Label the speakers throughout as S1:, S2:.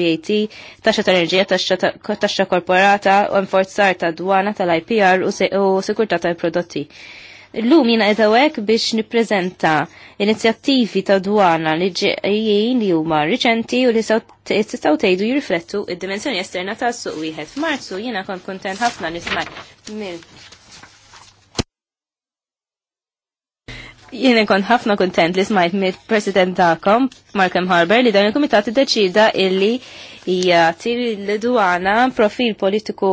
S1: VAT, taxxa tal-enerġija, taxxa korporata, u enforzar ta' dwana tal-IPR u sikurtà tal-prodotti. L-lum jina edawek biex niprezenta inizjattivi ta' dwana li ġejjin li huma riċenti u li s-saw tgħidu jirriflettu id-dimensjoni esterna ta' suq wieħed. F'Marzu jiena kont kontent ħafna nisma' mill jien ikon ħafna kontent li smajt mit president ta'kom, Markham Harber, li dan il-komitat id-deċida illi jgħati l-dwana profil politiku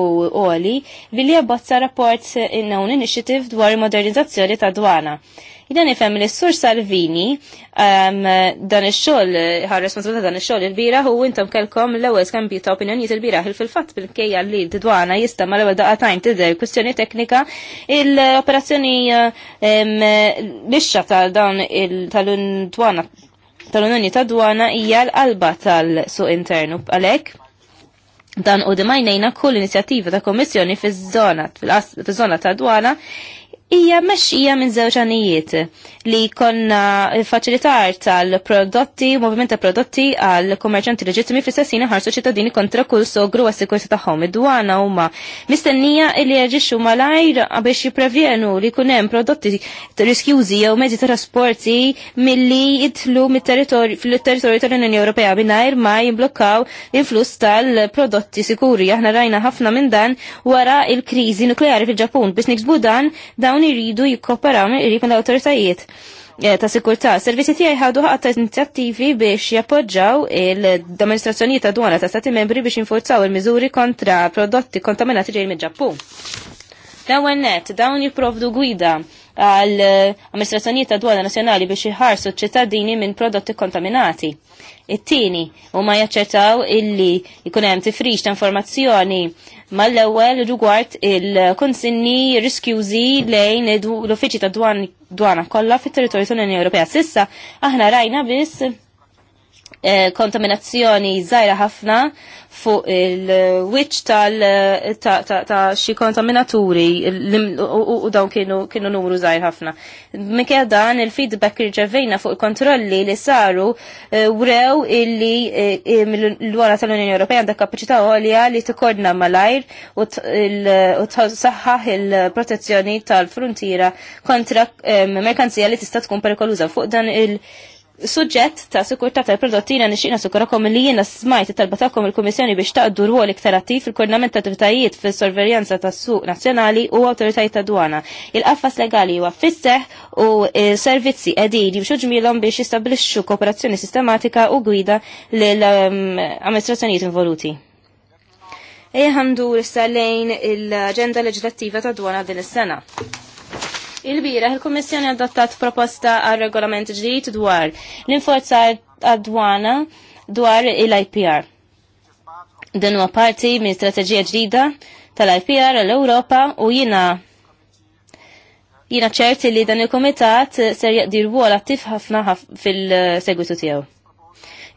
S1: oli billi jabbazza rapport in-known initiative dwar modernizzazzjoni ta' dwana. Jina nifhem li s-sur Salvini um, dan ix-xogħol ħar responsabilità dan ix-xogħol il-bira hu intom kelkom l-ewwel skambju ta' opinjoni il-bira fil-fatt bil-kejja li d-dwana jista' ma l-ewwel daqqa tajn tidher kwistjoni teknika l-operazzjoni um, lixxa ta' dawn tal-dwana tal-Unjoni ta' Dwana hija l-qalba tal-suq internu għalhekk dan u d-majnejna kull inizjattiva ta' kommissjoni fiż-żona ta' dwana hija mexxija minn żewġ għanijiet li konna faċilitar tal-prodotti, moviment prodotti għal kummerċanti leġittimi fl sessina ħarsu ċittadini kontra kull sogru għas sikursi tagħhom. Id-dwana huma mistennija li jaġixxu malajr biex jiprevjenu li kunem hemm prodotti riskjużi jew mezzi ta' trasporti milli li jitlu territorju fil-territorju tal-Unjoni Ewropea mingħajr ma jimblokkaw l-influss tal-prodotti sikuri. Aħna rajna ħafna minn dan wara il-kriżi nukleari fil-Ġapun biex niksbu dan dawn dawn iridu jikkoperaw minn qrib mill-awtoritajiet eh, ta' sikurtà. Servizzi tiegħi ħadu ħadd inizjattivi biex jappoġġaw l-amministrazzjonijiet ta' dwana ta' stati membri biex jinfurzaw il-miżuri kontra prodotti kontaminati ġej mill-Ġappun. Dawn net, dawn jipprovdu gwida għal eh, amministrazzjoni ta' dwana nazzjonali biex iħarsu ċittadini minn prodotti kontaminati. It-tieni huma jaċċertaw illi jkun hemm tifrix ta' informazzjoni mal-ewwel rigward il-konsinni riskjużi lejn l-uffiċċji ta' dwana kollha fit-territorju tal-Unjoni Ewropea. Sissa aħna rajna biss Eh, kontaminazzjoni żgħira ħafna fuq il-wiċċ tal ta' xi kontaminaturi u dawn kienu kienu numru żgħir ħafna. Minkejja dan il-feedback irċevejna fuq il-kontrolli li saru eh, wrew illi eh, l-wara tal-Unjoni Ewropea għandha kapaċità għolja li tikkordna malajr u tsaħħaħ il-protezzjoni tal-frontiera kontra merkanzija li tista' tkun perikoluża fuq dan il- suġġett ta' sikurtà tal-prodotti jiena nixtieq nassikurakom li jiena smajt talba tagħkom il-Kummissjoni biex taqdu rwol iktar attiv fil-koordinament ta' attivitajiet fis-sorveljanza tas-suq nazzjonali u autoritajiet ta' dwana. Il-qafas legali huwa fisseħ u servizzi qegħdin jimxu ġmilom biex jistabbilixxu kooperazzjoni sistematika u gwida lill-amministrazzjonijiet um, involuti. Eħandu l issa l-aġenda leġislattiva ta' dwana din is-sena. Il-bira, il-Kommissjoni adottat proposta għal regolament ġdijt dwar l-inforzar għadwana dwar il-IPR. Din huwa parti minn strateġija ġdida tal-IPR l-Ewropa u jina jina ċerti li dan il-komitat ser jaqdir wol attiv ħafna fil-segwitu tiegħu.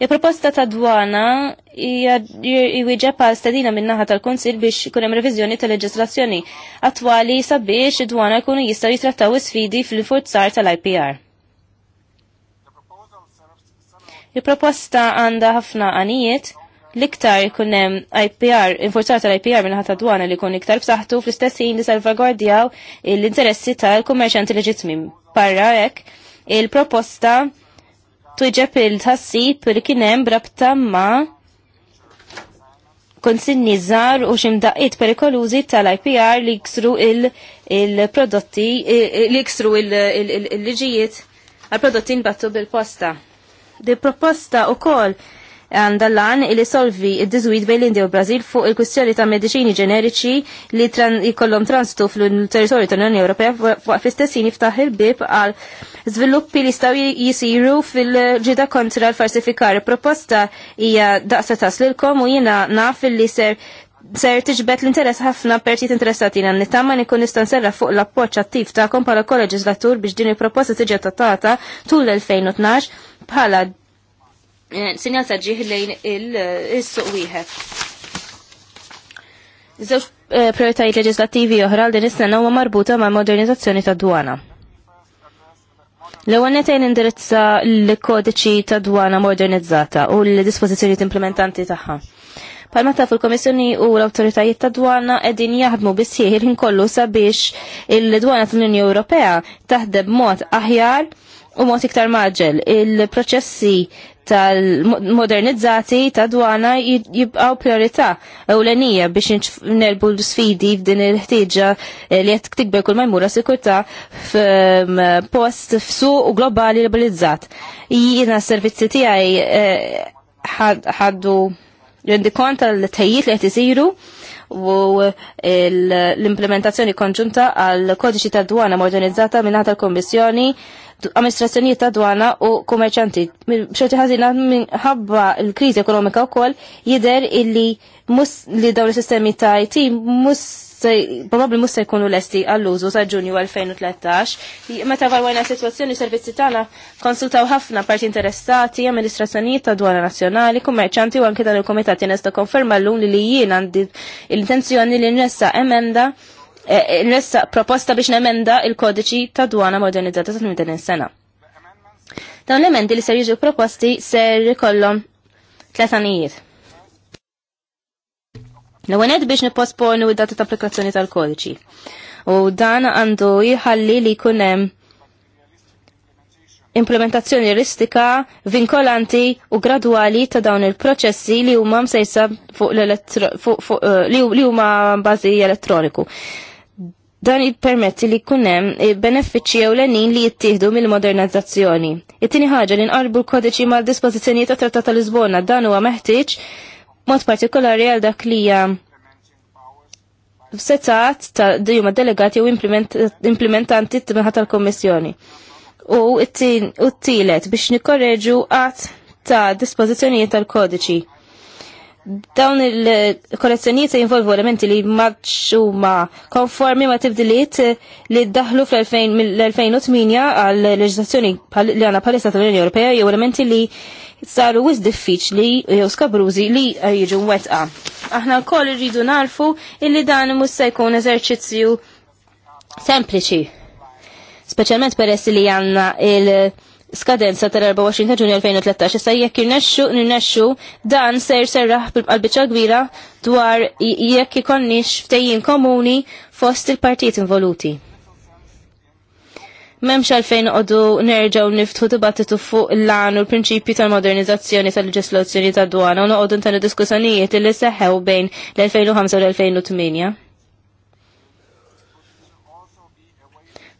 S1: Il-proposta ta' dwana jwieġeb għal stedina minnaħa tal-Konsil biex ikun hemm reviżjoni tal-leġislazzjoni attwali sabiex id-dwana jkunu jista' jitrattaw sfidi fil-forzar tal-IPR. Il-proposta għandha ħafna għanijiet l-iktar ikun hemm IPR, infurzar tal-IPR minnaħa ta' dwana li jkun iktar b'saħħtu fl-istess ħin li salvagwardjaw l-interessi tal-kummerċanti leġitmi. Barra hekk, il-proposta tuġeb il-tassib li kienem brabta ma konsinni zar u ximdaqqiet perikolużi tal-IPR li ksru il-prodotti, li ksru il-liġijiet għal-prodotti nbattu bil-posta. Di proposta u kol għandallan il solvi id-dizwid bejn l-Indja u Brazil fuq il kustjoni ta' mediċini ġeneriċi li jkollhom transitu fl-territorju tal-Unjoni Ewropea fuq fl jiftaħ il-bib għal żviluppi li staw jisiru fil-ġida kontra l-falsifikar. Proposta hija daqsa taslilkom u jiena naf li ser ser tiġbet l-interess ħafna partijiet interessati għan nitamma nikun nistanserra fuq l-appoċ attiv ta' kompala kol biex din il-proposta tiġi tatata tul l-2012 bħala Eh, sinjal ta' ġieħ lejn eh, il-suq wieħed. Żewġ eh, prioritajiet leġislattivi oħra din is-sena huwa marbuta ma' modernizzazzjoni ta' dwana. L-ewwel netejn indirizza l-kodiċi ta' dwana modernizzata u l-dispożizzjonijiet implementanti tagħha. Palma ta' fil-Komissjoni u l-autoritajiet ta' dwana edin jaħdmu bisħieħ il-ħin kollu sabiex il-dwana tal-Unjoni Ewropea taħdem mod aħjar u mod iktar maġel. Il-proċessi tal-modernizzati ta' dwana jibqaw priorità ewlenija biex nerbu l-sfidi f'din il-ħtieġa eh, li qed tikber kull ma jmura sikurtà f'post f'suq u globali liberalizzat. Jiena s-servizzi tiegħi eh, ħaddu rendi kont tal-tejjiet li qed isiru u eh, l-implementazzjoni konġunta għal kodiċi tad dwana modernizzata minn tal-Kommissjoni amministrazzjonijiet ta' dwana u komerċanti. Xorti ħazina minħabba l-kriżi ekonomika wkoll jidher illi mus li dawn l sistemi ta' IT mus probabbli mus se jkunu lesti għall-użu ta' Ġunju 2013. Meta valwajna s servizzi tagħna konsultaw ħafna parti interessati, amministrazzjonijiet ta' dwana nazzjonali, kummerċanti u anke dan il-komitat jenesta konferma l-lum li jien għandi l-intenzjoni li n-nessa emenda E, e, nessa proposta biex nemenda il-kodiċi ta' dwana modernizzata ta' 80 sena. Dawn l-emendi li ser jiġu proposti ser kollom tletanijiet. L-għened biex nipposponu id-data ta' applikazzjoni tal-kodiċi. U dan għandu jħalli li kunem implementazzjoni ristika vinkolanti u gradwali ta' dawn il-proċessi li huma msejsa fuq eh, li huma bażi elettroniku. Dan jippermetti li kunem eh, benefiċċji lenin li jittieħdu mill-modernizzazzjoni. It-tieni ħaġa li nqarbu l-kodiċi mal-dispożizzjonijiet ta' Trattat tal Lisbona dan huwa meħtieġ mod partikolari għal dak li hija setat ta' dijuma delegati u implementanti t-tibħa tal-Kommissjoni. U t-tielet biex nikorreġu għat ta' dispożizzjonijiet tal-kodiċi dawn il-kollezzjonijiet se jinvolvu elementi li maċu ma konformi ma' tibdiliet li ddaħlu fl-2008 għal leġislazzjoni li għana palissa tal-Unjoni Ewropea jew elementi li saru wis diffiċli jew skabrużi li jiġu wetqa. Aħna wkoll irridu narfu illi dan mhux se jkun eżerċizzju sempliċi. Speċjalment peress li għandna il- skadenza tal-24 ta' ġunju 2013 issa jekk irnexxu nirnexxu dan ser serraħ bil qalbiċċa kbira dwar jekk ikonniex ftejjin komuni fost il-partijiet involuti. Memx għalfejn għoddu nerġaw niftħu dibattitu fuq l-għan u l-prinċipju tal-modernizzazzjoni tal-leġislazzjoni tad-dwana u noqogħdu tal-diskussjonijiet li seħħew bejn l-2005 u l-2008.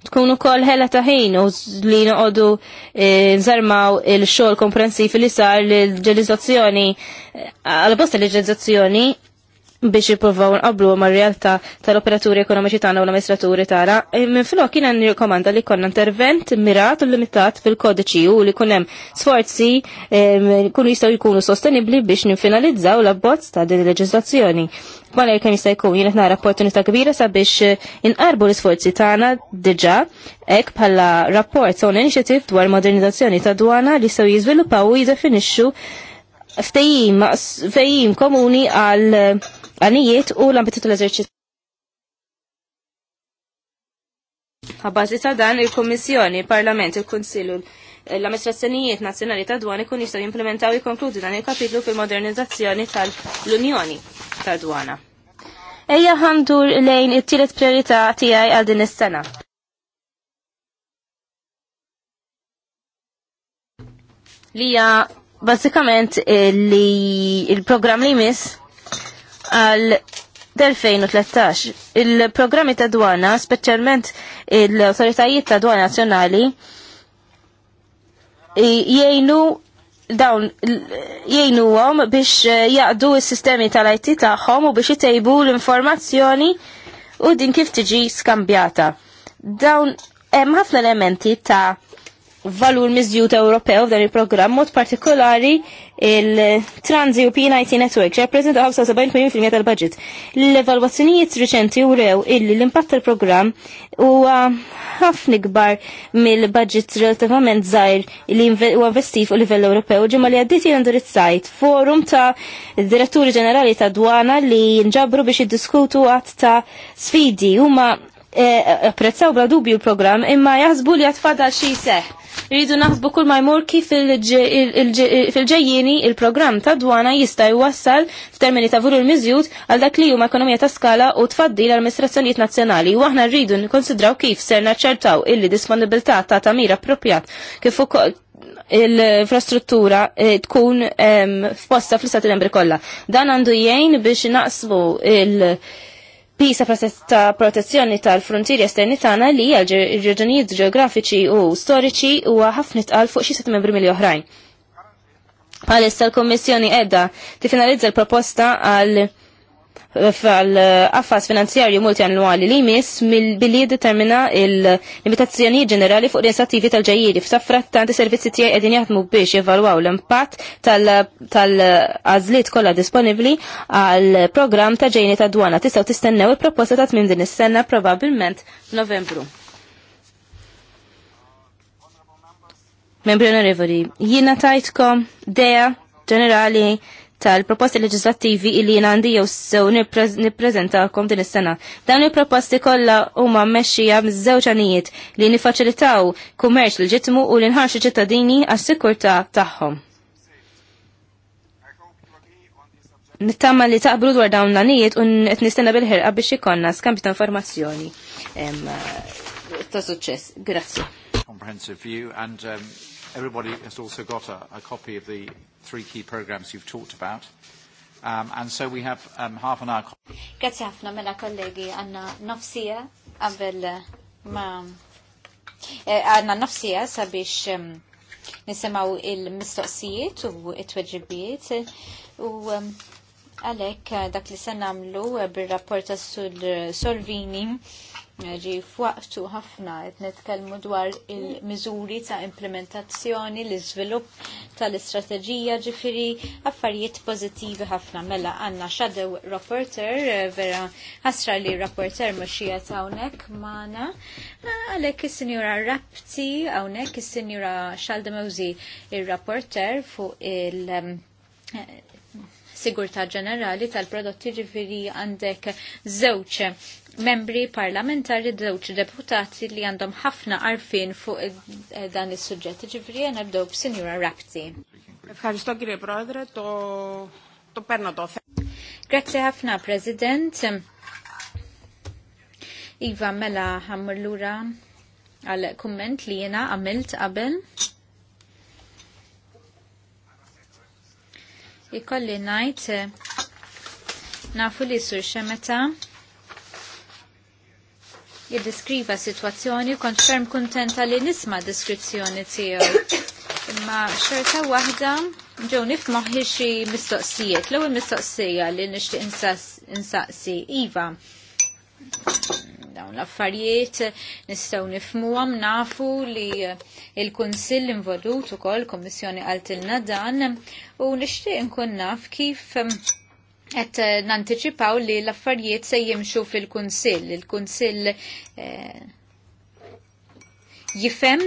S1: tkun ukoll ħela ta' u li noqogħdu eh, nżarmaw il-xogħol komprensiv li sar l-ġelizzazzjoni eh, għal bosta l-ġelizzazzjoni biex jippruvaw nqablu ma' realtà tal-operaturi ekonomiċi tagħna u l-amministraturi tagħna. E, minn flok kien nirkomanda li konna intervent mirat u limitat fil-kodiċi u li kun hemm sforzi e, kunu jistgħu jkunu sostenibbli biex nifinalizzaw l-abbozz ta' din il-leġiżlazzjoni. Mala jkun jista' jkun jien nara opportunità kbira sabiex e, inqarbu l-isforzi tagħna diġà hekk bħala rapport on initiative dwar modernizzazzjoni ta' dwana li sew jiżviluppaw u jiddefinixxu ftejim, fejim komuni għal għanijiet u l-ambititu l-eżerċit. Għabazi ta' dan il-Komissjoni, il-Parlament, il-Konsilu, l-amministrazzjonijiet nazzjonali ta' kun jistaw jistgħu i konkludi dan il-kapitlu fil-modernizzazzjoni tal-Unjoni ta' dwana. Ejja għandur lejn it-tielet priorità tiegħi għal din is-sena. Lija basikament eh, li il program li jmiss għal 2013. Il-programmi ta' dwana, speċjalment l-autoritajiet ta' dwana nazjonali, jgħinu dawn jgħinu għom biex eh, jaqdu s-sistemi tal-IT tagħhom u biex jtejbu l-informazzjoni u din kif tiġi skambjata. Dawn hemm ħafna elementi ta' valur miżjut Ewropew f'dan il-programm, mod partikolari il-Trans-European IT Network, rappresenta 75% tal-budget. L-evalwazzjonijiet riċenti urew illi l-impatt tal-programm huwa ħafna kbar mill-budget relativament żgħir li huwa investif u livell Ewropew ġimgħa li għaddiet jien sajt forum ta' diretturi ġenerali ta' dwana li nġabru biex jiddiskutu għadd ta' sfidi ma' eh, apprezzaw bla dubju l-programm imma jaħsbu li għatfadal xi seħ Rridu naħsbu kull ma jmur kif fil-ġejjini il-programm ta' dwana jista' jwassal f'termini ta' vurul miżjud għal dak li huma ekonomija ta' skala u tfaddi l-amministrazzjonijiet nazzjonali u aħna rridu nikkonsidraw kif ser naċċertaw illi disponibilità ta' tamir appropjat kif ukoll l-infrastruttura eh, tkun f'posta fl-istati membri kollha. Dan għandu jgħin biex naqsmu il- pisa ta' protezzjoni tal-frontieri esterni tagħna li hija l-reġunijiet ġeografiċi u storiċi huwa ħafna għal fuq xi membri mill-oħrajn. Għalissa l-Kommissjoni edda tifinalizza l-proposta għal fil-affas finanzjarju multiannuali li jmiss mill-billi determina il-limitazzjoni ġenerali fuq l-inizjattivi tal-ġajjiri f'safrat is servizzi tiegħi qegħdin jaħdmu biex jevalwaw l-impatt tal-għażliet kollha disponibbli għal programm ta' ġejni ta' dwana tistgħu tistennew il-proposta ta' tmiem din is-sena probabbilment f'Novembru. Membri onorevoli, jiena tajtkom dea ġenerali tal-proposti leġislattivi illi jien għandi jew sew nippreżentakom din is-sena. Dawn il-proposti kollha huma mmexxija miż-żewġ għanijiet li nifaċilitaw kummerċ l ġitmu u li nħarxu ċittadini għas-sikurtà tagħhom. Nittama li taqblu dwar dawn l-għanijiet un qed nistenna bil-ħirqa biex ikonna skambi ta' informazzjoni eh, ta' suċċess. Grazzi.
S2: Comprehensive view and um, everybody has also got a, a copy of the three key programs you've talked about. Um, and so we have um, half an hour.
S3: Grazie ħafna mela kollegi għanna nofsija qabel ma eh, għanna nofsija sabiex um, nisimaw il-mistoqsijiet u it-tweġibiet u um, għalek dak li sanamlu eh, bil-rapporta sul Solvini ġi f'waqtu ħafna qed nitkellmu dwar il-miżuri ta' implementazzjoni, l-iżvilupp tal-istrateġija ġifiri affarijiet pożittivi ħafna mela għandna shadow rapporter eh, vera ħasra li rapporter mhux ta' hawnhekk magħna ah, għalhekk is-sinjura Rapti hawnhekk is-sinjura Xaldemewzi ir-rapporter fuq il- ehm, eh, sigurta ġenerali tal-prodotti ġifiri għandek żewġ membri parlamentari dewċ deputati li għandhom ħafna arfin fuq eh, dan is suġġett ġivri għan għabdow b'Sinjura Rapti. Grazie ħafna, President. Iva, mela ħammur lura għal kumment li jena għamilt qabel. Ikolli najt eh, nafu li sur xemeta jiddiskriva situazzjoni kont ferm kuntenta li nisma deskrizzjoni tiegħu. Imma xorta waħda ġew nifmoħħi xi mistoqsijiet. L-ewwel mistoqsija li nixtieq insaqsi iva. Dawn l-affarijiet nistgħu nifmuhom nafu li il-Kunsill involut ukoll Kommissjoni qaltilna dan u nixtieq inkun naf kif Et eh, nantiċipaw li l-affarijiet se jimxu fil-Kunsill. Il-Kunsill eh, jifem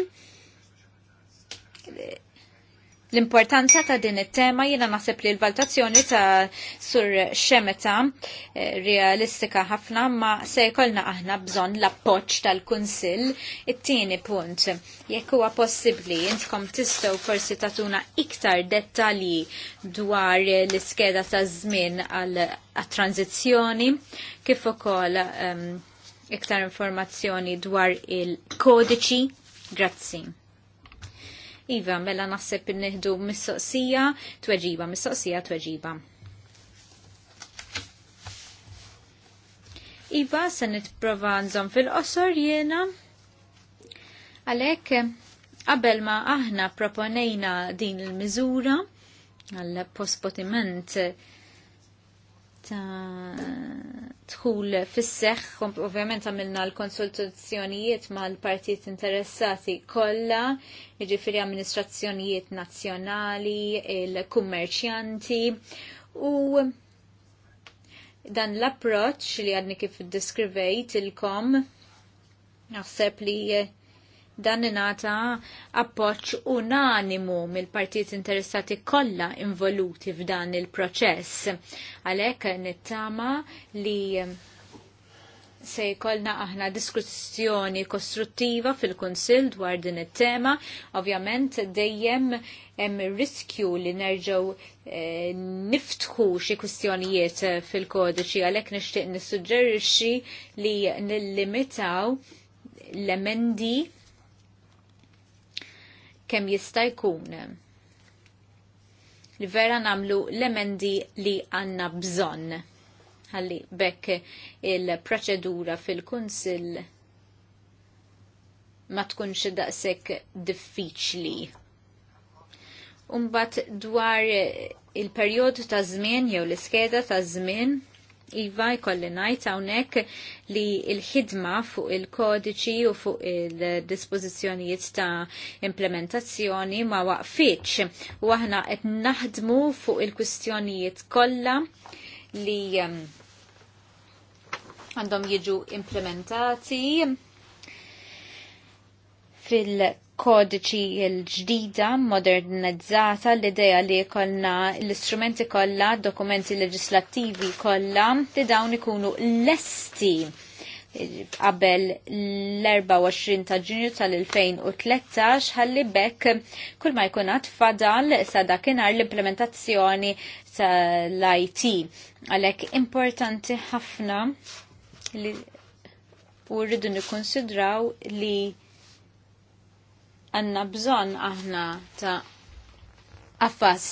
S3: L-importanza ta' din it-tema jiena naħseb li l-valutazzjoni ta' sur xemeta eh, realistika ħafna ma se jkollna aħna bżonn l-appoġġ tal-Kunsill. It-tieni punt, jekk huwa possibbli intkom tistgħu forsi tatuna iktar dettalji dwar l-iskeda ta' żmien għal tranzizzjoni kif ukoll um, iktar informazzjoni dwar il-kodiċi. Grazzi. Iva, mela naħseb nihdu mistoqsija, tweġiba, mistoqsija, tweġiba. Iva, se nitprova nżom fil-qosor jena. Għalek, qabel ma aħna proponejna din il-miżura għall-postpotiment ta' tħul fis-seħħ, ovvjament għamilna l-konsultazzjonijiet ma' l-partijiet interessati kollha, jiġifieri amministrazzjonijiet nazzjonali, il-kummerċjanti u dan l-approċ li għadni kif diskrivejt il-kom naħseb li dan nata appoġġ unanimu mill-partijiet interessati kollha involuti f'dan il-proċess. Għalhekk nittama li se jkollna aħna diskussjoni kostruttiva fil-Kunsill dwar din it-tema. Ovvjament dejjem hemm riskju li nerġgħu eh, niftħu xi kwistjonijiet fil-kodiċi għalhekk nixtieq nissuġġerixxi li nillimitaw l-emendi kemm jista' jkun. Li vera namlu l-emendi li għanna bżonn. Ħalli bekk il-proċedura fil kunsil ma tkunx daqshekk diffiċli. Umbat dwar il-perjodu ta' żmien jew l-iskeda ta' żmien Iva jkolli najt hawnhekk li l-ħidma fuq il-kodiċi u fuq il-dispożizzjonijiet ta' implementazzjoni ma waqfitx u aħna qed naħdmu fuq il-kwistjonijiet kollha li um, għandhom jiġu implementati fil kodiċi l-ġdida, modernizzata, l-ideja li kollna l-istrumenti kollha, dokumenti leġislattivi kollha li dawn ikunu lesti qabel l-24 ta' ġunju tal-2013 ħalli bekk kull ma jkun għad fadal sa' dakinhar l-implementazzjoni tal-IT. Għalhekk importanti ħafna li u rridu nikkonsidraw li għanna bżon aħna ta' affas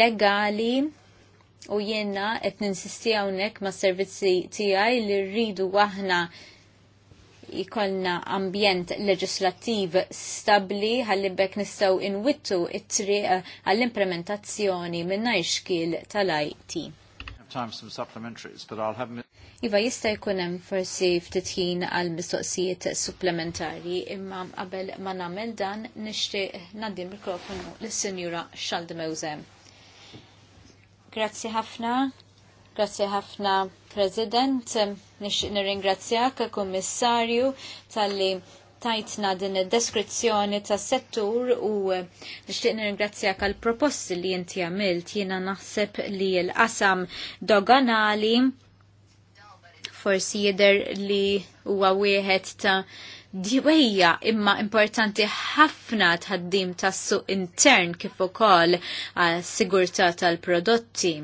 S3: legali u jenna qed ninsisti hawnhekk ma' servizzi tiegħi li rridu aħna jkollna ambjent leġislattiv stabli ħalli bekk nistgħu inwittu it-triq għall-implementazzjoni minna xkil tal-IT
S2: time for some supplementaries, but I'll have...
S3: Iva, jista jkunem forsi ftitħin għal mistoqsijiet supplementari, imma qabel ma namel dan nishtiq nandi mikrofonu l-Senjura Xaldemewzem. Grazzi ħafna, grazzi ħafna President, nishtiq nirringrazzjak, Kommissarju, tal-li tajtna din id deskrizzjoni tas settur u eh, nixtieq nirringrazzjak għal proposti li inti għamilt jiena naħseb li l-qasam doganali forsi jidher li huwa wieħed ta' diwejja imma importanti ħafna tħaddim tas-suq intern kif ukoll għas sigurtà tal-prodotti.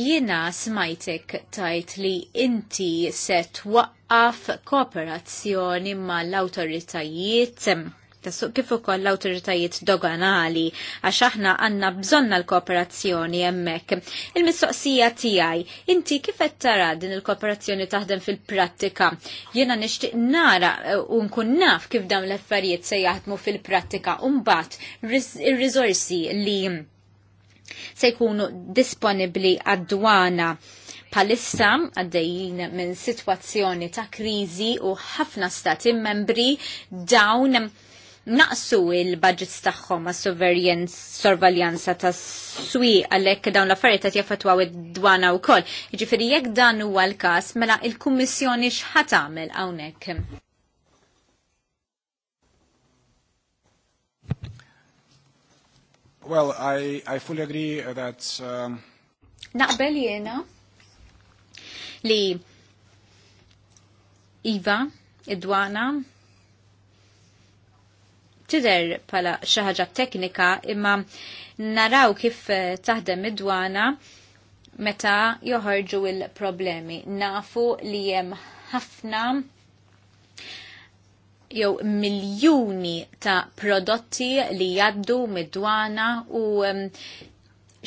S3: Jina smajtek tajt li inti se twaqqaf kooperazzjoni mal-awtoritajiet autoritajiet kif ukoll l-awtoritajiet doganali għax aħna għandna bżonna l-kooperazzjoni hemmhekk. Il-mistoqsija tiegħi, inti kif qed tara din il-kooperazzjoni taħdem fil-prattika? Jiena nixtieq nara u nkun naf kif dawn l-affarijiet se jaħdmu fil-prattika u mbagħad ir-riżorsi li se jkunu disponibli għad-dwana palissa għaddejjin minn situazzjoni ta' krizi u ħafna stati membri dawn naqsu il-budgets tagħhom ma' sorvaljanza ta' swi għalhekk dawn l-affarijiet qed jaffettwaw id-dwana wkoll. Jiġifieri jekk dan huwa l-każ mela l-Kummissjoni x'ħatamel hawnhekk.
S4: Well, I, I fully agree that... Um...
S3: Naqbel jena li Iva, id-dwana, tider pala xaħġa teknika imma naraw kif eh, taħdem idwana meta joħorġu il-problemi. Nafu li jem ħafna jew miljuni ta' prodotti li jaddu mid-dwana u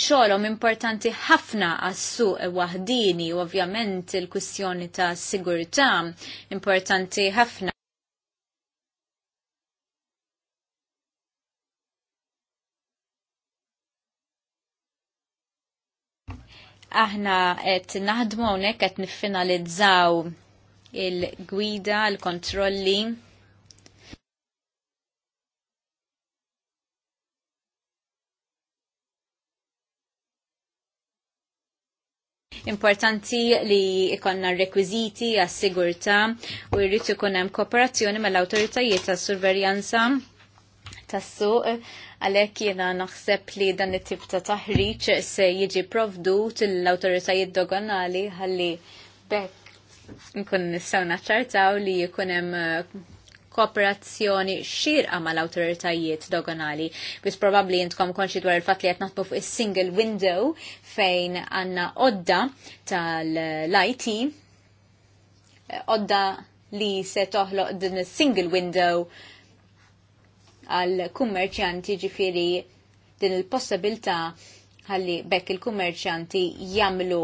S3: xolom importanti ħafna għassu wahdini u ovvjament il-kwistjoni ta' sigurtà importanti ħafna. Aħna qed naħdmu hawnhekk qed niffinalizzaw il-gwida, il-kontrolli, Importanti li ikonna rekwiziti għas-sigurta u jrid ikun hemm kooperazzjoni mal-awtoritajiet tas-surveljanza tas-suq għalek jena naħseb li dan it-tip ta' taħriċ se jiġi provdut l-autoritajiet doganali għalli bekk nkun nistaw naċċartaw li jkun hemm kooperazzjoni xirqa mal-autoritajiet doganali. Bis probabli jintkom konxi dwar il-fat li jatnaħtmu fuq il-single window fejn għanna odda tal-IT, odda li se toħloq din single window għal-kummerċjanti ġifiri din il-possibilta għalli bekk il-kummerċjanti jamlu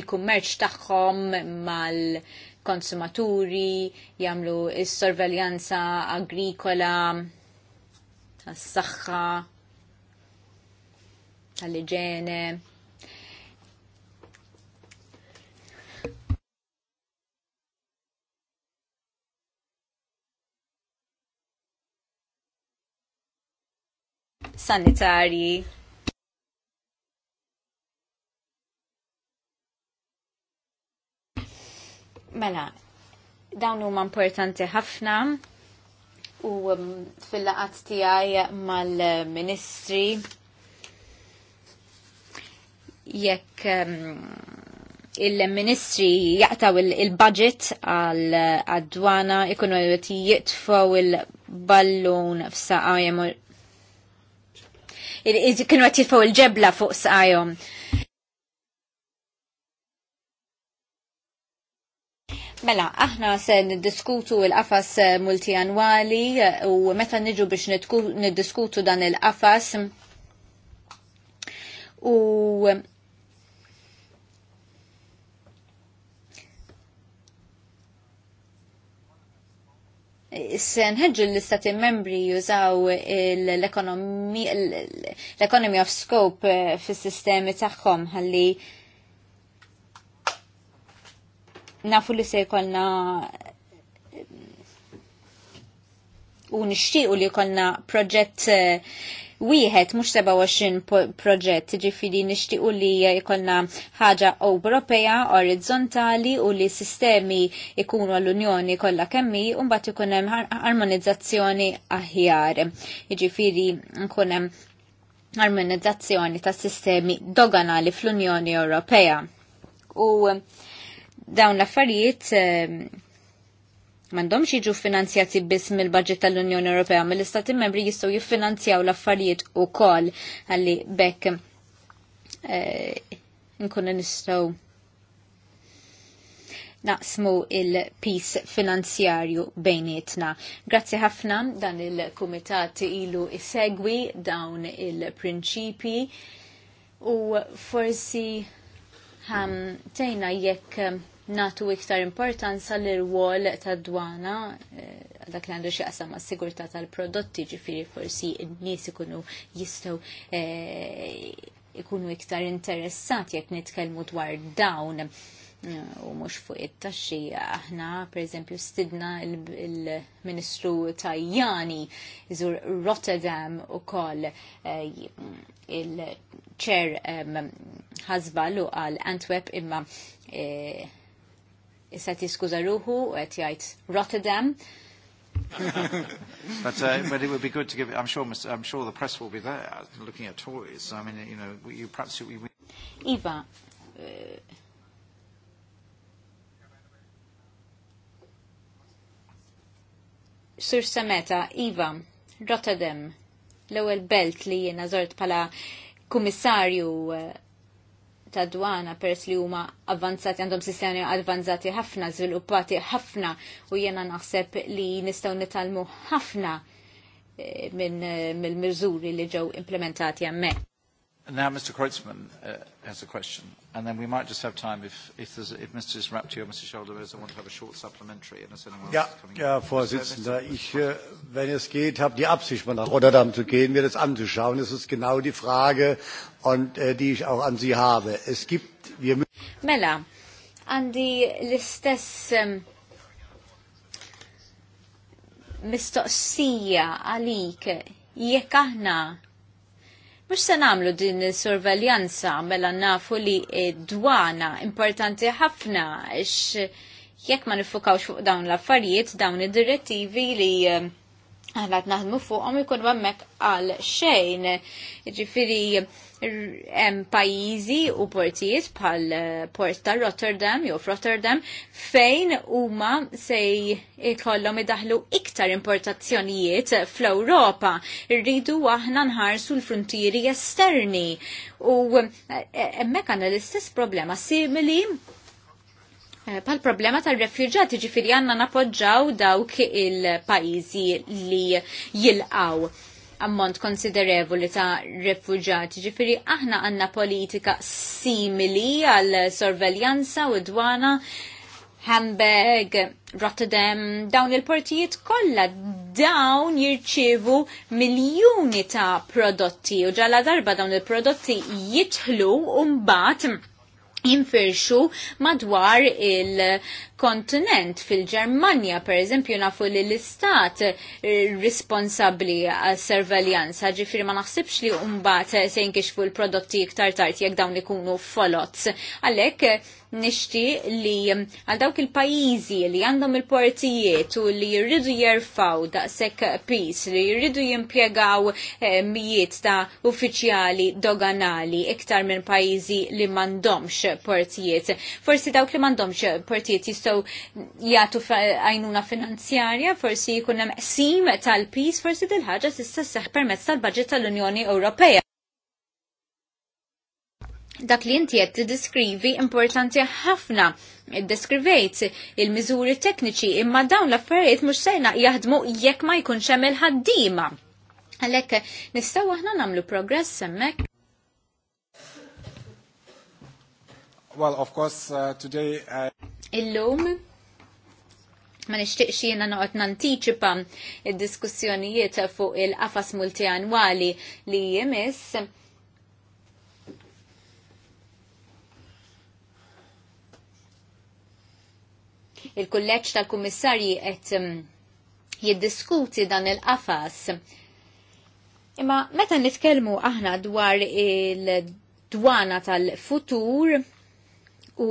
S3: il-kummerċ tagħhom mal- konsumaturi, jagħmlu s-sorveljanza agrikola, tas-saħħa, tal-iġene. sanitarji Mela, dawn huma importanti ħafna u um, fil-laqat tiegħi mal-Ministri jekk um, il-ministri jaqtaw il-budget għal għadwana ikunu jitfaw il-ballun f'saqajom. Kienu għat jitfaw il-ġebla fuq saqajom. Mela, aħna se niddiskutu il-qafas eh, multianwali eh, u meta niġu biex niddiskutu dan il-qafas u senħedġu l-istati membri jużaw l-economy of scope eh, fis sistemi tagħhom ħalli nafu li se jkollna u nixtiequ li jkollna proġett eh, wieħed mhux 27 proġett, ġifieri nixtiequ li jkollna ħaġa Ewropea orizzontali u li sistemi jkunu l-Unjoni kollha kemm hi u mbagħad ikun hemm armonizzazzjoni aħjar. Jiġifieri nkun hemm armonizzazzjoni tas sistemi doganali fl-Unjoni Ewropea. U dawn l-affarijiet ehm, m'għandhomx jiġu finanzjati biss mill-budget tal-Unjoni Ewropea, mill-Istati Membri jistgħu jiffinanzjaw l-affarijiet ukoll għalli bekk eh, nkunu nistgħu naqsmu il-pis finanzjarju bejnietna. Grazzi ħafna dan il-kumitat ilu isegwi dawn il-prinċipi u forsi ħam tejna jekk natu iktar importanza l rwol ta' dwana eh, dak li għandu xieqsam ma' sigurta tal-prodotti ġifiri forsi n-nies ikunu jistaw eh, ikunu iktar interessati jek nitkelmu dwar dawn eh, u mux fuq it-taxxi aħna pereżempju stidna il-Ministru Tajjani iżur Rotterdam u koll il-ċer ħazba l għal Antwerp imma issa tiskuża ruħu u qed jgħid Rotterdam.
S2: but, uh, but it would be good to give. I'm sure. I'm sure the press will be there uh, looking at toys. I mean, you know, you perhaps you. you... Iva. Uh...
S3: Sur Sameta, Iva, Rotterdam, l-ewel belt li jena zort pala kummissarju uh, ta' dwana pers li huma avvanzati għandhom sistemi avvanzati ħafna, żviluppati ħafna u jiena naħseb li nistgħu nitalmu ħafna eh, minn eh, mill-miżuri li ġew implementati hemmhekk.
S2: Now, Mr. Kreutzmann uh, has a question, and then we might just have time if, if, there's, if Mr. Rapti or Mrs. Scholderweiser want to have a short supplementary. And ja,
S4: ja, Vorsitzender, ich, äh, wenn es geht, habe die Absicht, mal nach Rotterdam zu gehen, mir das anzuschauen. Das ist genau die Frage,
S2: und, äh, die ich auch an Sie habe. Es gibt, wir
S3: Mela, an die l-istess ähm, mistoqsija għalik jekk aħna Mux se namlu din sorveljanza mela nafu li dwana importanti ħafna x jekk ma nifukawx fuq dawn l-affarijiet, dawn id-direttivi li eh, Aħna qed naħdmu fuqhom jkun hemmhekk għal xejn. Ġifiri, hemm pajjiżi u portijiet bħal eh, port ta' Rotterdam jew Rotterdam, fejn huma se jkollhom idaħlu iktar importazzjonijiet fl-Ewropa. rridu aħna nħarsu l fruntieri esterni u eh, eh, hemmhekk għandna l-istess problema simili Eh, Pal problema tal-refugġati ġifiri għanna napoġġaw dawk il-pajizi li jilqaw ammont konsiderevoli ta' refugġati. Ġifiri, aħna għanna politika simili għal sorveljanza u dwana Hamburg, Rotterdam, dawn il-portijiet kollha dawn jirċievu miljuni ta' prodotti u ġala darba dawn il-prodotti jitħlu u mbagħad jinfirxu madwar il- kontinent fil-Ġermanja, per eżempju, nafu li l-istat eh, responsabli għal-servaljanza, ġifiri ma naħsibx li umbat eh, se jinkixfu l-prodotti iktar tard jekk dawn ikunu folots. Għalek, eh, nishti li għal dawk il-pajizi li għandhom il-portijiet u li jirridu da' daqsek pis, li jirridu jimpiegaw eh, mijiet ta' uffiċjali doganali iktar minn pajizi li mandomx portijiet. Forsi dawk li mandomx portijiet jistaw jew jagħtu għajnuna finanzjarja, forsi jkun hemm qsim tal-pis, forsi dil ħaġa tista' seħħ permezz tal-baġġett tal-Unjoni Ewropea. Dak li inti qed tiddeskrivi importanti ħafna iddeskrivejt il-miżuri tekniċi imma dawn l-affarijiet mhux sejna jaħdmu jekk ma jkunx hemm il-ħaddiema. Għalhekk nistgħu aħna nagħmlu progress semmek.
S4: Well, of course, uh, today...
S2: Uh
S3: illum ma nixtieqx jiena noqgħod nantiċipa id-diskussjonijiet fuq il-qafas multianwali li jimiss. il kulleċ tal-kummissarji qed mm, jiddiskuti dan il-qafas. Imma meta nitkellmu aħna dwar il-dwana tal-futur u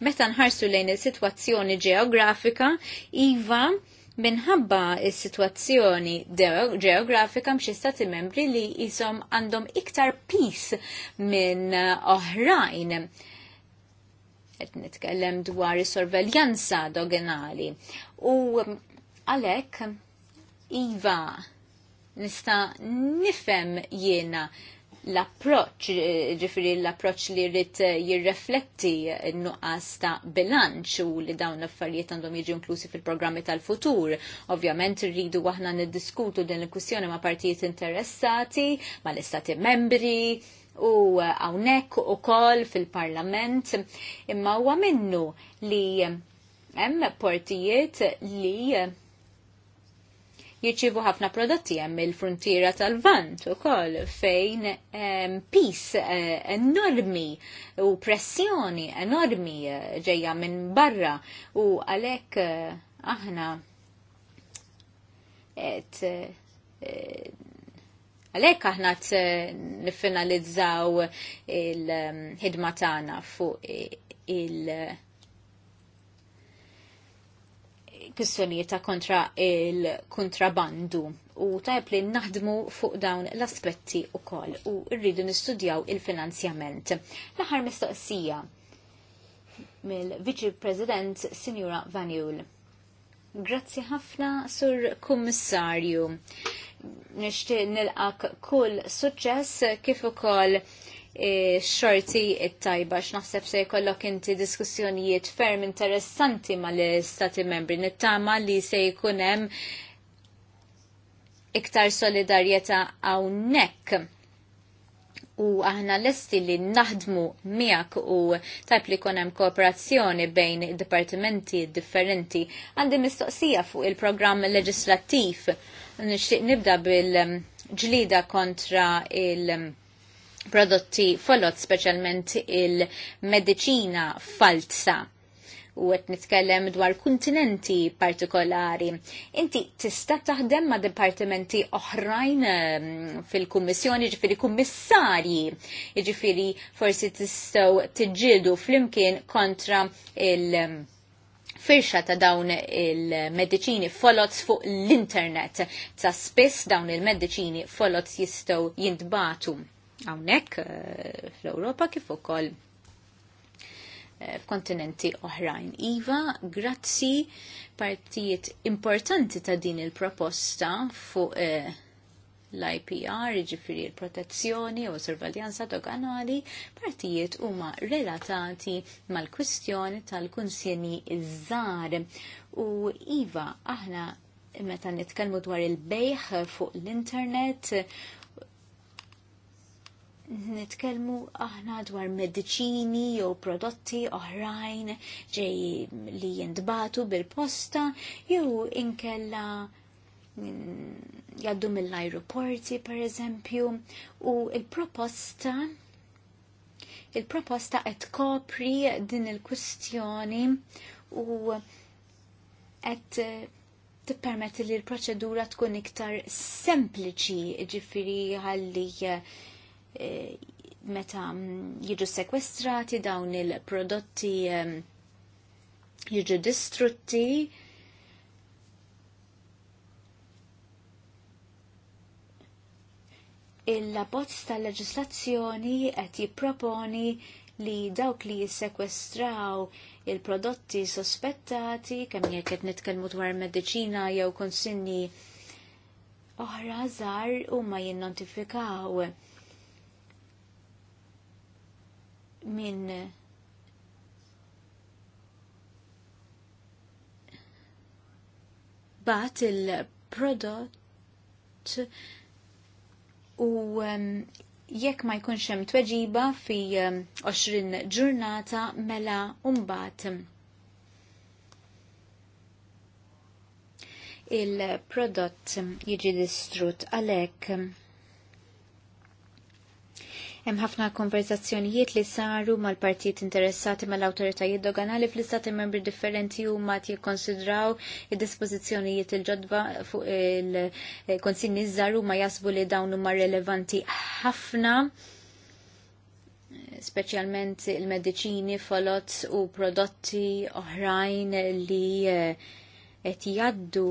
S3: Meta nħarsu lejn il-sitwazzjoni ġeografika, iva minħabba il-situazzjoni ġeografika mxie stati membri li jisom għandhom iktar pis minn oħrajn. Et nitkellem dwar sorveljanza dogenali. U għalek, Iva, nista nifem jiena l-approċ, ġifiri l-approċ li rrit eh, jirrefletti n nuqqas ta' bilanċ u li dawn l-affarijiet għandhom jiġu inklusi fil-programmi tal-futur. Ovvjament rridu n niddiskutu din il kussjoni ma' partijiet interessati, ma' l-istati membri, u għawnek u kol fil-parlament, imma huwa minnu li eh, hemm partijiet li eh, jirċivu ħafna prodotti hemm il fruntiera tal-Vant ukoll fejn ehm, pis eh, enormi u pressjoni enormi eh, ġejja minn barra u għalhekk eh, aħna et Għalek aħna t-nifinalizzaw il-ħidma ehm, tagħna fuq il-, il kwistjonijiet ta' kontra il-kontrabandu u tajb li naħdmu fuq dawn l-aspetti u koll u rridu nistudjaw il-finanzjament. L-aħar mistoqsija mill-Viċi President Signora Vanjul. Grazzi ħafna sur kummissarju. Nishtiq nilqak kull suċċess kif ukoll koll E, xorti it-tajba x'naħseb se jkollok inti diskussjonijiet ferm interessanti mal-Stati membri nittama li se jkun hemm iktar solidarjetà hawnhekk u aħna lesti li naħdmu miegħek u tajp li konem kooperazzjoni bejn dipartimenti differenti. Għandi mistoqsija fuq il-programm leġislattiv. Nixtieq nibda bil-ġlida kontra il- prodotti folot speċjalment il-medicina falsa u għet nitkellem dwar kontinenti partikolari. Inti tista taħdem ma' departimenti oħrajn ehm, fil-kummissjoni, ġifiri kummissarji, ġifiri forsi tistaw tġildu fl-imkien kontra il- ehm, firxa ta' dawn il-medicini folots fuq l-internet. Ta' spiss dawn il-medicini folots jistaw jintbatu hawnhekk eh, fl-Ewropa kif ukoll eh, f'kontinenti oħrajn. Iva, grazzi partijiet importanti ta' din il-proposta fuq eh, l-IPR, ġifiri l-protezzjoni u sorvaljanza doganali, partijiet huma relatati mal-kwistjoni tal-kunsjeni iż-żar. U Iva, aħna meta nitkellmu dwar il-bejħ fuq l-internet nitkellmu aħna dwar mediċini jew prodotti oħrajn ġej li jindbatu bil-posta jew inkella mm, jaddu mill-ajruporti per eżempju u il-proposta il-proposta qed kopri din il-kwistjoni u qed tippermetti li l-proċedura tkun iktar sempliċi ġifiri għalli E, meta mm, jiġu sekwestrati dawn il-prodotti jiġu distrutti il-labozz tal-leġislazzjoni qed jipproponi li dawk li jissekwestraw il-prodotti sospettati kemm jekk qed nitkellmu dwar mediċina jew konsinni oħra żgħar huma jinnotifikaw minn bat il-prodott u um, jekk ma jkunx hemm tweġiba fi 20 um, ġurnata mela mbagħad um, il-prodott jiġi distrut għalhekk Hemm ħafna konverzazzjonijiet li saru mal-partijiet interessati mal-awtoritajiet doganali fl-istati membri differenti u ma jikkonsidraw id-dispożizzjonijiet il-ġodba fuq il-konsigni żaru ma jasbu li dawn huma relevanti ħafna speċjalment il-mediċini, folot u prodotti oħrajn li eh, qed jgħaddu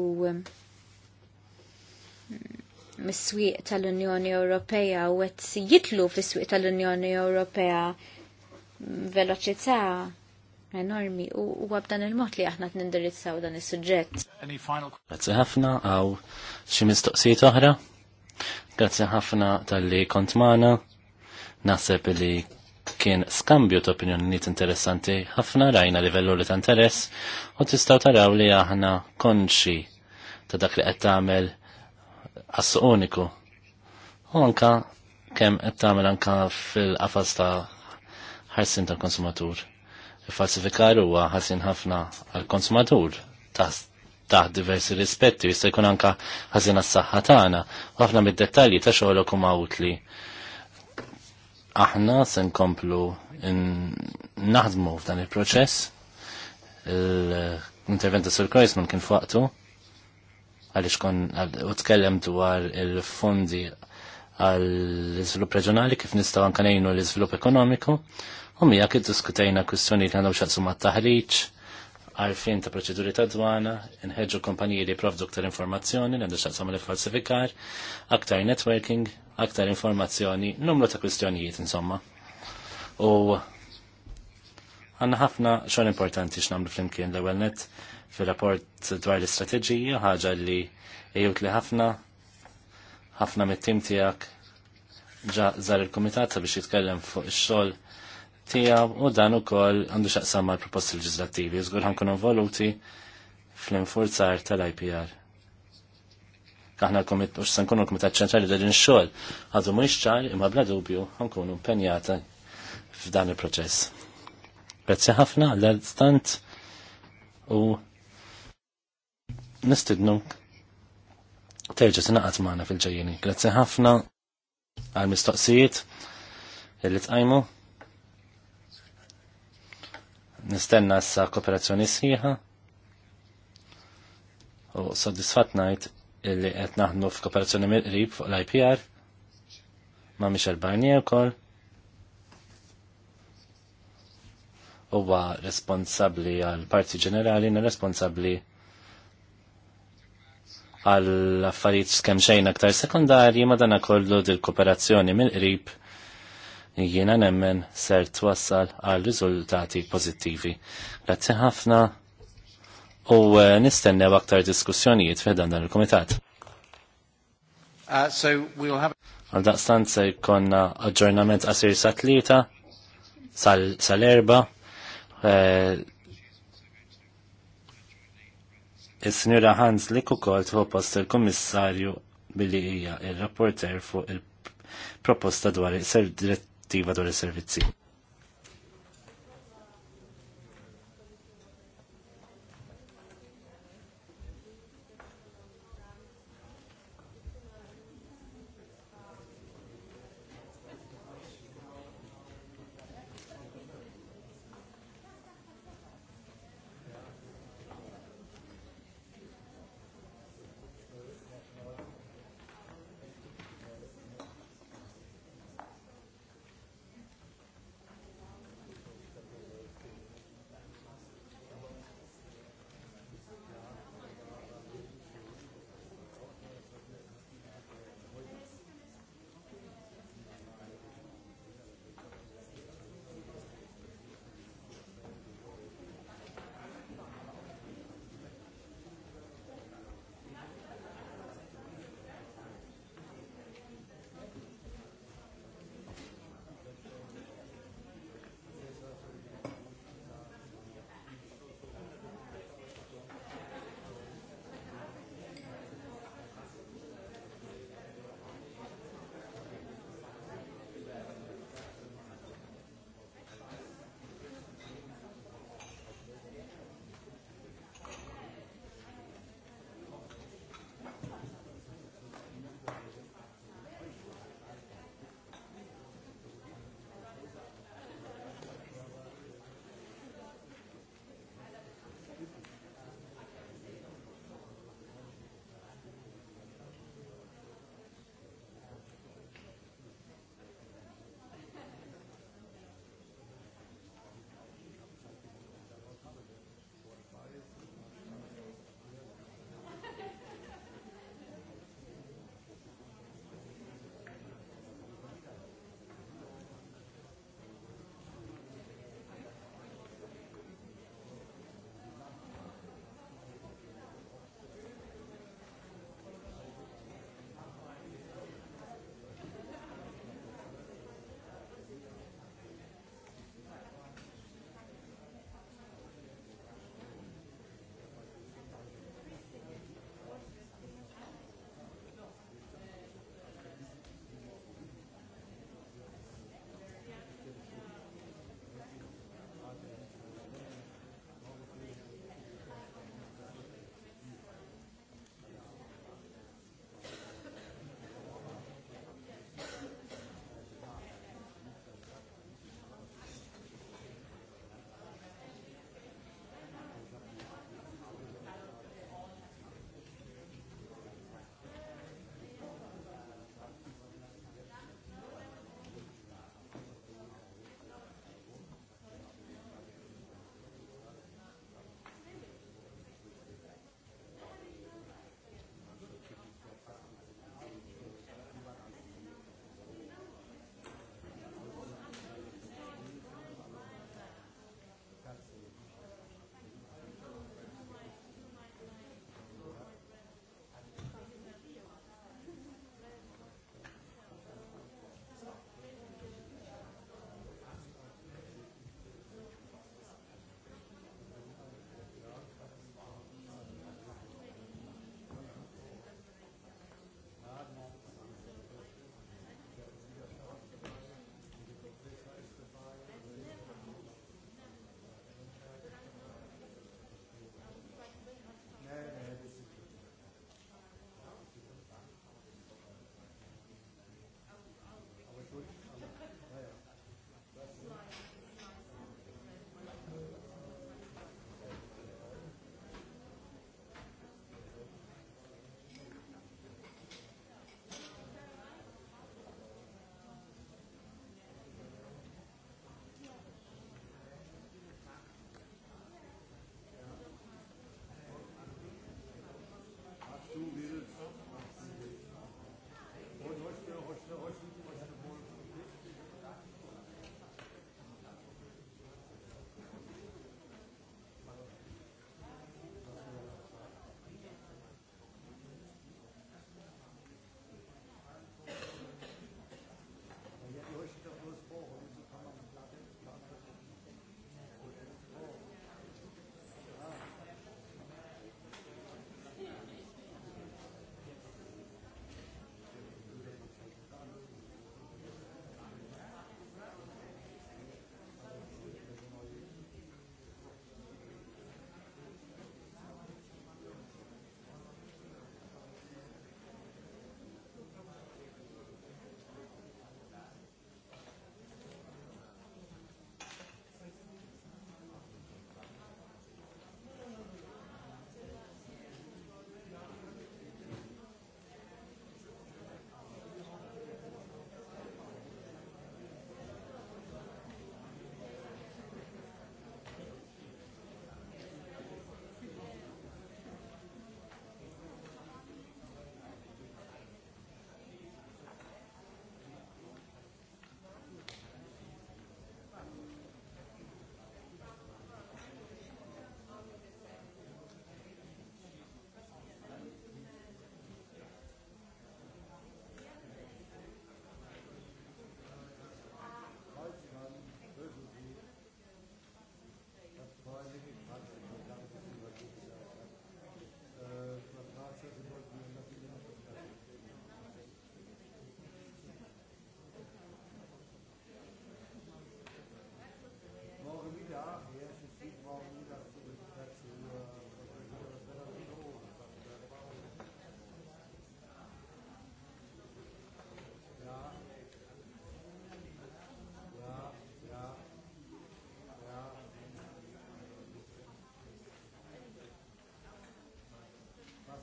S3: mis-swieq tal-Unjoni Ewropea u qed jitlu fis-swieq tal-Unjoni Ewropea mm, veloċità enormi u huwa b'dan il-mod li aħna tindirizzaw dan is-suġġett.
S4: Grazzi ħafna għaw xi mistoqsijiet oħra. Grazzi ħafna tal-li kont magħna. Naħseb li kien skambju ta' opinjonijiet interessanti ħafna rajna livellu li ta' interess u tistgħu taraw li aħna konxi ta' dak li qed tagħmel għassu uniku. U anka kemm qed tagħmel anka fil-qafas ta' ħarsin tal-konsumatur. Il-falsifikar huwa ħarsin ħafna għal-konsumatur ta' diversi rispetti, jista' jkun anka ħażin għas-saħħa tagħna. Ħafna mid-dettalji ta' xogħolok huma utli. Aħna se nkomplu naħdmu f'dan il-proċess. L-intervent Sur Sir kien faqtu għaliex kon u tkellem dwar il-fondi għall-iżvilupp reġjonali kif nistgħu anke ngħinu l izvilup ekonomiku u mija kif diskutejna kwistjoni li għandhom xaqsu ma' taħriġ għarfien ta' proċeduri ta' dwana, nħedġu kompaniji li provdu ktar informazzjoni, għandu ma' li falsifikar, aktar networking, aktar informazzjoni, numru ta' kwistjonijiet insomma. U għanna ħafna xogħol importanti x'namlu flimkien l-ewwel net fil-rapport dwar l-istrateġija, ħaġa li jgħut li ħafna, ħafna mit-tim tijak ġa zar il-komitat biex jitkellem fuq il-xol tijaw u dan u kol għandu xaqsam l proposti zgur ħan kunu voluti fl-infurzar tal-IPR. Aħna l komitat u xsan kunu l-komitat ċentrali dal xol għadu mu ċar imma bla dubju ħankunu impenjata f'dan il-proċess. Grazzi ħafna għal-stant u nistidnuk terġa' tingħaqad maħna fil-ġejjini. Grazzi ħafna għal mistoqsijiet li tqajmu. Nistenna s-sa kooperazzjoni sħiħa u soddisfatt ngħid illi qed naħnu f'kooperazzjoni mill-qrib fuq l-IPR ma' Michel Barnier kol. Huwa responsabbli għal parti ġenerali, responsabbli għal affarijiet skemm xejn aktar sekundarji ma dana kollu dil-kooperazzjoni mill-qrib jiena nemmen ser twassal għal riżultati pożittivi. Grazzi ħafna u eh, nistennew aktar diskussjonijiet f'dan dan il-komitat.
S2: Uh,
S4: għal daqstan se jkonna aġġornament qasir sa tlieta sal-erba sal eh, Is-Sinjura Hans Lik ukoll tħopost il-Kummissarju billi hija il-rapporter fuq il-proposta dwar il-direttiva dwar is-servizzi.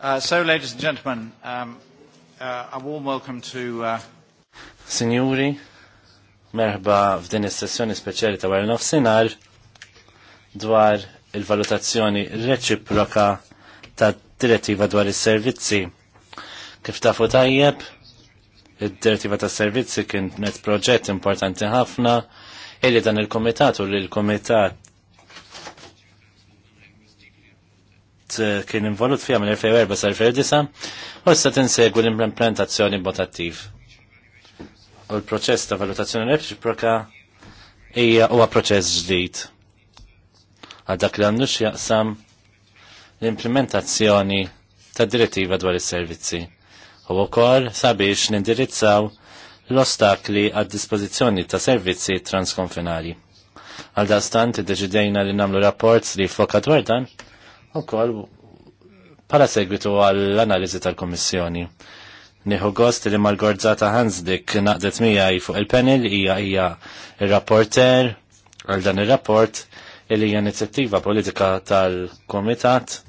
S2: Uh, so, ladies and gentlemen, um, uh, a warm welcome to... Uh...
S4: Signori, merħba f'din is-sessjoni speċjali ta' Warren Sinar dwar il-valutazzjoni reċiproka ta' direttiva dwar is-servizzi. Kif tafu tajjeb, id-direttiva ta' servizzi kien net proġett importanti ħafna illi dan il-komitat u l-komitat kien involut fija minn 2004 sa 2009 u issa tinsegwu l-implementazzjoni botattiv. U l-proċess ta' valutazzjoni reċiproka hija huwa proċess ġdid. Għal dak li għandu jaqsam l-implementazzjoni ta' direttiva dwar is-servizzi u wkoll sabiex nindirizzaw l-ostakli għad dispożizzjoni ta' servizzi transkonfinali. Għal dastant id-deġidejna li namlu rapport li foka dwar dan ukoll bħala segwitu għall-analiżi tal-Kummissjoni. Nieħu gost li Margorzata Hansdik naqdet miegħi fuq il-panel hija hija ir-rapporter għal dan ir-rapport il hija inizjattiva politika tal-Komitat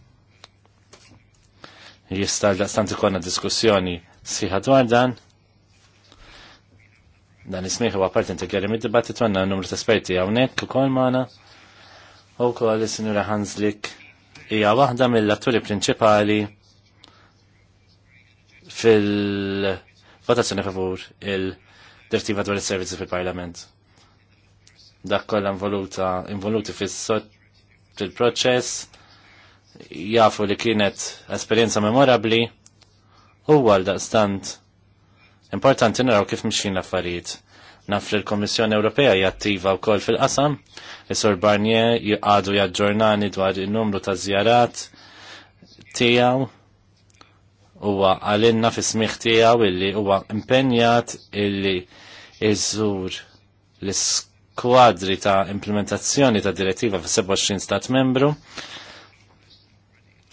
S4: jista' l-daqstant ikolna diskussjoni sħiħa dwar dan dan ismiħ huwa parti integrali mid dibattitu għandna numru ta' esperti hawnhekk ukoll magħna u wkoll is-Sinjura Hanslik hija waħda mill-atturi prinċipali fil-votazzjoni favur il-direttiva dwar is-servizzi fil-Parlament. Dak kollha involuta involuti fil-proċess jafu li kienet esperjenza memorabbli u għal daqstant importanti naraw kif mxin l-affarijiet. Naf li l-Kommissjoni Ewropea jattiva wkoll fil-qasam, is-Sur Barnier jgħadu jaġġornani dwar in-numru ta' żjarat tiegħu huwa għalinna fi smigħ tiegħu illi huwa impenjat illi iżur l-skwadri ta' implementazzjoni ta' direttiva fi 27 stat membru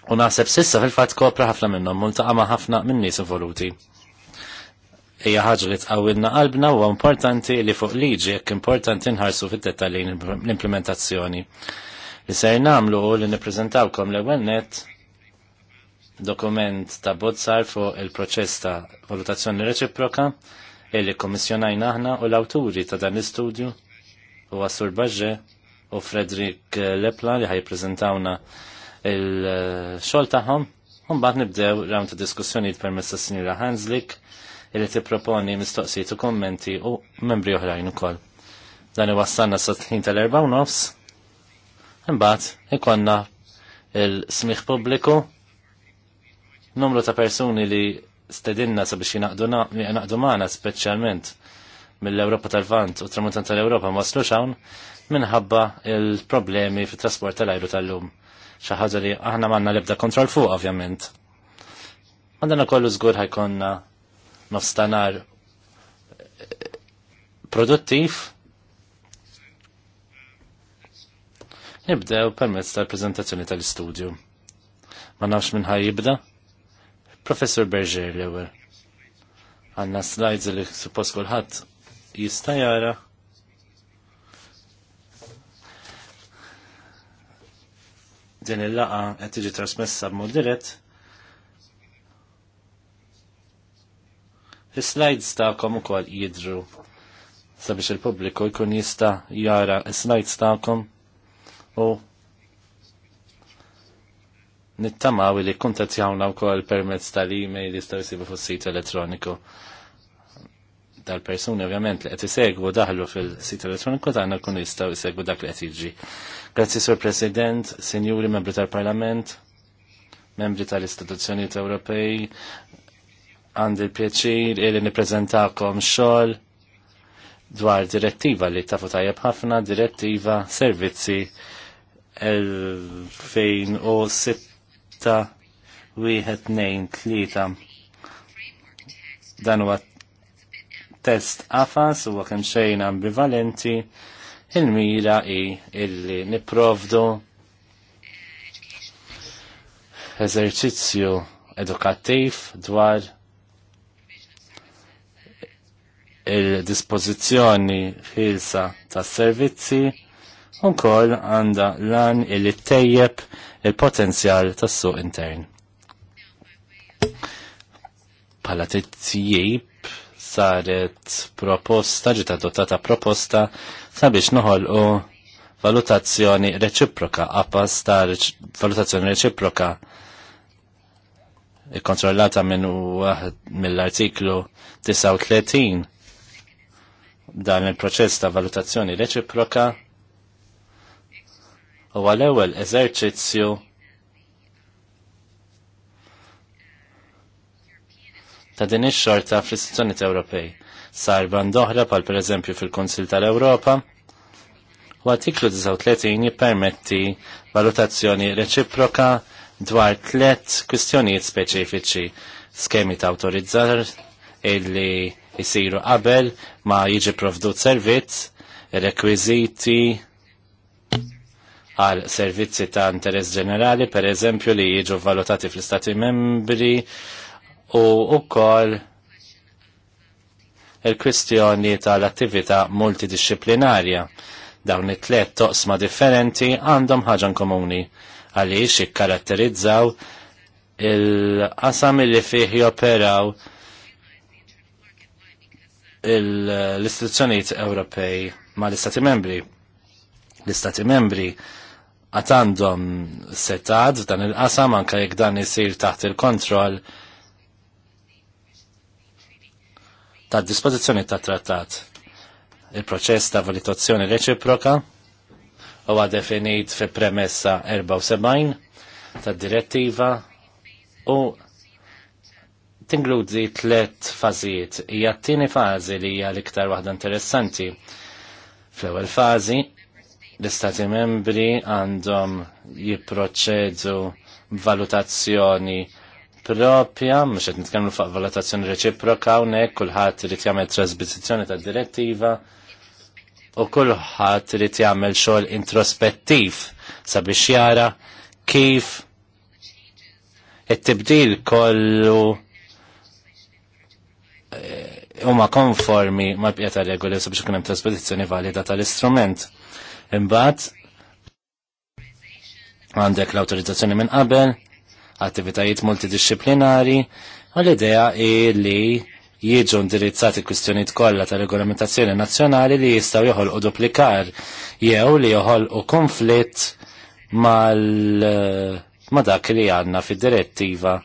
S4: u naħseb sissa fil-fat kopra ħafna minnhom multaqa' ma' ħafna minn nies involuti hija ħaġa li tqawilna qalbna huwa importanti li fuq liġi jekk importanti nħarsu fit-dettalji l-implementazzjoni. Li ser nagħmlu li nippreżentawkom l-ewwel net dokument ta' bozzar fuq il-proċess ta' valutazzjoni reċiproka illi kommissjonajna aħna u l-awturi ta' dan l-istudju u Assur Baġġe u Fredrik Lepla li prezentawna il-xol tagħhom. Mbagħad nibdew round ta' diskussjonijiet permezz tas-Sinjura Hanslik illi tipproponi mistoqsijiet u kommenti u membri oħrajn ukoll. Dan iwassalna sa tħin tal-erba' u nofs. Imbagħad ikonna il-smiħ pubbliku numru ta' persuni li stedinna sabiex jinaqdu maħna speċjalment mill-Europa tal-Vant u tramuntan tal-Europa ma waslux hawn minħabba il-problemi fit trasport tal-ajru tal-lum. Xi ħaġa li aħna m'għandna lebda kontrol fuq ovvjament. Għandana kollu żgur ħajkonna nostanar produttiv. Nibdew permezz tal-prezentazzjoni tal-istudju. Ma nafx minn jibda? Professor Berger l-ewel. Għanna slides li suppost kulħadd jista' jara. Din il-laqa qed tiġi trasmessa b'mod dirett Is-slides ta'kom ukoll jidru sabiex il-pubbliku jkun jista' jara is-slides ta'kom u nittamaw li kuntat jawna wkoll permezz tal-email jistgħu jsibu fuq sit elettroniku tal-persuni ovvjament li qed isegwu daħlu fil-sit elettroniku tagħna jkunu jistgħu jsegwu dak li qed jiġi. Grazzi Sur President, Sinjuri Membri tal-Parlament, Membri tal-Istituzzjonijiet Ewropej, għandi l-pjaċir illi niprezentakom xogħol dwar direttiva li tafu tajjeb ħafna direttiva servizzi 2006 wieħed nejn tlieta. Dan huwa test għafas huwa kemm xejn ambivalenti il-mira i illi niprovdu eżerċizzju edukattiv dwar il-dispozizjoni ħilsa ta' servizzi unkol għanda lan il tejjeb il-potenzjal tas suq intern. Pala t-tjib saret proposta, ġita dotata proposta sabiex u valutazzjoni reċiproka, għapas ta' valutazzjoni reċiproka kontrollata minn mill-artiklu 39 dan il-proċess ta' valutazzjoni reċiproka u għal-ewel eżerċizzju ta' din ix-xorta fl-istituzzjonijiet Ewropej. Sar bandoħra pal per eżempju fil-Kunsil tal-Ewropa u artiklu 39 jippermetti valutazzjoni reċiproka dwar tlet kwistjonijiet speċifiċi skemi ta' autorizzar illi jisiru qabel ma jiġi provdut servizz, rekwiziti għal servizzi ta' interess ġenerali, per eżempju li jiġu valutati fl-Stati membri u ukoll il-kwistjoni tal-attività multidisciplinarja. Dawn it-tlet toqsma differenti għandhom ħaġan komuni għaliex jikkaratterizzaw il-qasam li fih joperaw l-istituzzjonijiet Ewropej ma l-Istati membri. L-Istati membri għat għandhom setad dan il-qasam anka jekk dan isir taħt il-kontroll ta' dispożizzjoni ta' trattat. Il-proċess ta' valutazzjoni reċiproka huwa definit fi premessa 74 ta' direttiva u tingludi tlet fażijiet. Hija t-tieni fażi li hija l-iktar waħda interessanti. Fl-ewwel fażi l-Istati membri għandhom jipproċedu valutazzjoni propja, mhux qed nitkellmu fuq valutazzjoni reċiproka hawnhekk kulħadd irid jagħmel trasposizzjoni tad-direttiva u kulħadd irid jagħmel xogħol introspettiv sabiex jara kif it-tibdil kollu huma konformi mal pjeta regoli sabiex kunem hemm trasposizzjoni valida tal-istrument. Imbagħad għandek l-awtorizzazzjoni minn qabel, attivitajiet multidisciplinari, u l-idea hi li jieġu indirizzati kwistjonijiet kollha tal regolamentazzjoni nazzjonali li jistgħu u duplikar jew li joħolqu konflitt mal ma dak li għandna fid-direttiva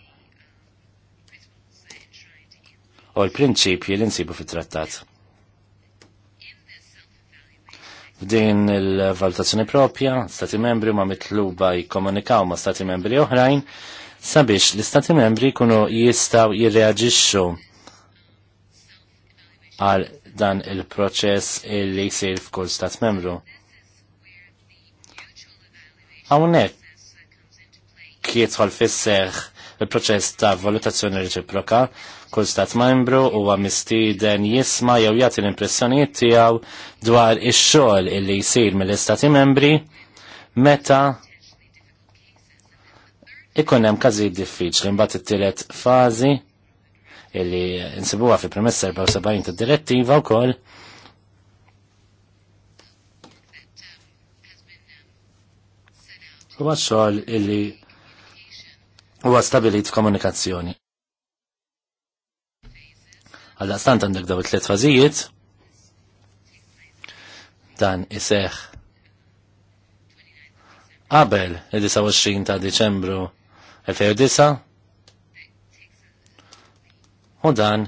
S4: u l-prinċipji li nsibu fit-trattat. F'din il-valutazzjoni propja, stati membri ma mitluba jikkomunikaw ma stati membri oħrajn sabiex li stati membri kunu jistaw jirreagġixxu għal dan il-proċess illi jsir f'kull stat membru. Hawnhekk kietħol fisseħ il-proċess ta' valutazzjoni reċiproka Kull stat membru huwa mistieden jisma' jew jagħti l-impressjonijiet tiegħu dwar ix-xogħol illi jsir mill-istati membri meta ikun hemm każijiet diffiċli mbagħad it-tielet fażi illi nsibuha fi premessa 74 tad-direttiva wkoll huwa xogħol illi huwa stabilit f'komunikazzjoni. Għalla stant għandek daw it-tlet fażijiet, dan iseħ qabel il-29 ta' Deċembru 2009 u dan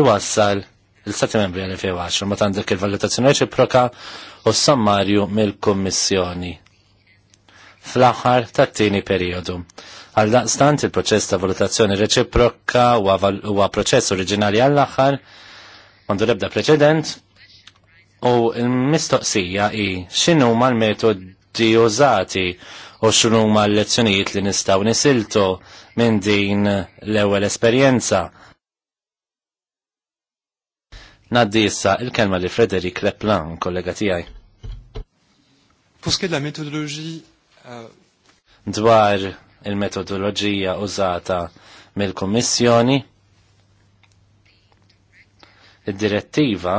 S4: iwassal il 7 Membri 2010 ma tandek il-valutazzjoni reċiproka u s-sommarju mill-Kommissjoni fl-aħħar tat-tieni periodu. Għal daqstant il-proċess ta' valutazzjoni reċiproka huwa proċess oriġinali għall-aħħar l ebda preċedent u l-mistoqsija i ma l-metodi użati u ma l-lezzjonijiet li nistgħu nisiltu minn din l-ewwel esperjenza. Naddi issa il-kelma li Frederik Leplan, kollega tiegħi.
S3: Pour la metodologi... Euh,
S4: dwar il-metodoloġija użata mill-Kummissjoni. Id-direttiva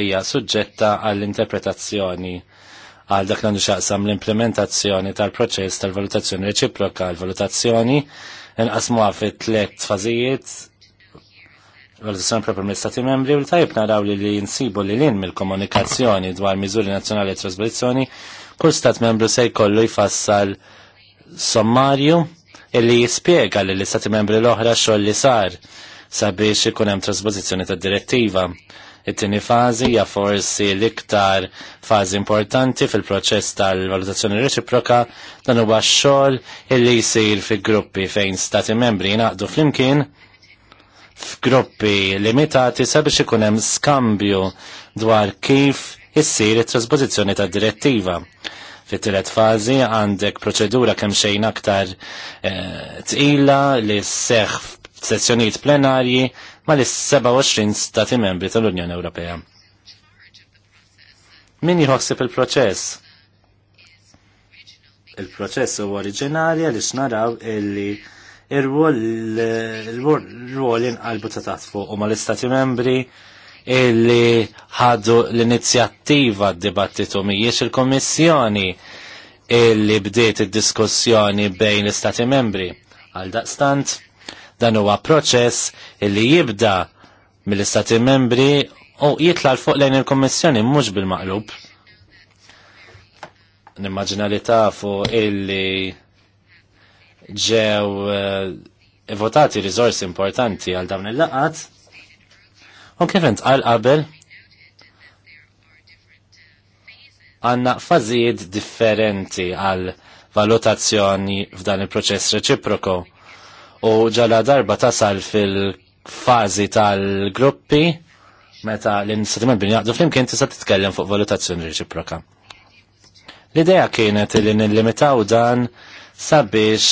S4: hija suġġetta għall-interpretazzjoni għal dak l-għandu xaqsam l-implementazzjoni tal-proċess tal-valutazzjoni reċiproka, l-valutazzjoni inqasmu fi tliet fażijiet valutazzjoni propri mill-Stati membri u l-tajb naraw li li jinsibu li l-in mill-komunikazzjoni dwar miżuri nazzjonali e trasposizzjoni kull stat membru se jkollu jfassal sommarju illi jispjega li l-istati membri l-oħra xogħol li sar sabiex ikun hemm trasposizzjoni tad direttiva. It-tieni fażi hija forsi l-iktar fażi importanti fil-proċess tal-valutazzjoni reċiproka dan huwa x-xogħol illi jsir fi gruppi fejn stati membri jingħaqdu flimkien f'gruppi limitati sabiex ikun hemm skambju dwar kif issir it-trasposizzjoni tad direttiva Fit-tielet fażi għandek proċedura kemm xejn aktar eh, tqila li seħ f'sessjonijiet plenarji mal 27 stati membri tal-Unjoni Ewropea. Min jħossib il-proċess? Il-proċess huwa oriġinarja li xnaraw illi ir-rwol l-rwol jinqalbu ta' fuq u mal istati membri illi ħadu l-inizjattiva d-dibattitu mijiex il kommissjoni illi bdiet id-diskussjoni bejn l-Istati membri. Għal daqstant, dan huwa proċess illi jibda mill-Istati membri u jitla l-fuq lejn il kommissjoni mhux bil-maqlub. Nimmaġina li tafu illi ġew eh, votati risorsi importanti għal dawn il-laqat U kif int qal qabel għandna fażijiet differenti għal valutazzjoni f'dan il-proċess reċiproko u ġala darba tasal fil-fazi tal-gruppi meta l-instatiment bin jaqdu flimkien tista' titkellem fuq valutazzjoni reċiproka. L-idea kienet li nillimitaw dan sabiex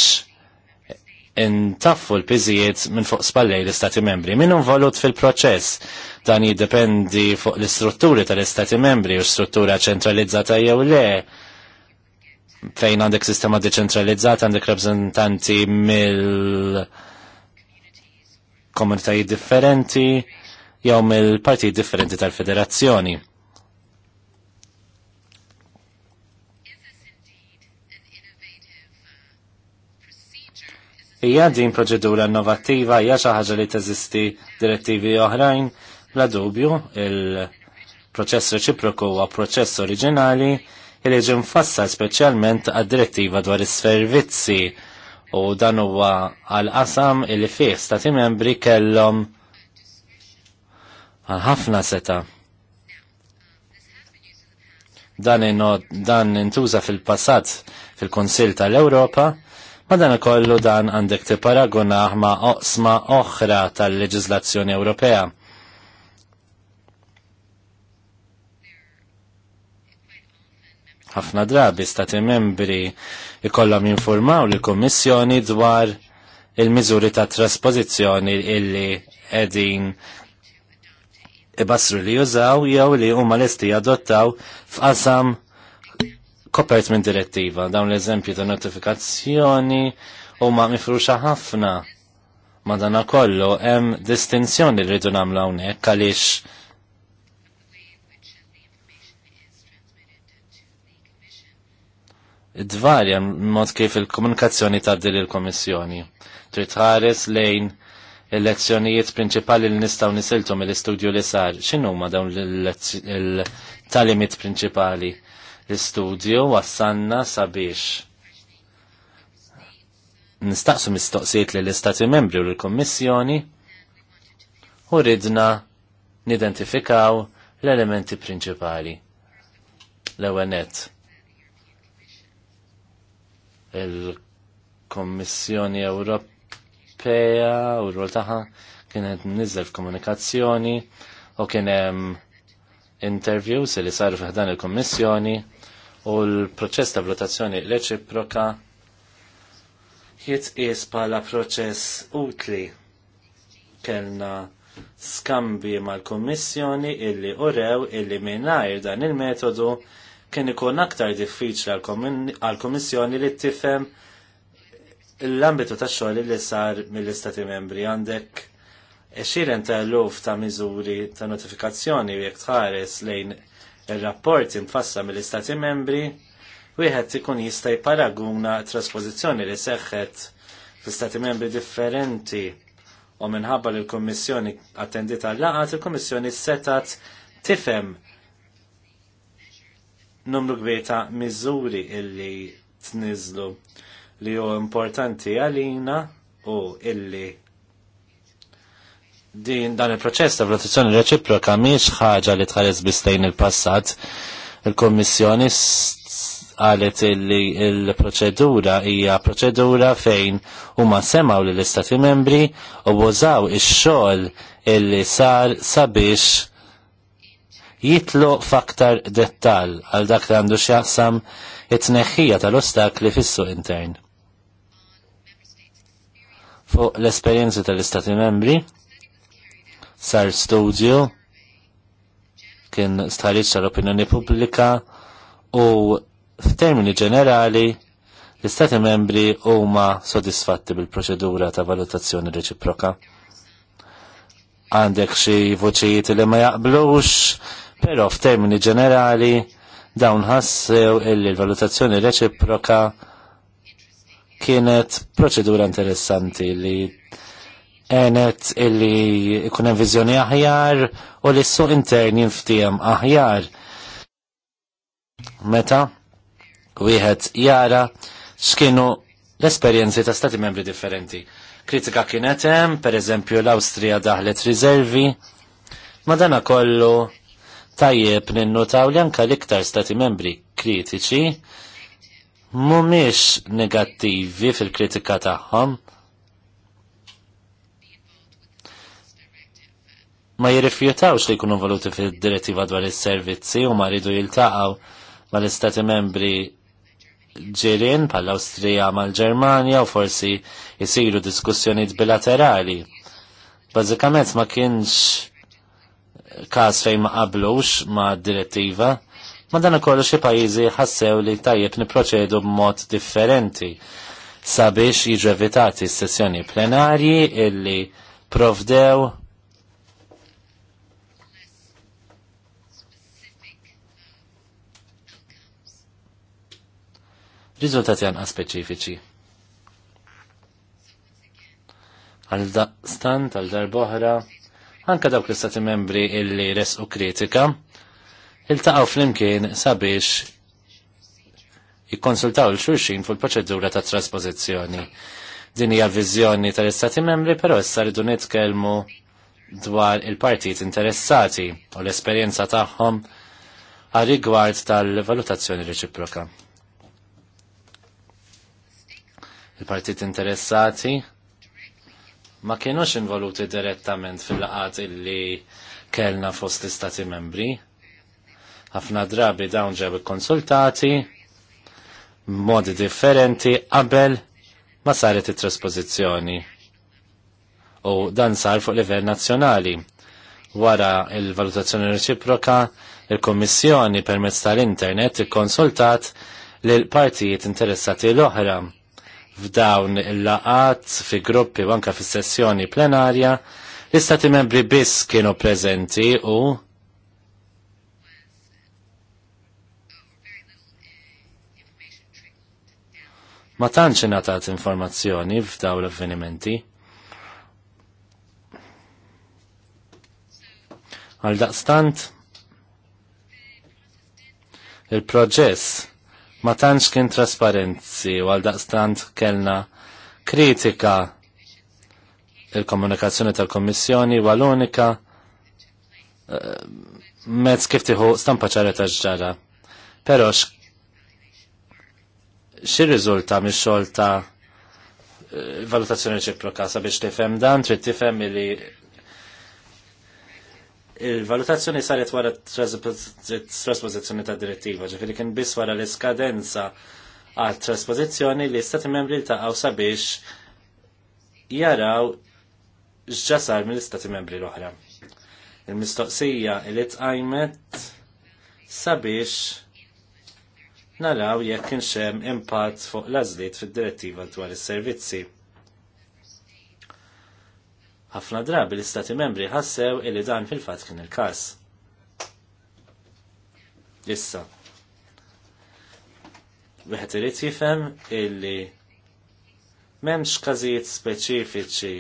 S4: intaffu l pizijiet minn fuq spallej l-Istati membri. Min involut fil-proċess dan jiddependi fuq l-istrutturi tal-Istati membri u struttura ċentralizzata jew le fejn għandek sistema deċentralizzat għandek rappresentanti mill komunitajiet differenti jew mill-partijiet differenti tal-federazzjoni. Hija din proċedura innovattiva hija xi ħaġa li teżisti direttivi oħrajn bla dubju il-proċess reċiproku huwa proċess oriġinali li ġie mfassal speċjalment għad-direttiva dwar is-servizzi u dan huwa għal qasam li fih stati membri kellhom għal ħafna seta' dan, dan intuża fil-passat fil-Konsil tal ewropa Madana kollu dan għandek paragona ma' oqsma oħra tal-leġizlazzjoni Ewropea. ħafna drabi stati membri ikollhom jinformaw li kummissjoni dwar il-miżuri ta' traspożizzjoni illi qegħdin ibassru li jużaw jew li huma lesti jadottaw f'qasam kopert minn direttiva. Dawn l-eżempju ta' notifikazzjoni huma mifruxa ħafna. Madana kollu hemm distinzjoni li rridu nagħmlu hawnhekk għaliex dvarja mod kif il-komunikazzjoni dil il-Komissjoni. Trid ħares lejn il-lezzjonijiet prinċipali li nistgħu nisiltu mill-istudju li sar. x'inhuma dawn il-talimit prinċipali? L-istudju wassanna sabiex nistaqsu mistoqsijiet li l-Istati membri u l-Kommissjoni u ridna nidentifikaw l-elementi prinċipali. L-ewenet. Il-Kommissjoni Ewropea u r-rol taħħa kienet nizzel f'komunikazzjoni u kien hemm interviews li saru f'ħdan il-Kommissjoni u l-proċess ta' votazzjoni reċiproka jitqies bħala proċess utli kellna skambi mal kummissjoni illi urew illi minnajr dan il-metodu kien ikun aktar diffiċli għal kummissjoni li tifhem l-ambitu ta' xogħol li sar mill-Istati Membri għandek e xiren ta' luf ta' miżuri ta' notifikazzjoni jekk tħares lejn ir-rapport imfassa mill-Istati membri wieħed ikun jista' jparaguna trasposizzjoni li seħħet fl-Istati membri differenti u minħabba li l-Kommissjoni attendita l-laqat, il-Kommissjoni setat tifem numru kbir ta' miżuri illi tniżlu li ju importanti għalina u illi din dan il-proċess ta' protezzjoni reċiproka miex ħaġa li tħares bistejn il-passat. Il-Kommissjoni għalet li il-proċedura hija proċedura fejn huma semaw lill istati membri u bożaw ix-xogħol illi sar sabiex jitlu faktar dettal għal dak li għandu x'jaqsam it-tneħħija tal-ostakli fis-suq intern. Fuq l-esperjenzi tal-Istati membri, sar studju kien stħarriċ l opinjoni pubblika u f'termini ġenerali l-Istati membri huma sodisfatti bil-proċedura ta' valutazzjoni reċiproka. Għandek xi voċijiet li ma jaqblux, però f'termini ġenerali dawn ħassew illi l-valutazzjoni reċiproka kienet proċedura interessanti li enet illi ikun hemm viżjoni aħjar u li s-suq intern jinftiem aħjar. Meta wieħed jara x'kienu l-esperjenzi ta' stati membri differenti. Kritika kienet hemm, pereżempju l-Awstrija daħlet riservi, ma dana kollu tajjeb ninnutaw li anka l-iktar stati membri kritiċi mumiex negattivi fil-kritika tagħhom, ma jirrifjutawx li jkunu voluti fil-direttiva dwar is-servizzi u ma rridu jiltaqgħu mal-istati membri ġirien pal awstrija mal-Ġermanja u forsi jisiru diskussjonijiet bilaterali. Bażikament ma kienx każ fejn ma qablux ma' direttiva, ma dan ukoll xi pajjiżi ħassew li tajjeb niproċedu b'mod differenti sabiex jiġu evitati s-sessjoni plenarji illi provdew riżultati għan speċifiċi. Għal stant, għal darboħra, anka dawk l-istati membri illi resqu kritika, iltaqgħu flimkien sabiex jikkonsultaw l-xulxin il proċedura ta' traspożizzjoni. Din hija viżjoni tal-istati membri, però issa rridu nitkellmu dwar il-partit interessati u l-esperjenza tagħhom għal rigward tal-valutazzjoni reċiproka. il-partit interessati ma kienux involuti direttament fil-laqat illi kellna fost l-istati membri. ħafna drabi dawn ġew konsultati modi differenti qabel ma saret it trasposizjoni U dan sar fuq livell nazzjonali. Wara il-valutazzjoni reċiproka, il-Kommissjoni permezz tal-Internet ikkonsultat lil partijiet interessati l-oħra f'dawn il-laqat fi gruppi u anka fi sessjoni plenarja l-istati membri biss kienu prezenti u ma tantx ingħatat informazzjoni f'daw l-avvenimenti. Għal daqstant il-proġess ma tantx kien trasparenzi u għal daqstant kellna kritika il-komunikazzjoni tal-Kommissjoni u għal-unika eh, mezz kif tieħu stampa ċara ta' ġara. Però xi riżulta mix-xogħol ta' eh, valutazzjoni Ċiproka sabiex tifhem dan trid tifhem li Il-valutazzjoni saret wara trasposizjoni ta' direttiva, ġifiri kien biss wara l-iskadenza għal trasposizjoni li stati membri għaw sabiex jaraw x'ġasar mill-istati membri l-oħra. Il-mistoqsija li tqajmet sabiex naraw jekk kienx hemm impatt fuq l-għażliet fid-direttiva dwar is-servizzi. Ħafna drabi l-Istati membri ħassew illi dan fil-fatt kien il-każ. Issa. Wieħed irid jifhem illi m'hemmx każijiet speċifiċi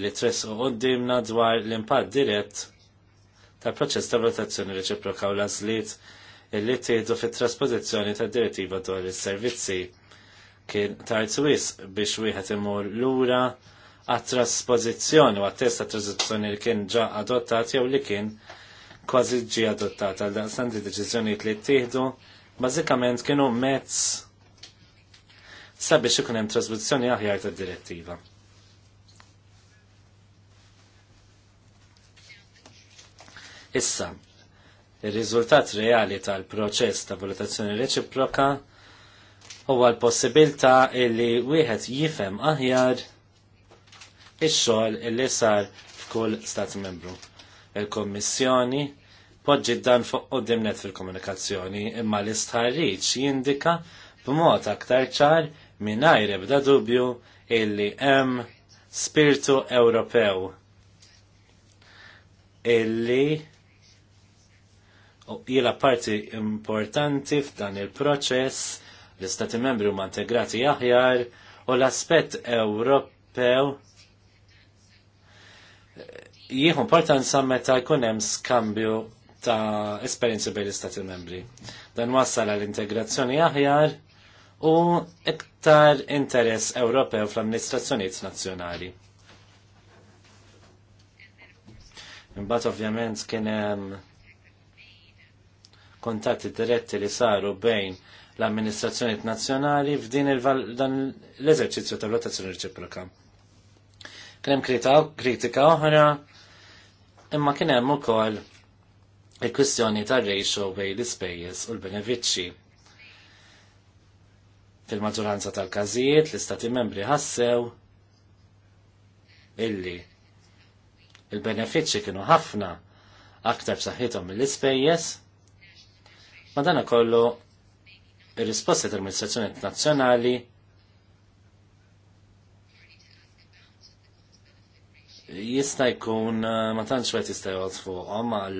S4: illi tressu qudiemna dwar l-impatt dirett tal-proċess ta' valutazzjoni reċiproka u l-għażliet illi tgħidu fit-trasposizzjoni tad-direttiva dwar is-servizzi kien tard biex wieħed imur lura għat-trasposizjoni u għat-test għat-trasposizjoni li kien ġa adottat jew li kien kważi ġi adottat għal daqsan di deċizjoni li t-tihdu bazzikament kienu mezz sabiex ikun hemm trasposizzjoni aħjar tad-direttiva. Issa, il-riżultat reali tal-proċess ta' valutazzjoni reċiproka huwa l-possibilità li wieħed jifhem aħjar ix-xogħol illi sar f'kull stat membru. Il-Kommissjoni poġġi dan fuq dimnet fil-komunikazzjoni imma l-istħarriġ jindika b'mod aktar ċar mingħajr ebda dubju illi hemm spiritu Ewropew illi jila parti importanti f'dan il-proċess l-istati membri huma integrati aħjar u l-aspett Ewropew jieħu importanza meta jkun hemm skambju ta' esperjenzi bejn l-Istati membri. Dan wassal għall integrazzjoni aħjar u iktar interess Ewropew fl-amministrazzjonijiet nazzjonali. Imbagħad ovvjament kien hemm kontatti diretti li saru bejn l-amministrazzjonijiet nazzjonali f'din il-dan l-eżerċizzju tal rotazzjoni reċiproka. Kien hemm kritika oħra, imma kien hemm ukoll il-kwistjoni tar-ratio bejn l-ispejjeż u l-benefiċċji. Fil-maġġoranza tal-każijiet l-istati membri ħassew illi il-benefiċċji kienu ħafna aktar b'saħħithom mill-ispejjeż, ma dan kollu ir-risposti tal-amministrazzjoni nazzjonali jista' jkun eh, ma tantx wet jista' jgħod fuqhom għal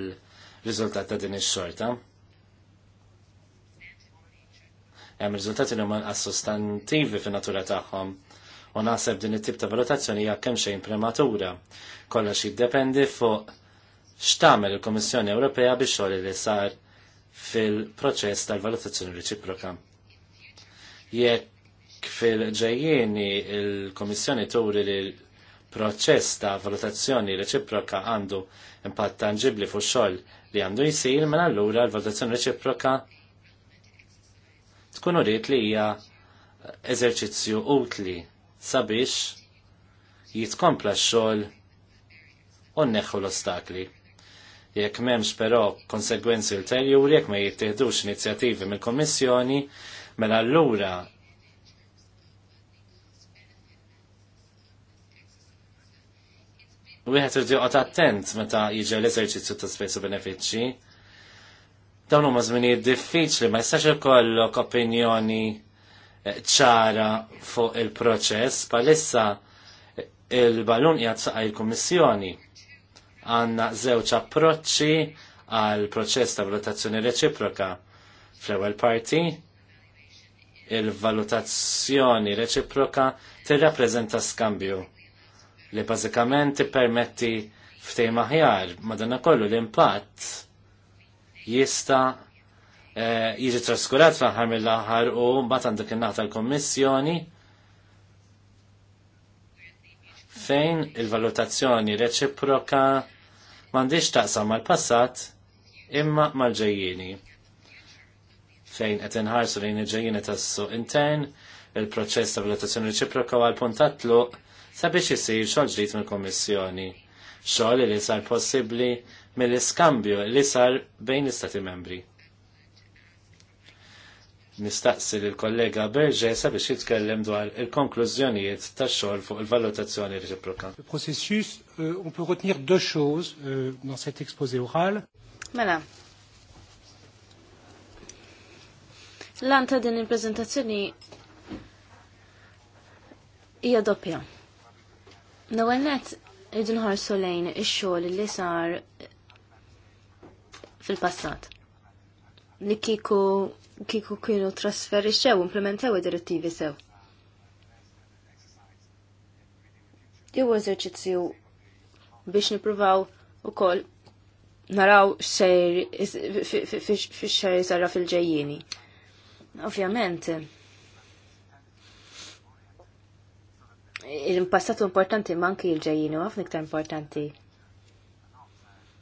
S4: riżultat ta' din ix-xorta. Hemm riżultati li huma assustantivi fin-natura tagħhom u naħseb din it-tip ta' valutazzjoni hija kemm xejn prematura. Kollox jiddependi fuq x'tagħmel il-Kummissjoni Ewropea biex xogħol li sar fil-proċess tal-valutazzjoni reċiproka. Jekk fil-ġejjieni il-Kommissjoni turi li proċess ta' valutazzjoni reċiproka għandu impatt tangibli fuq xogħol li għandu jsir minn mela allura l-valutazzjoni reċiproka tkun uriet li hija eżerċizzju utli sabiex jitkompla x-xogħol u nneħħu l-ostakli. Jekk m'hemmx però konsegwenzi ulterjuri jekk ma jittieħdux inizjattivi mill-Kommissjoni, mela allura U wieħed irid attent meta jiġi l-eżerċizzju ta' spesu benefiċi. benefiċċji. Dawn huma żminijiet diffiċli ma jistax ikollok opinjoni eh, ċara fuq il-proċess palissa eh, il-balun jgħat saqa' il-Kummissjoni. Għandna żewġ approċċi għal proċess ta' valutazzjoni reċiproka. Fl-ewwel parti, il-valutazzjoni reċiproka tirrappreżenta skambju li bażikament permetti ftej maħjar madonna kollu l-impatt jista' eh, jiġi traskurat fl-aħħar mill-aħħar u mbagħad għandek in-naħta l-Kommissjoni fejn il-valutazzjoni reċiproka m'għandix taqsam mal-passat imma mal-ġejjieni fejn qed inħarsu lejn il-ġejjieni tas-suq intern il-proċess ta' valutazzjoni reċiproka għal tluq sabiex jisir xogħol ġdijt mill komissjoni, xogħol li sar possibbli mill-iskambju li sar bejn l-Istati membri. Nistaqsi lill kollega Berge sabiex jitkellem dwar il-konklużjonijiet tax-xogħol fuq il-valutazzjoni reċiproka. Il-processus, euh, on peut retenir deux choses euh, dans cet exposé oral.
S1: Mela, l din il-prezentazzjoni hija doppja. Nawennet id nħarsu lejn ix-xogħol li sar fil-passat. Li kiku kiku kienu trasferixxew implementew id-direttivi sew. Jew eżerċizzju biex nippruvaw ukoll naraw xejr fix xejr sarra fil ġejjini Ovvjament, il-passatu importanti manki il u għafni ktar importanti.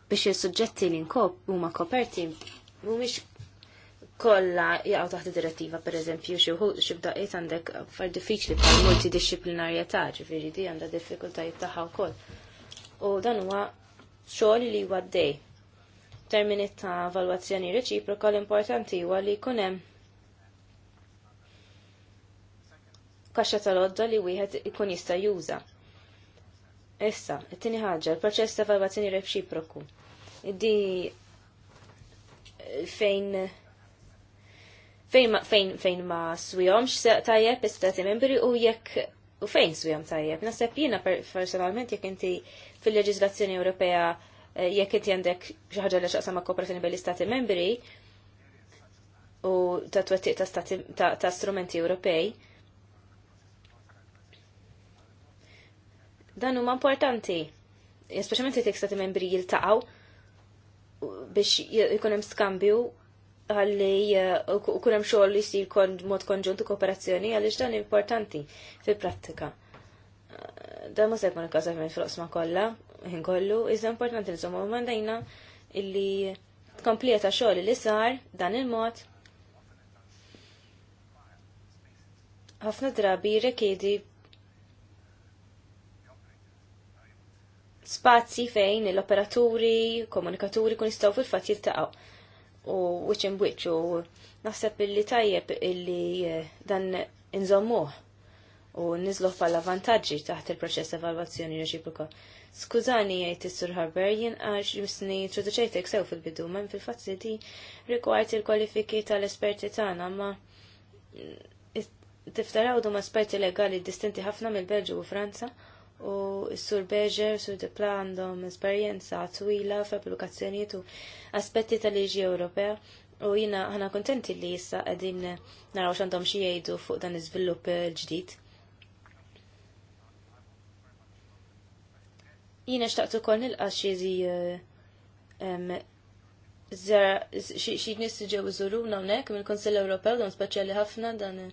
S1: Biex il-sujġetti li nkop huma koperti mhumiex kollha jaqgħu taħt direttiva pereżempju xi wħud xi bdaqiet għandek far diffiċli bħal multidixxiplinarjetà, ġifieri di għandha diffikultajiet tagħha wkoll. U dan huwa xogħol li huwa dej. Termini ta' valwazzjoni reċiproka l-importanti huwa li jkun hemm kaxxa tal-odda li wieħed ikun jista' juża. Issa, it-tieni ħaġa, l-proċess ta' valvazzjoni reċiproku. Di fejn fejn fejn fejn ma swihomx tajjeb istati membri u jekk u fejn swihom tajjeb. Naseb jiena personalment jekk inti fil-leġiżlazzjoni Ewropea eh, jekk inti għandek xi ħaġa li xaqsam kooperazzjoni bil istati membri, u ta' twettiq ta strumenti Ewropej, Dan huma importanti. Speċjalment jekk sta membri jiltaqgħu biex jkun hemm skambju għalli eh, ukun hemm xogħol li jsir mod konġunt u kooperazzjoni għaliex dan importanti fil-prattika. Eh, dan mhux se jkun ikkażament fil-qosma kollha, ħin kollu, iżda importanti insomma mandajna illi tkompleta xogħol li sar dan il-mod ħafna drabi rekedi Spazi fejn l-operaturi, komunikaturi kun jistaw fil-fat jiltaqaw. U which in which, u naħseb illi tajjeb illi eh, dan inżommuh u nizlu pala vantaġġi taħt il-proċess evalwazzjoni reċiproka. Skużani jgħid is-Sur Harber jien għax jisni introduċejtek sew fil-bidu, men fil-fatt li di rigward il-kwalifiki tal-esperti tagħna ma tiftaraw dum esperti legali distinti ħafna mill-Belġu u Franza u s-sur Beġer, sur Depla għandhom esperjenza twila f'applikazzjonijiet u aspetti tal-liġi Ewropea u jina ħana kontenti li jissa għedin naraw xandhom xie jgħidu fuq dan iżvilupp l-ġdid. Jina xtaqtu kol nilqa xiezi xie nis ġew iżuruna unnek minn Konsil Ewropew dan speċjali ħafna dan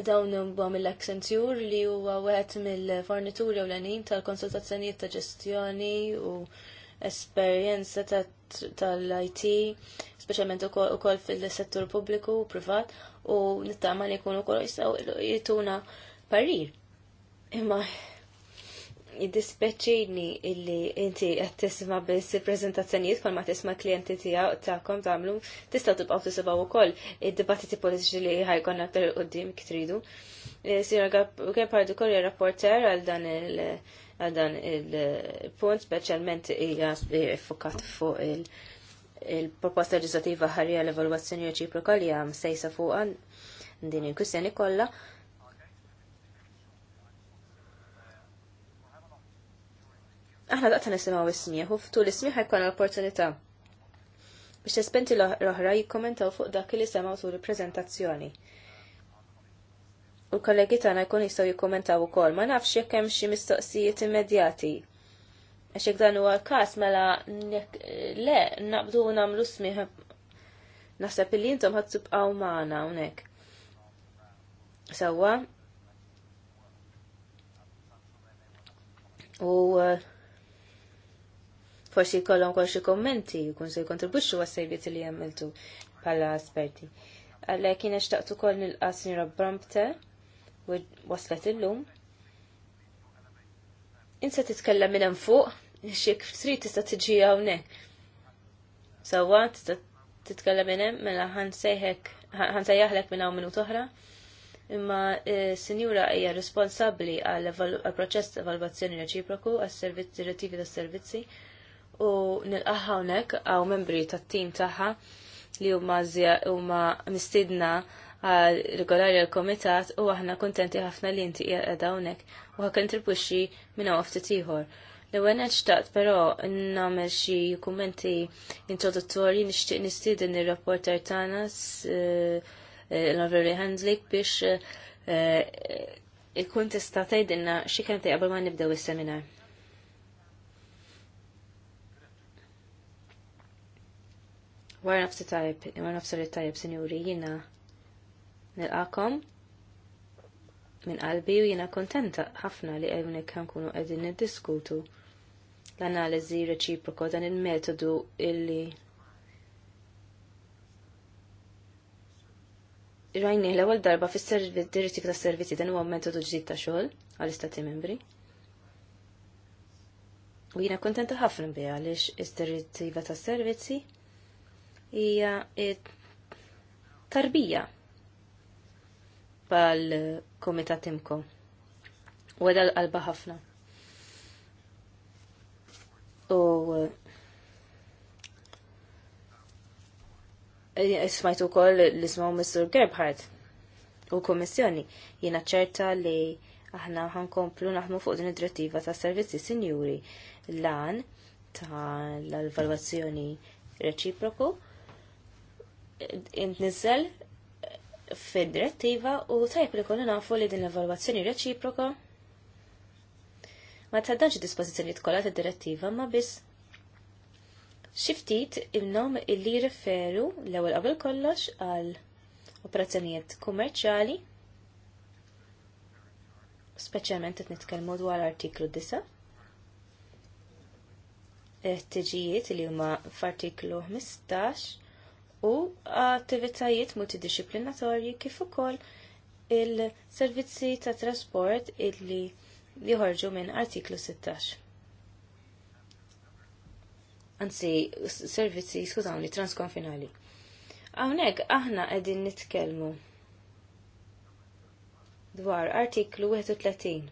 S1: dawn huwa l accenture li huwa wieħed mill-fornituri u l-għanin tal-konsultazzjonijiet ta' ġestjoni u esperjenza tal-IT, speċjalment ukoll fil-settur pubbliku u privat u nittama li jkunu kol jistgħu jituna parir. Imma jiddispeċini illi inti qed tisma' biss il-preżentazzjonijiet kol ma tisma' klijenti tiegħu tagħkom tagħmlu tista' tibqgħu tisimgħu wkoll id-dibattiti politiċi li ħajkon aktar qudiem kif tridu. Eh, Sira Gepard ukoll rapporter għal dan il- għal dan il-punt speċjalment hija ffokat fuq il- il-proposta leġislattiva ħarrija l-evalwazzjoni reċiproka li għam sejsa fuq din il-kwistjoni kollha aħna daqta nisimgħu ismiħ, u ftul ismiħ ħajkon l-opportunità biex tespenti l-oħra jikkommentaw fuq dak li semgħu tul il-preżentazzjoni. U l-kollegi tagħna jkun jistgħu jikkommentaw ukoll ma nafx jekk hemm xi mistoqsijiet immedjati. Għax jekk dan huwa l-każ mela le naqbdu nagħmlu smih naħseb illi intom ħadd tibqgħu magħna hawnhekk. Sewwa, U uh, forsi jkollhom kol xi kommenti jkun se jkontribwixxu għas-sejbiet li għamiltu bħala esperti. Għalhekk kien xtaqt ukoll nilqa' Sinjora Brompte waslet illum. Insa titkellem minn hemm fuq, xiek trid tista' tiġi hawnhekk. Sewwa tista' titkellem minn hemm mela ħansejħek ħansejjaħlek minn hawn minut oħra imma eh, sinjura hija responsabbli għal proċess ta' evalvazzjoni reċiproku għas servizzi direttivi tas servizzi u nilqaħħa hawnhekk għaw membri tat-tim tagħha li huma ma mistidna regolari għal-komitat u aħna kontenti ħafna li inti qiegħda hawnhekk u ħakkontribwixxi minn hawn ftit ieħor. L-ewwel xtaqt però nagħmel xi kummenti introduttorji nixtieq nistieden ir-rapporter tagħna eh, l-Honorary Handlik biex eh, eh, il tista' tgħidilna xi kemm qabel ma nibdew is-seminar. Wara nafsi tajb, wara nafsi li tajb, sinjuri, jina nil akom minn qalbi u jina kontenta ħafna li għedin kan kunu għedin niddiskutu l-analizi reċiproko dan il-metodu illi rajni l-ewwel darba fis-servizzi ta' servizzi dan huwa metodu ġdid ta' xogħol għall-istati membri. U jiena kuntenta ħafna biha għaliex is-direttiva ta' servizzi hija tarbija pal komitat imkom. U għedha għalba qalba ħafna. U eh, smajtu kol l-ismaw Mr. Gerbhardt u l-Komissjoni jina ċerta li aħna ħankomplu naħmu fuq din id-direttiva ta' servizzi sinjuri lan tal-valvazzjoni reċiproku intnizzel fid-direttiva u tajb li kunu nafu li din l-evalwazzjoni reċiproka ma tħaddanx dispożizzjoni tkolla tad-direttiva ma biss xiftit il-nom li jirriferu l-ewwel qabel kollox għal operazzjonijiet kummerċjali speċjalment qed nitkellmu dwar artiklu 9 tiġijiet li huma f'artiklu 15 u attivitajiet multidisciplinatorji kif ukoll il-servizzi ta' trasport illi joħorġu minn artiklu 16. Anzi, servizzi, skużawni, transkonfinali. Hawnhekk aħna qegħdin nitkellmu dwar artiklu 31.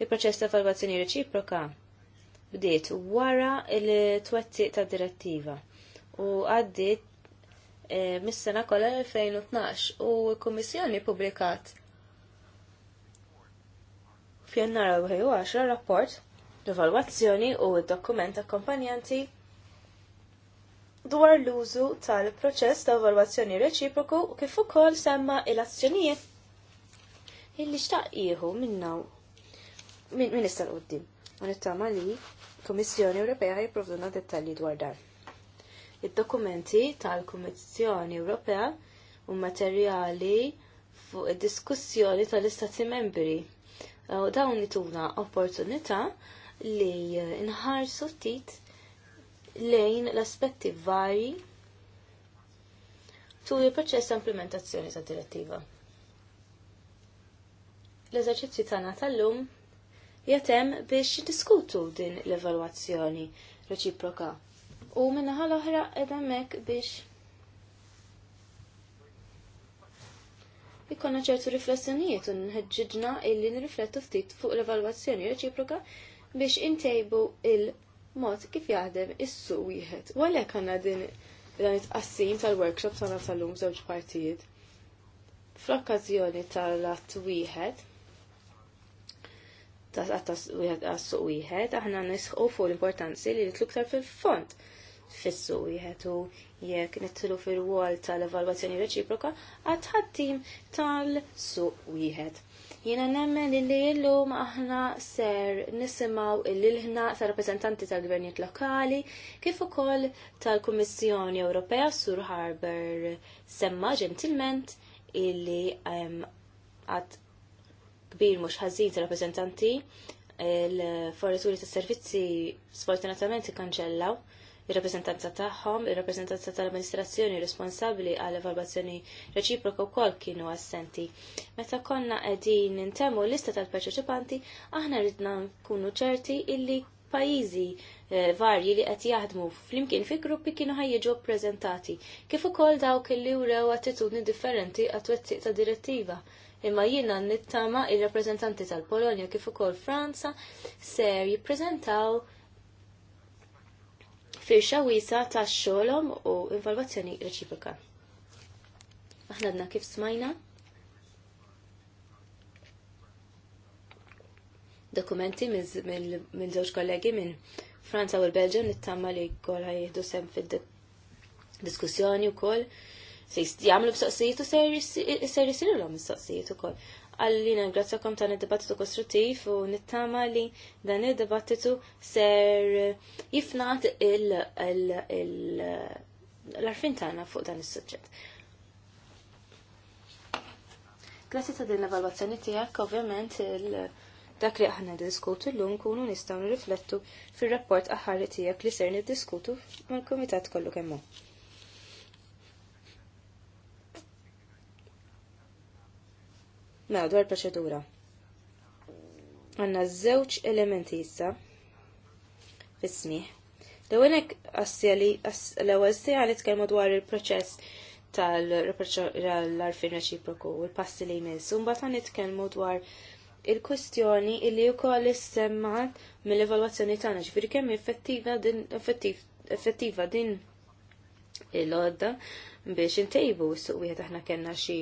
S1: Il-proċess ta' valvazzjoni reċiproka bdiet wara il-twettiq ta' direttiva u għaddit e, mis-sena kollha 2012 u l-Kummissjoni publikat f'Jannar 2010 rapport l-evalwazzjoni u d-dokument akkompanjanti dwar l-użu tal-proċess ta' evalwazzjoni reċiproku u kif ukoll semma il-azzjonijiet illi xtaq jieħu minna minn min issa l-qoddim. Għanittama li Komissjoni Ewropea jipprovduna dettalji dwar dan. Id-dokumenti tal-Kummissjoni Ewropea u materjali fuq id-diskussjoni tal-Istati Membri. U dawn ituna opportunità li nħarsu ftit lejn l-aspetti varji tul il-proċess ta' implementazzjoni ta' direttiva. L-eżerċizzju tagħna tal-lum jatem biex diskutu din l-evalwazzjoni reċiproka u minna l-oħra edha biex ikkonna ċertu riflessjonijiet u nħedġiġna illi nirriflettu ftit fuq l-evalwazzjoni reċiproka biex intejbu il-mod kif jaħdem issu wieħed. U għalhekk għandna din dan it-qassim tal-workshop tagħna tal-lum żewġ partijiet. Fl-okkażjoni tal-att wieħed tas wieħed għas-suq wieħed aħna nisħu fuq l-importanzi li l fil-font fissu wieħed u jekk nittilu fir-wol tal-evalwazzjoni reċiproka għad ħattim tal-suq wieħed. Jiena nemmen li illum aħna ser nisimaw l-ilħna ta' rappresentanti tal-gvernijiet lokali kif ukoll tal-Kummissjoni Ewropea Sur Harber semma ġentilment illi għad kbir mhux ħażin ta' rappresentanti il-fornituri ta' servizzi sfortunatament ikkanċellaw ir rappresentanza tagħhom, ir rappresentanza tal-amministrazzjoni responsabbli għal evalwazzjoni reċiproka wkoll kienu assenti. Meta konna qegħdin intemmu l-lista tal-parċeċipanti, aħna ridna nkunu ċerti illi pajjiżi eh, varji li qed jaħdmu flimkien fi gruppi kienu ħajjiġu ppreżentati, kif ukoll dawk li wrew attitudni differenti għat-twettiq ta' direttiva. Imma jiena nittama il-rappreżentanti tal-Polonja kif ukoll Franza ser jippreżentaw firxa wisa ta' xolom u involvazzjoni reċiproka. Aħna dna kif smajna? Dokumenti minn żewġ kollegi minn Franza u l-Belġu nittamma li kolla jihdu sem fil-diskussjoni u koll se jistjamlu b-soqsijiet u se jisiru l-om b-soqsijiet u koll għalli grazzakom tan id-dibattitu kostruttiv u nittama li dan id-dibattitu ser jifnat l-arfin tagħna fuq dan is-suġġett. Grazzi ta' din l-evalwazzjoni tiegħek, ovvjament dak li aħna diskutu llum kunu nistgħu nirriflettu fir-rapport aħħari tiegħek li ser niddiskutu mal-kumitat kollu kemm Mela dwar proċedura. Għanna żewġ elementi issa fis-smih. Dawenek għassjali l-ewwel sija li tkellmu dwar il-proċess tal-arfin reċiproku u l-passi li jmiss. Mbagħad nitkellmu dwar il-kwestjoni illi wkoll issemmat mill-evalwazzjoni tagħna, ġifieri kemm effettiva din effettiva din il-għodda biex intejbu suq wieħed aħna kellna xi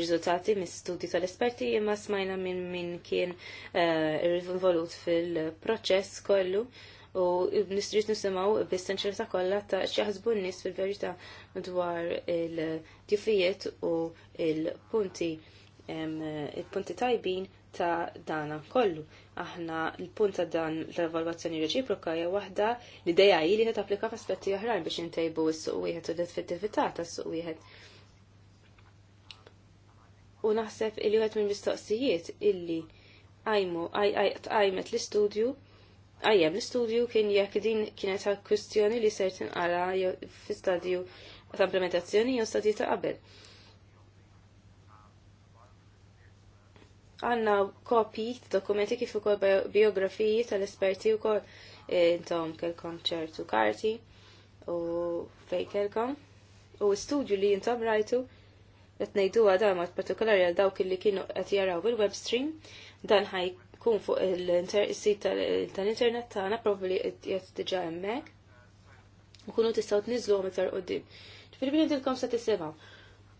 S1: riżultati mis studji tal-esperti imma smajna minn min kien eh, involut fil-proċess kollu u nistriġ nisimaw bis-senċerta kollha ta' x'jaħsbu n-nies fil-verità dwar il-tifijiet u il-punti il-punti tajbin ta' dana kollu. Aħna l-punt ta' dan l-evalwazzjoni reċiproka hija waħda l-idea li ta' applika f'aspetti oħrajn biex intejbu s-suq wieħed u l-effettività tas-suq wieħed u naħseb illi għet minn mistoqsijiet illi għajmu għajmet l-istudju għajjem l-istudju kien jekk din kienet għal kustjoni li ser għala fi stadju ta' implementazzjoni jew stadju ta' qabel. Għanna kopji ta' dokumenti kif ukoll biografiji tal-esperti wkoll e, intom kelkom ċertu karti u fej kelkom u studju li jintom rajtu qed ngħiduha dan mod partikolari għal dawk li kienu qed jaraw il-web stream dan ħajkun fuq il-sit tal-internet tagħna probabbli qed diġà hemmhekk. Nkunu tistgħu tniżluhom iktar qudiem. Ġifieri bini se tisimgħu.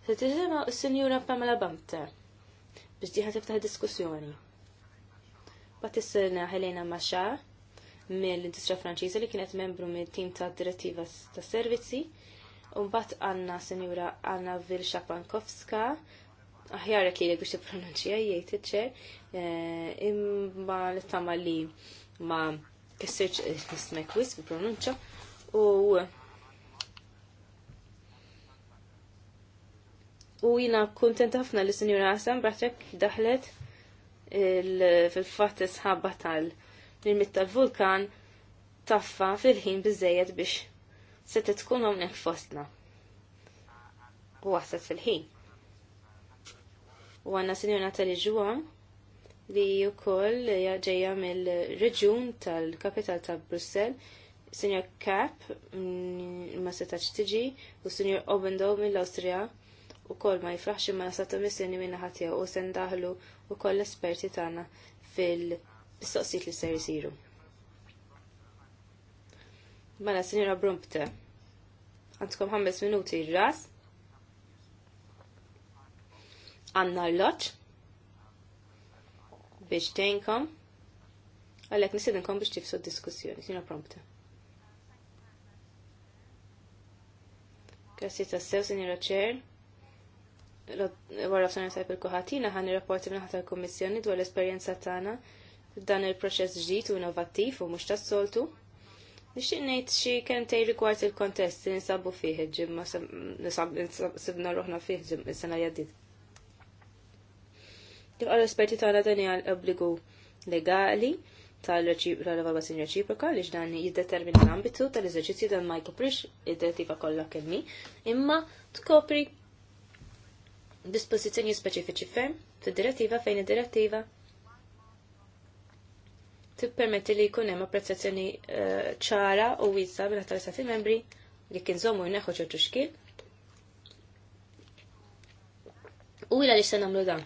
S1: Se tisimgħu is-Sinjura Pamela Bamter biex diħa tiftaħ diskussjoni. Bat tisselna Helena Maxar mill indistra Franċiża li kienet membru mill-tim tad direttiva tas servizzi Umbat għanna senjura Anna Vil Shapankowska, aħjarek li biex t-pronunċija jgħid iċċer, eh, imma l-tama li ma kessirċ eh, nismek wis bi pronunċa u u jina kontent ħafna li senjura Asam braċek daħlet fil-fat sħabba tal-mirmit tal-vulkan taffa fil-ħin bizzejed biex se tkun hawnhekk fostna. U waslet fil-ħin. U għanna sinjona tal Ġuwa li wkoll ġejja mill-reġun tal-kapital ta' Brussell, Sinjor Kapp mm, ma setax tiġi u Sinjor Obendo mill austria u kol ma jifraħx ma nasatu missjoni minna ħatija u sen daħlu u koll esperti tagħna fil-istoqsijiet li ser jisiru. Mela, sinjora Brumpte, għandkom ħames minuti r-ras. Għanna l-loċ biex tenkom. Għallek nisidinkom biex tifsu diskussjoni, sinjora Brumpte. Grazie sew, sinjora ċer wara f'san sajb il-kuħatina ħan rapporti minn l kommissjoni dwar l-esperjenza tagħna Dan il-proċess ġdijt u innovattiv u mhux tas-soltu nejt ngħid xi tej rikwart il-kontest li nsabu fih ġimma sibna roħna fih s sena li Tibqa' l-esperti tagħna dan hija l-obbligu legali tal-evalvazzjoni reċiproka li ġdani jiddetermina l-ambitu tal-eżerċizzju dan ma jkoprix id-direttiva kollha kemmi, imma tkopri dispożizzjoni speċifiċi ferm fid-direttiva fejn id-direttiva tippermetti li jkun hemm apprezzazzjoni eh, ċara u wiesa minn tal-istati membri li kien żommu jneħħu ċertu xkil. U ila li se nagħmlu dan.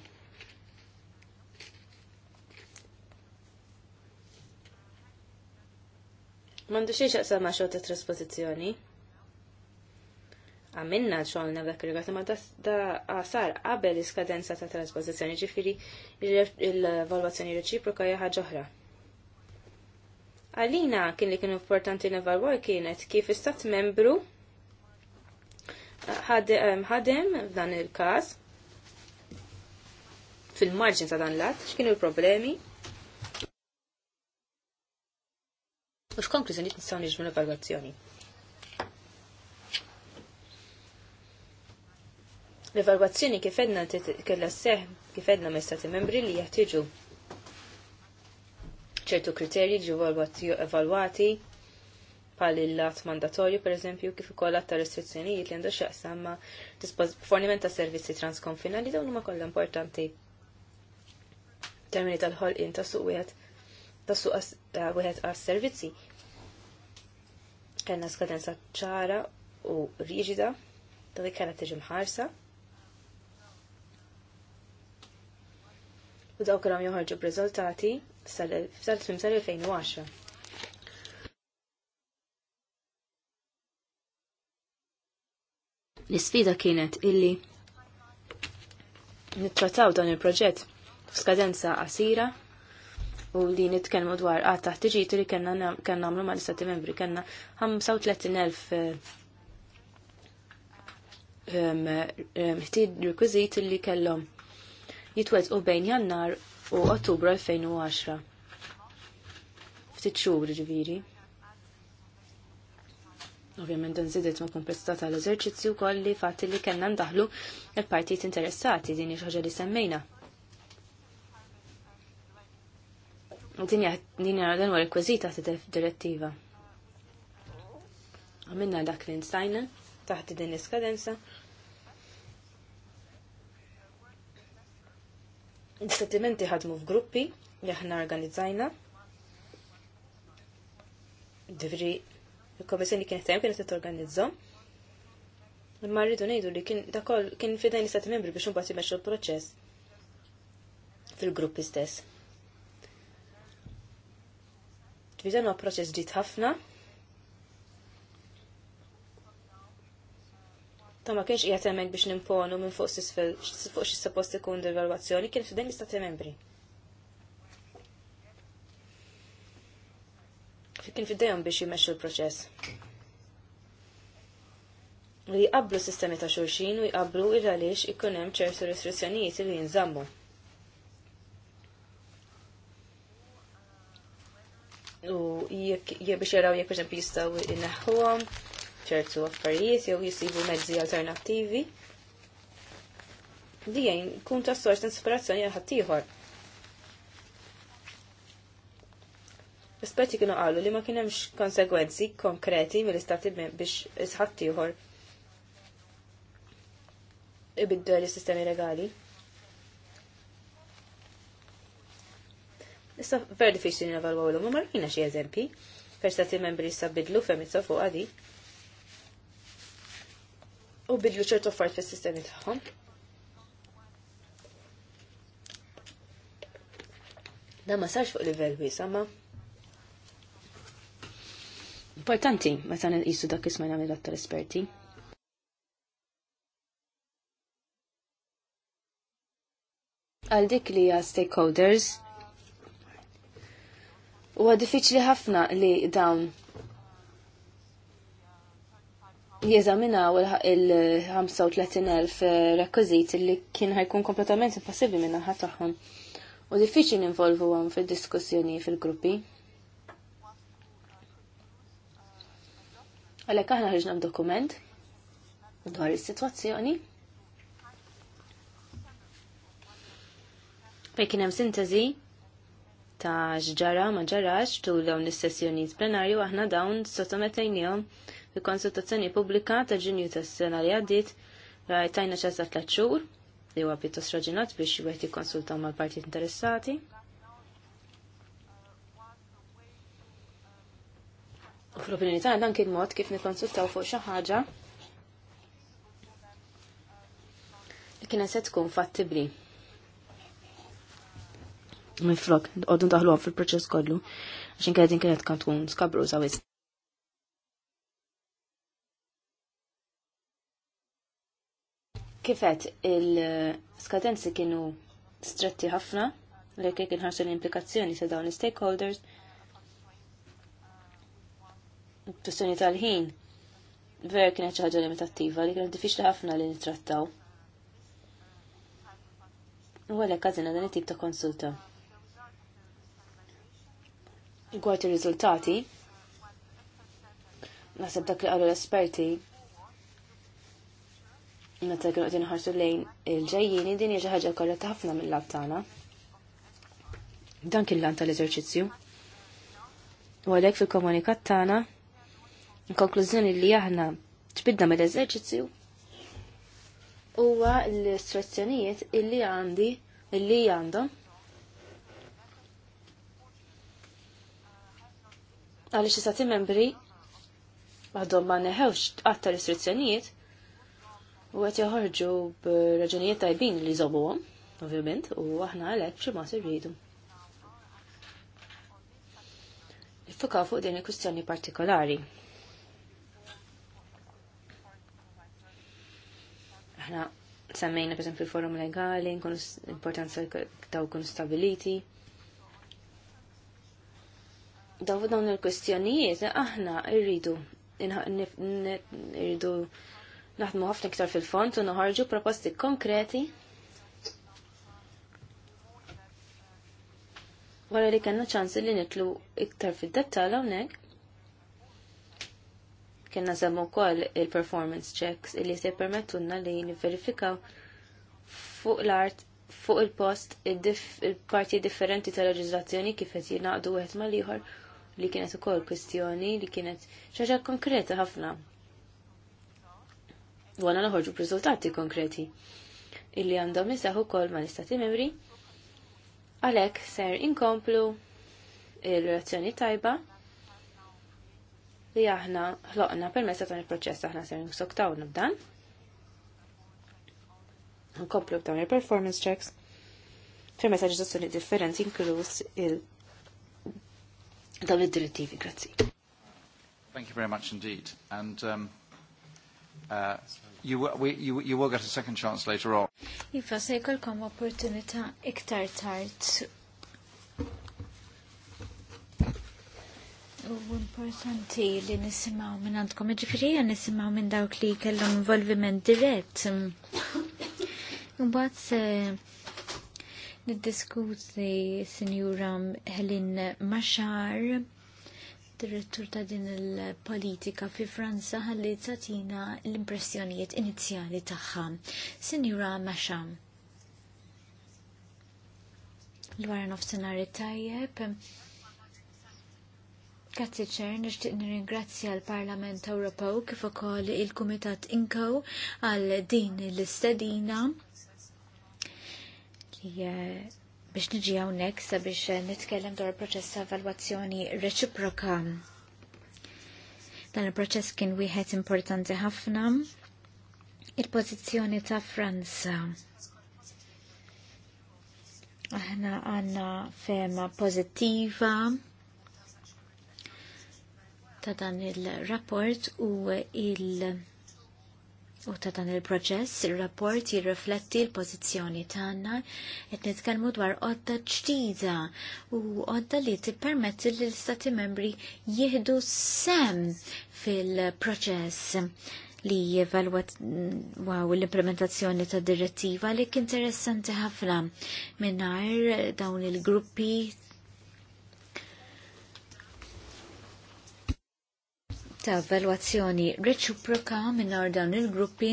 S1: Mandu xiex aqsa ma xogħol ta' trasposizzjoni. Għamilna xogħolna dak rigat ma da sar qabel iskadenza ta' trasposizzjoni ġifieri l-valwazzjoni reċiproka hija ħaġa oħra. Għalina kien li kien importanti nevalwar kienet kif istat membru ħadem f'dan il-każ fil-marġin ta' dan l-att, x'kienu l-problemi, U x'konklużjoni nistgħu niġmu l-evalwazzjoni? L-evalwazzjoni kif edna kellha seħ kif edna ma' membri li jeħtieġu ċertu kriterji ġu evalwati pal il-lat mandatorju, per eżempju, kif ukoll ta' restrizzjonijiet li għandu xaqsam ma' forniment ta' servizzi transkonfinali dawn huma kollha importanti. Termini tal-ħolqien ta' suq wieħed ta' suq wieħed għas-servizzi. Kellna skadenza ċara u riġida ta' dik kellha tiġi mħarsa. U dawk kellhom joħorġu b'riżultati sal-2010. L-isfida kienet illi nittrataw dan il-proġett f'skadenza qasira u li nitkellmu dwar għad taħt iġitu li kena nagħmlu mal istati membri kena 35,000 ħtid rekwiżit li kellhom jitwet u bejn jannar u Ottubru 2010. Ftit xhur ġifieri. Ovvjament nżidet ma' kumplessità tal-eżerċizzju wkoll li fatt li kellna ndaħlu l-partit interessati din hi ħaġa li semmejna. Din hija dan huwa rekwiżita ta' direttiva. Għamilna dak li nsajna taħt din l-iskadenza l settimenti ħadmu f'gruppi li aħna organizzajna. Divri, il-komissjoni kienet hemm kienet organizzom. Imma rridu li kien dakol kien fidejn l-istati membri biex imbagħad jmexxu l-proċess fil-gruppi stess. Tbiżan huwa proċess ġit ħafna, ta' ma kienx qiegħed hemmhekk biex nimponu minn fuq s'isfel fuq xi suppost ikun devalwazzjoni kien fidejn jista' istati membri. Kien fidejhom biex jimexxu l-proċess. Li jqablu sistemi ta' xulxin u jqablu il għaliex ikun hemm ċertu restrizzjonijiet li jinżammu. U jekk biex jaraw jekk per jistgħu ċertu affarijiet jew jisibu mezzi alternattivi. Dijajn, kun ta' sors inspirazzjoni għal ħaddieħor. Esperti kienu qalu li ma kien hemmx konsegwenzi konkreti mill-istati biex isħatt ieħor ibiddu l-sistemi legali. Issa ver diffiċli nevalwawlu, ma marrina xie eżempji, per stati membri sabidlu bidlu femizza fuq għadi u bidlu ċertu affarijiet fis-sistemi tagħhom. Dan ma sarx fuq livell wiesa ma. Importanti meta nqisu dak isma' mill tal-esperti. Għal dik li hija stakeholders huwa diffiċli ħafna li dawn jeżaminaw il-35,000 rekwizit li kien ħajkun kompletament impossibbli minna ħadd tagħhom. U diffiċli ninvolvu għom fil-diskussjoni fil-gruppi. Għalhekk aħna ħriġna dokument dwar is-sitwazzjoni. Fej kien hemm ta' x'ġara ma ġarax tul dawn is-sessjonijiet plenarju aħna dawn sotometajnijom il-konsultazzjoni pubblika ta' ġinju tas sena li għaddit eh, tajna ċazza tlet xhur li huwa pjuttost raġinat biex wieħed jikkonsultaw mal-partit interessati. U fl-opinjoni tagħna dan kien mod kif nikkonsultaw fuq xi ħaġa li kienet se tkun fattibbli. Mifrok, għodun taħluħan fil-proċess kollu, għaxin kħedin kienet kħedin kħedin zawis. Kifet, il-skadenzi kienu stretti ħafna, li kik inħarsu l-implikazzjoni sa' dawn stakeholders kustjoni tal-ħin, vera kienet ħaġa limitattiva li kienet diffiċli ħafna li nittrattaw. U għalek għazina dan it-tip ta' konsulta. Gwart il-rizultati, nasib dak li għallu l-esperti, meta kienu għedin ħarsu lejn il-ġejjini din hija ħaġa korretta ħafna mill lab tagħna. Dan kien lan tal-eżerċizzju. U għalhekk fil-komunikat tagħna il-konklużjoni li aħna ġbidna mill-eżerċizzju huwa l-istruzzjonijiet illi għandi illi għandhom għaliex istati membri għadhom ma neħewx għatta l-istruzzjonijiet u għet joħorġu b'raġunijiet tajbin li għom, ovvjament, u aħna għalek b'xi maħsir rridu. Nifuka fuq din il-kwistjoni partikolari. Aħna semmejna per esempio forum legali, importanza daw kunu stabiliti. Daw dawn il-kwistjonijiet aħna irridu irridu naħdmu ħafna iktar fil-font u noħarġu proposti konkreti wara li kellna ċansi li nitlu iktar fid-dettal hawnhekk. Kienna semmu wkoll il-performance checks illi se permettuna li niverifikaw fuq l-art fuq il-post il-parti differenti tal-leġizlazzjoni kif qed jingħaqdu wieħed mal-ieħor li kienet ukoll kwistjoni li kienet xaġa konkreta ħafna għana naħorġu b'riżultati konkreti illi għandhom jisaħu kol ma l-istati membri għalek ser inkomplu il-relazzjoni tajba li aħna ħloqna permessa ta' il-proċess aħna ser nsoktaw nabdan. nkomplu b'dawn il-performance checks permessa ġizazzjoni differenti inkluż il- dawn id-direttivi, grazzi.
S2: Thank you very much indeed. And um, uh, you, we, you, you will get a second chance later on.
S3: Iva, se jkollkom opportunità iktar tard. U importanti li nisimaw minn għandkom, ġifiri għan nisimaw minn dawk li kellhom involviment dirett. Mbagħad se niddiskuti Sinjura Helin Mashar direttur ta' din il-politika fi Franza ħalli tatina l-impressjonijiet inizjali tagħha. Sinjura Masham. L-wara nofsinhar tajjeb. Grazzi ċer, nixtieq nirringrazzja l-Parlament Ewropew kif ukoll il-Kumitat Inkow għal din l-istedina li eh, biex niġi hawnhekk sabiex eh, nitkellem dwar proċess ta' evalwazzjoni reċiproka. Dan il-proċess kien wieħed importanti ħafna. Il-pożizzjoni ta' Franza aħna għanna fema pozittiva ta' dan il-rapport u il- U ta' dan il-proċess, il-rapport jirrifletti l-pozizjoni tagħna qed nitkellmu dwar qodda ġdida u qodda li tippermetti li l-Stati membri jieħdu sem fil-proċess li jevalwat wow, l-implementazzjoni ta' direttiva li interessanti ħafna minnar dawn il-gruppi ta' evalwazzjoni reċiproka minnar dawn il-gruppi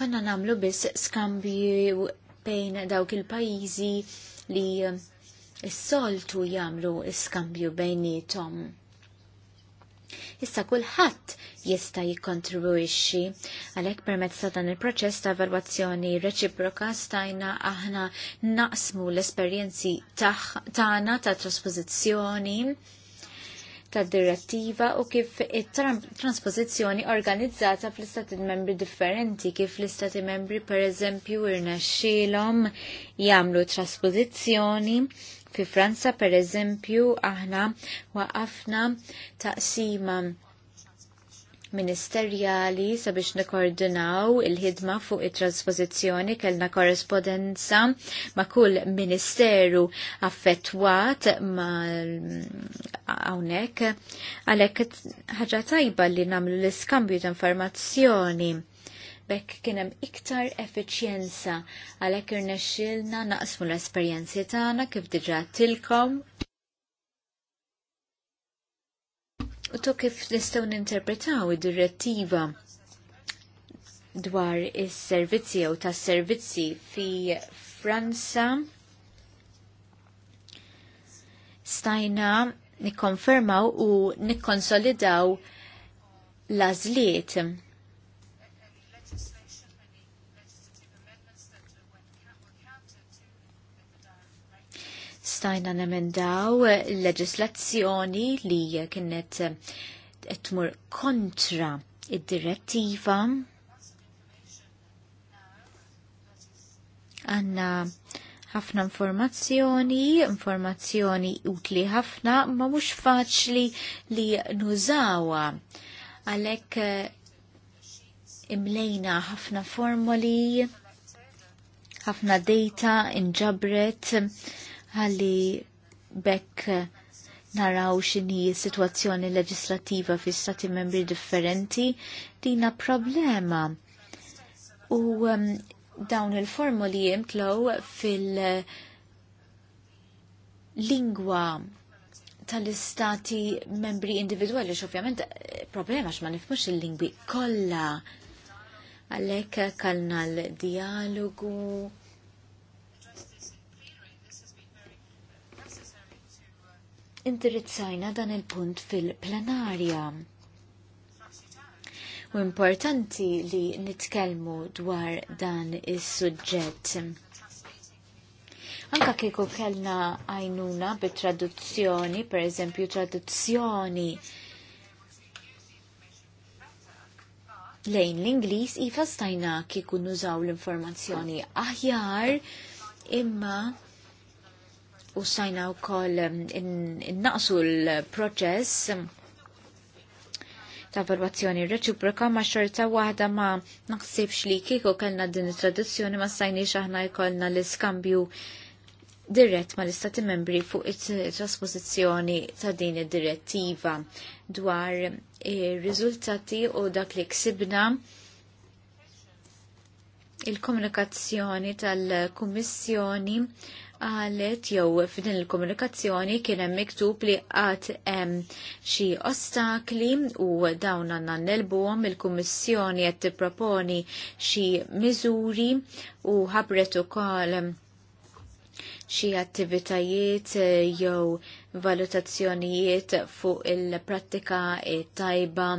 S3: konna namlu biss skambju bejn dawk il-pajizi li um, s-soltu jamlu skambju bejnietom. Issa kulħadd jista' jikkontribwixxi għalhekk permezz ta' dan il-proċess ta' evalwazzjoni reċiproka stajna aħna naqsmu l-esperjenzi tagħna ta', ta, ta trasposizzjoni tad-direttiva u kif it-transpożizzjoni organizzata fl-istati membri differenti kif l-istati membri pereżempju irnexxielhom jagħmlu trasposizzjoni fi Franza pereżempju aħna waqafna taqsima ministerjali sabiex nikkoordinaw il-ħidma fuq it trasposizjoni kellna korrespondenza ma' kull ministeru affettwat ma' hawnhekk għalhekk ħaġa tajba li nagħmlu l-iskambju ta' informazzjoni bekk kienem iktar effiċjenza għalhekk irnexxielna naqsmu l-esperjenzi tagħna kif diġà tilkom u to kif nistgħu ninterpretaw id-direttiva dwar is-servizzi jew tas-servizzi fi Franza stajna nikkonfermaw u nikkonsolidaw l-azliet stajna nemendaw leġislazzjoni li kienet tmur kontra id-direttiva għanna ħafna informazzjoni, informazzjoni utli ħafna, ma mhux faċli li nużawa. Għalek eh, imlejna ħafna formoli, ħafna data inġabret ħalli bekk naraw x'inhi s-sitwazzjoni leġislativa fi stati membri differenti dina problema. U um, dawn il-formuli jimtlow fil-lingwa tal-istati membri individwali x'ovvjament eh, problema x'ma nifmux il-lingwi kollha. Għalhekk kalna l-dialogu indirizzajna dan il-punt fil-plenarja. U importanti li nitkellmu dwar dan is-suġġett. Anka kieku kellna għajnuna bit-traduzzjoni, per eżempju traduzzjoni lejn l-Inglis iva stajna kieku nużaw l-informazzjoni aħjar imma u sajna u koll um, innaqsu l-proċess ta' formazzjoni reċiproka ma' xorta waħda ma' naħsibx li kieku kellna din it-tradizzjoni ma' sajniex aħna jkollna l-iskambju dirett ma' l-istati membri fuq it-trasposizjoni ta' din id-direttiva dwar ir-riżultati u dak li ksibna il-komunikazzjoni tal-Kummissjoni għalet jew f'din il-komunikazzjoni kien hemm miktub li qatt hemm xi ostakli u dawn għandna nelbuhom il-Kummissjoni qed tipproponi xi miżuri u ħabret ukoll xi attivitajiet jew valutazzjonijiet fuq il-prattika tajba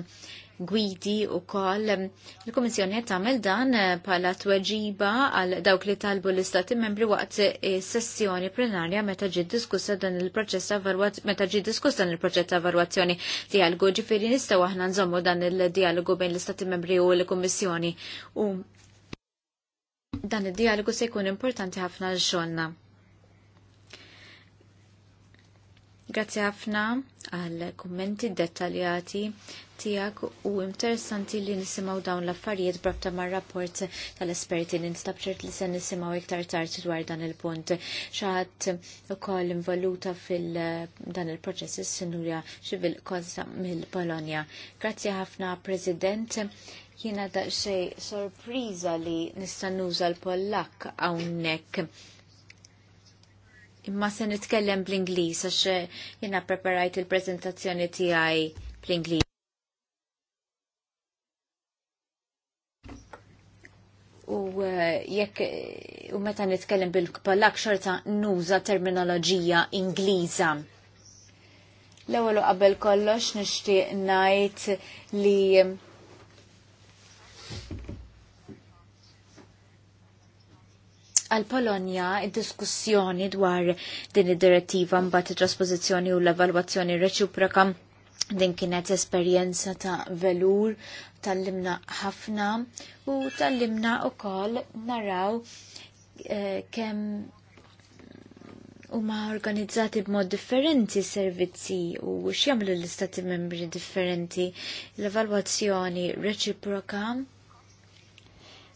S3: gwidi u koll. Um, Il-Komissjoni tagħmel dan uh, bħala tweġiba għal dawk li talbu l-Istati membri waqt sessjoni plenarja meta ġi diskussa dan il-proċess meta ġi diskussa dan il-proġett ta' evalwazzjoni dialogu ġifieri nistgħu aħna nżommu dan il-dialogu bejn l-Istati membri u l-Kummissjoni. U dan id-dialogu se jkun importanti ħafna l-xolna. Grazie ħafna għal kummenti dettaljati tijak u interessanti li nisimaw dawn l-affarijiet brabta ma' rapport tal-esperti ninstab ċert li se nisimaw iktar tard dwar dan il-punt xaħat u koll involuta fil-dan il-proċess s sinurja xivil kozza mill-Polonia. Grazzi ħafna, President. Jiena xej sorpriza li nistannuża l-Pollak għawnek imma se nitkellem bl-Inglis għax jena preparajt il-prezentazzjoni tiegħi bl-Inglis. u uh, jekk u meta nitkellem bil-kpallak xorta nuża terminoloġija Ingliża. L-ewwel qabel kollox nixtieq ngħid li għal-Polonja id-diskussjoni dwar din id-direttiva mbagħad it-trasposizzjoni u l-evalwazzjoni reċiproka Din kienet esperjenza ta' velur, tal-limna ħafna u tal-limna u koll naraw eh, kem u ma organizzati b'mod differenti servizzi u x'jamlu l-istati membri differenti l-evalwazzjoni reċiproka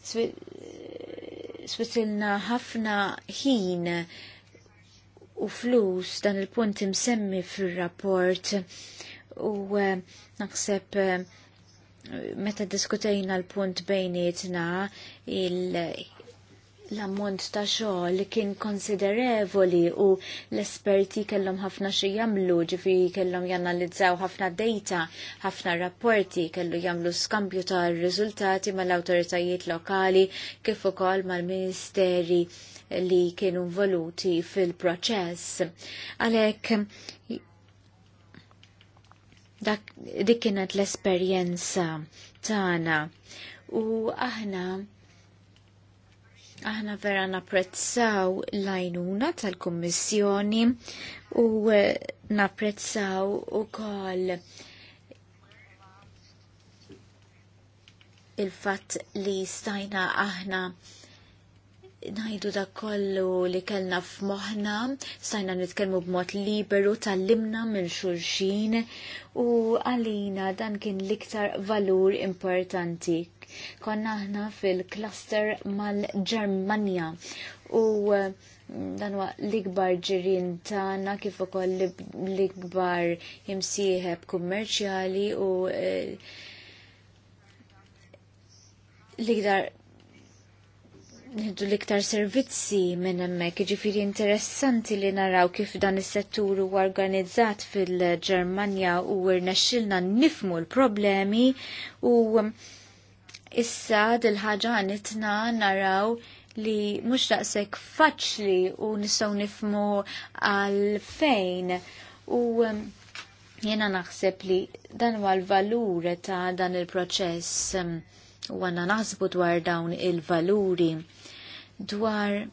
S3: switilna ħafna ħin u flus dan il-punt imsemmi fil-rapport u eh, naħseb eh, meta diskutejna l-punt bejnietna l-ammont ta' xogħol kien konsiderevoli u l-esperti kellhom ħafna xi jagħmlu, ġifi kellhom jannalizzaw ħafna data, ħafna rapporti, kellu jagħmlu skambju ta' riżultati mal-awtoritajiet lokali kif ukoll mal-ministeri li kienu involuti fil-proċess. Għalhekk Dak dik kienet l-esperjenza tagħna u aħna aħna vera napprezzaw l-għajnuna tal-Kummissjoni u eh, napprezzaw ukoll il-fatt li stajna aħna najdu da kollu li kellna f'moħna, stajna nitkellmu b'mod liberu tal-limna minn xulxin u għalina dan kien liktar valur importanti. Konna aħna fil-cluster mal-Ġermanja u mm, dan wa l-ikbar ġirien tagħna kif ukoll l-ikbar imsieħeb kummerċjali u eh, l-iktar nħiddu l-iktar servizzi minn hemmhekk, jiġifieri interessanti li naraw kif dan is-settur huwa organizzat fil-Ġermanja u rnexxilna nifmu l-problemi u issa dil-ħaġa għanitna naraw li mhux daqshekk faċli u nistgħu nifmu għal fejn u um, jiena naħseb li dan huwa l-valur ta' dan il-proċess um, u għanna naħsbu dwar dawn il-valuri dwar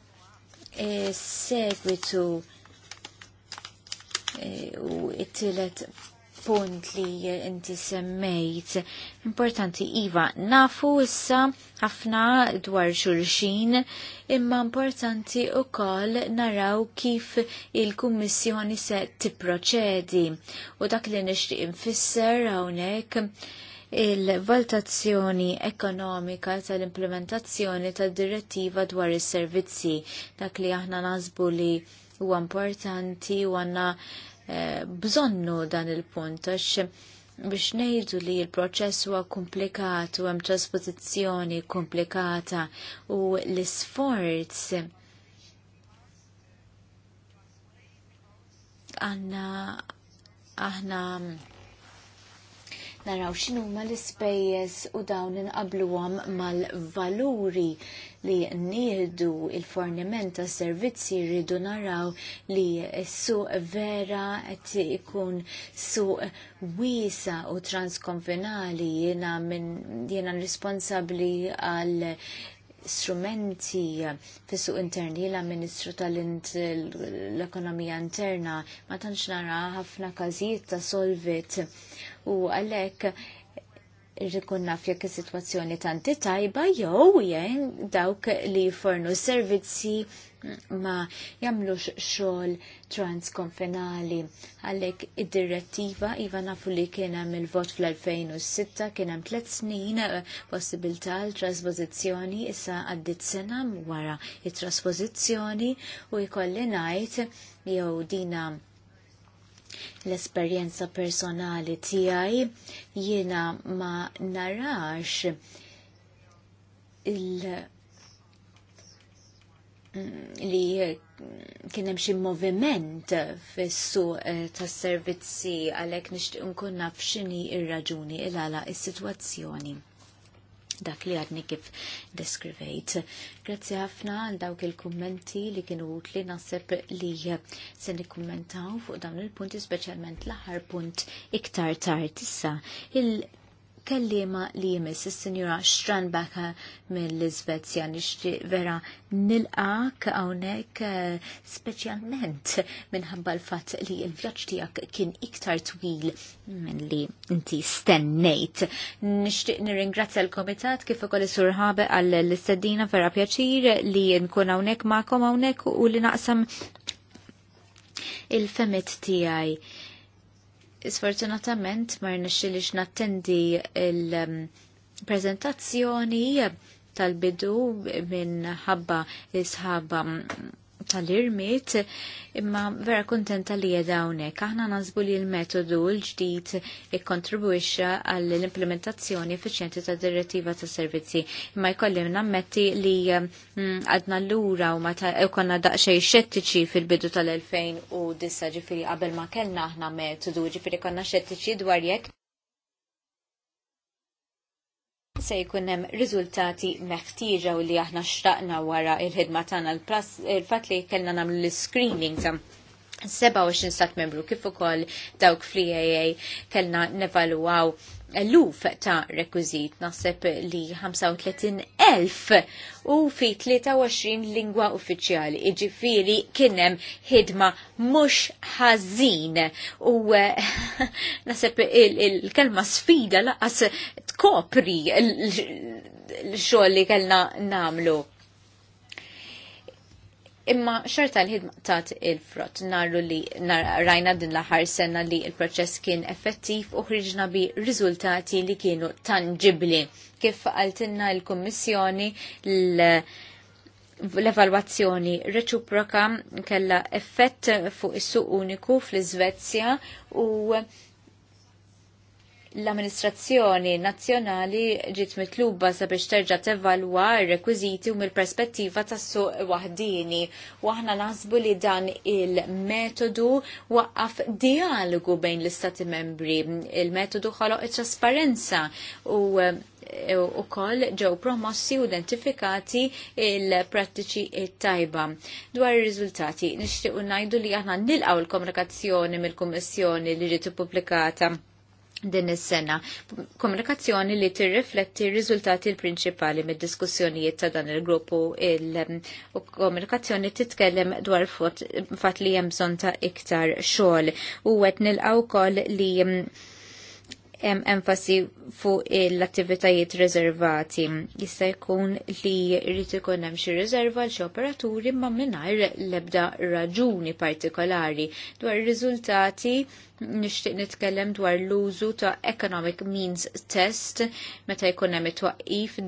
S3: eh, segwitu eh, u it-tielet punt li inti semmejt. Importanti, Iva, nafu issa ħafna dwar xulxin, imma importanti u koll naraw kif il-Kummissjoni se tipproċedi. U dak li nixtieq infisser hawnhekk il-valutazzjoni ekonomika tal-implementazzjoni tad-direttiva dwar is-servizzi dak li aħna nasbu li huwa importanti u għandna eh, bżonnu dan il-punt għax biex nejdu li l-proċess huwa komplikat u hemm trasposizzjoni komplikata u l-isforz għanna aħna Naraw xinu ma l-ispejjeż u dawn inqabluhom mal-valuri li nieħdu il-forniment ta' servizzi rridu naraw li s-suq vera qed ikun suq wiesa u transkonvenali jiena minn jiena responsabbli għal strumenti fis-suq interni l-Ministru tal-Ekonomija Interna ma tantx nara ħafna każijiet ta' solvit u għalhekk irrikun naf jekk is-sitwazzjoni tanti tajba jew jen dawk li fornu servizzi ma jagħmlux xogħol transkonfenali. Għalhekk id-direttiva iva nafu li kien hemm il-vot fl-2006 kien hemm tliet snin eh, possibilità l traspożizzjoni issa għaddit sena wara it-traspożizzjoni u jkolli ngħid jew dina l-esperjenza personali tiegħi jiena ma narax il li kien hemm xi moviment fis ta' eh, tas-servizzi għalhekk nixtieq nkun naf x'inhi r-raġuni il għala s-sitwazzjoni dak li għadni kif deskrivejt. Grazzi ħafna għal dawk il-kummenti li kienu utli naħseb li se nikkummentaw fuq dawn il-punti, speċjalment l-aħħar punt iktar tard issa. Il kellima li jmiss il-Sinjura Stranbaka mill-Izvezja nixti vera nilqak għawnek eh, specialment minħabba l-fat li il-vjaċ tijak kien iktar twil minn li inti stennejt. Nixti nirringrazzja l-Komitat kif ukoll surħabe għall-istedina vera pjaċir li nkun għawnek ma'kom għawnek u li naqsam il femet tijaj Sfortunatament ma rnexxilix nattendi il-prezentazzjoni tal-bidu minħabba isħabba tal-irmit imma vera kontenta li jedawnek. Aħna nazbu li l-metodu l-ġdid ikkontribwixxa għall-implementazzjoni effiċjenti ta' direttiva ta' servizzi. Imma jkollim nammetti li mm, għadna l-lura u ma konna daqxej xettiċi fil-bidu tal-2009 ġifiri qabel ma kellna aħna metodu ġifiri konna xettiċi dwar jekk se jkun hemm riżultati meħtieġa u li aħna xtaqna wara il-ħidma tagħna l-plas, il-fatt li kellna nagħmlu l-screening ta' 27 stat membru kif ukoll dawk fl-EAA kellna nevaluaw eluf ta' rekwizit naħseb li 35,000 u fi 23 lingwa uffiċjali. Iġifiri kienem ħidma mux ħażin u naħseb il-kelma sfida laqas tkopri l-xogħol li kellna namlu imma xorta l-ħidma tat il-frott narru li rajna din l-aħħar sena li il-proċess kien effettiv u ħriġna bi riżultati li kienu tangibli. Kif għaltinna il-Kommissjoni l-evalwazzjoni reċiproka kella effett fuq is-suq uniku fl iżvezja u l-amministrazzjoni nazzjonali ġiet mitluba sabiex terġa' tevalwa r-rekwiżiti u mill-perspettiva tas-suq waħdini. U aħna naħsbu li dan il-metodu waqaf dialogu bejn l-istati membri. Il-metodu ħoloq it-trasparenza u e, u koll ġew promossi u identifikati il-prattiċi tajba. Dwar ir-riżultati, nixtiequ ngħidu li aħna nilqgħu l-komunikazzjoni mill-Kummissjoni li ġiet ippubblikata din is-sena. Komunikazzjoni li tirrifletti r-riżultati l-prinċipali mid-diskussjonijiet ta' dan il-gruppu il um, komunikazzjoni titkellem dwar fatt li hemm bżonn ta' iktar xogħol. U qed nilqgħu wkoll li um, hemm enfasi fuq l-attivitajiet riservati. Jista' jkun li jrid ikun hemm xi riserva l xi operaturi ma' mingħajr l-ebda raġuni partikolari dwar ir-riżultati nixtieq nitkellem dwar l-użu ta' Economic Means Test meta jkun hemm it-twaqqif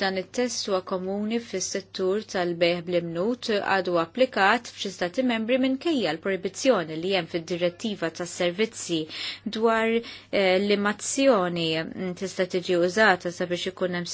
S3: dan it-test huwa komuni fis-settur tal-bejħ bl-imnut għadu applikat f'xi stati membri minkejja l-proibizzjoni li hemm fid-direttiva tas-servizzi dwar eh, l-immazzjoni tista' tiġi użata sabiex ikun hemm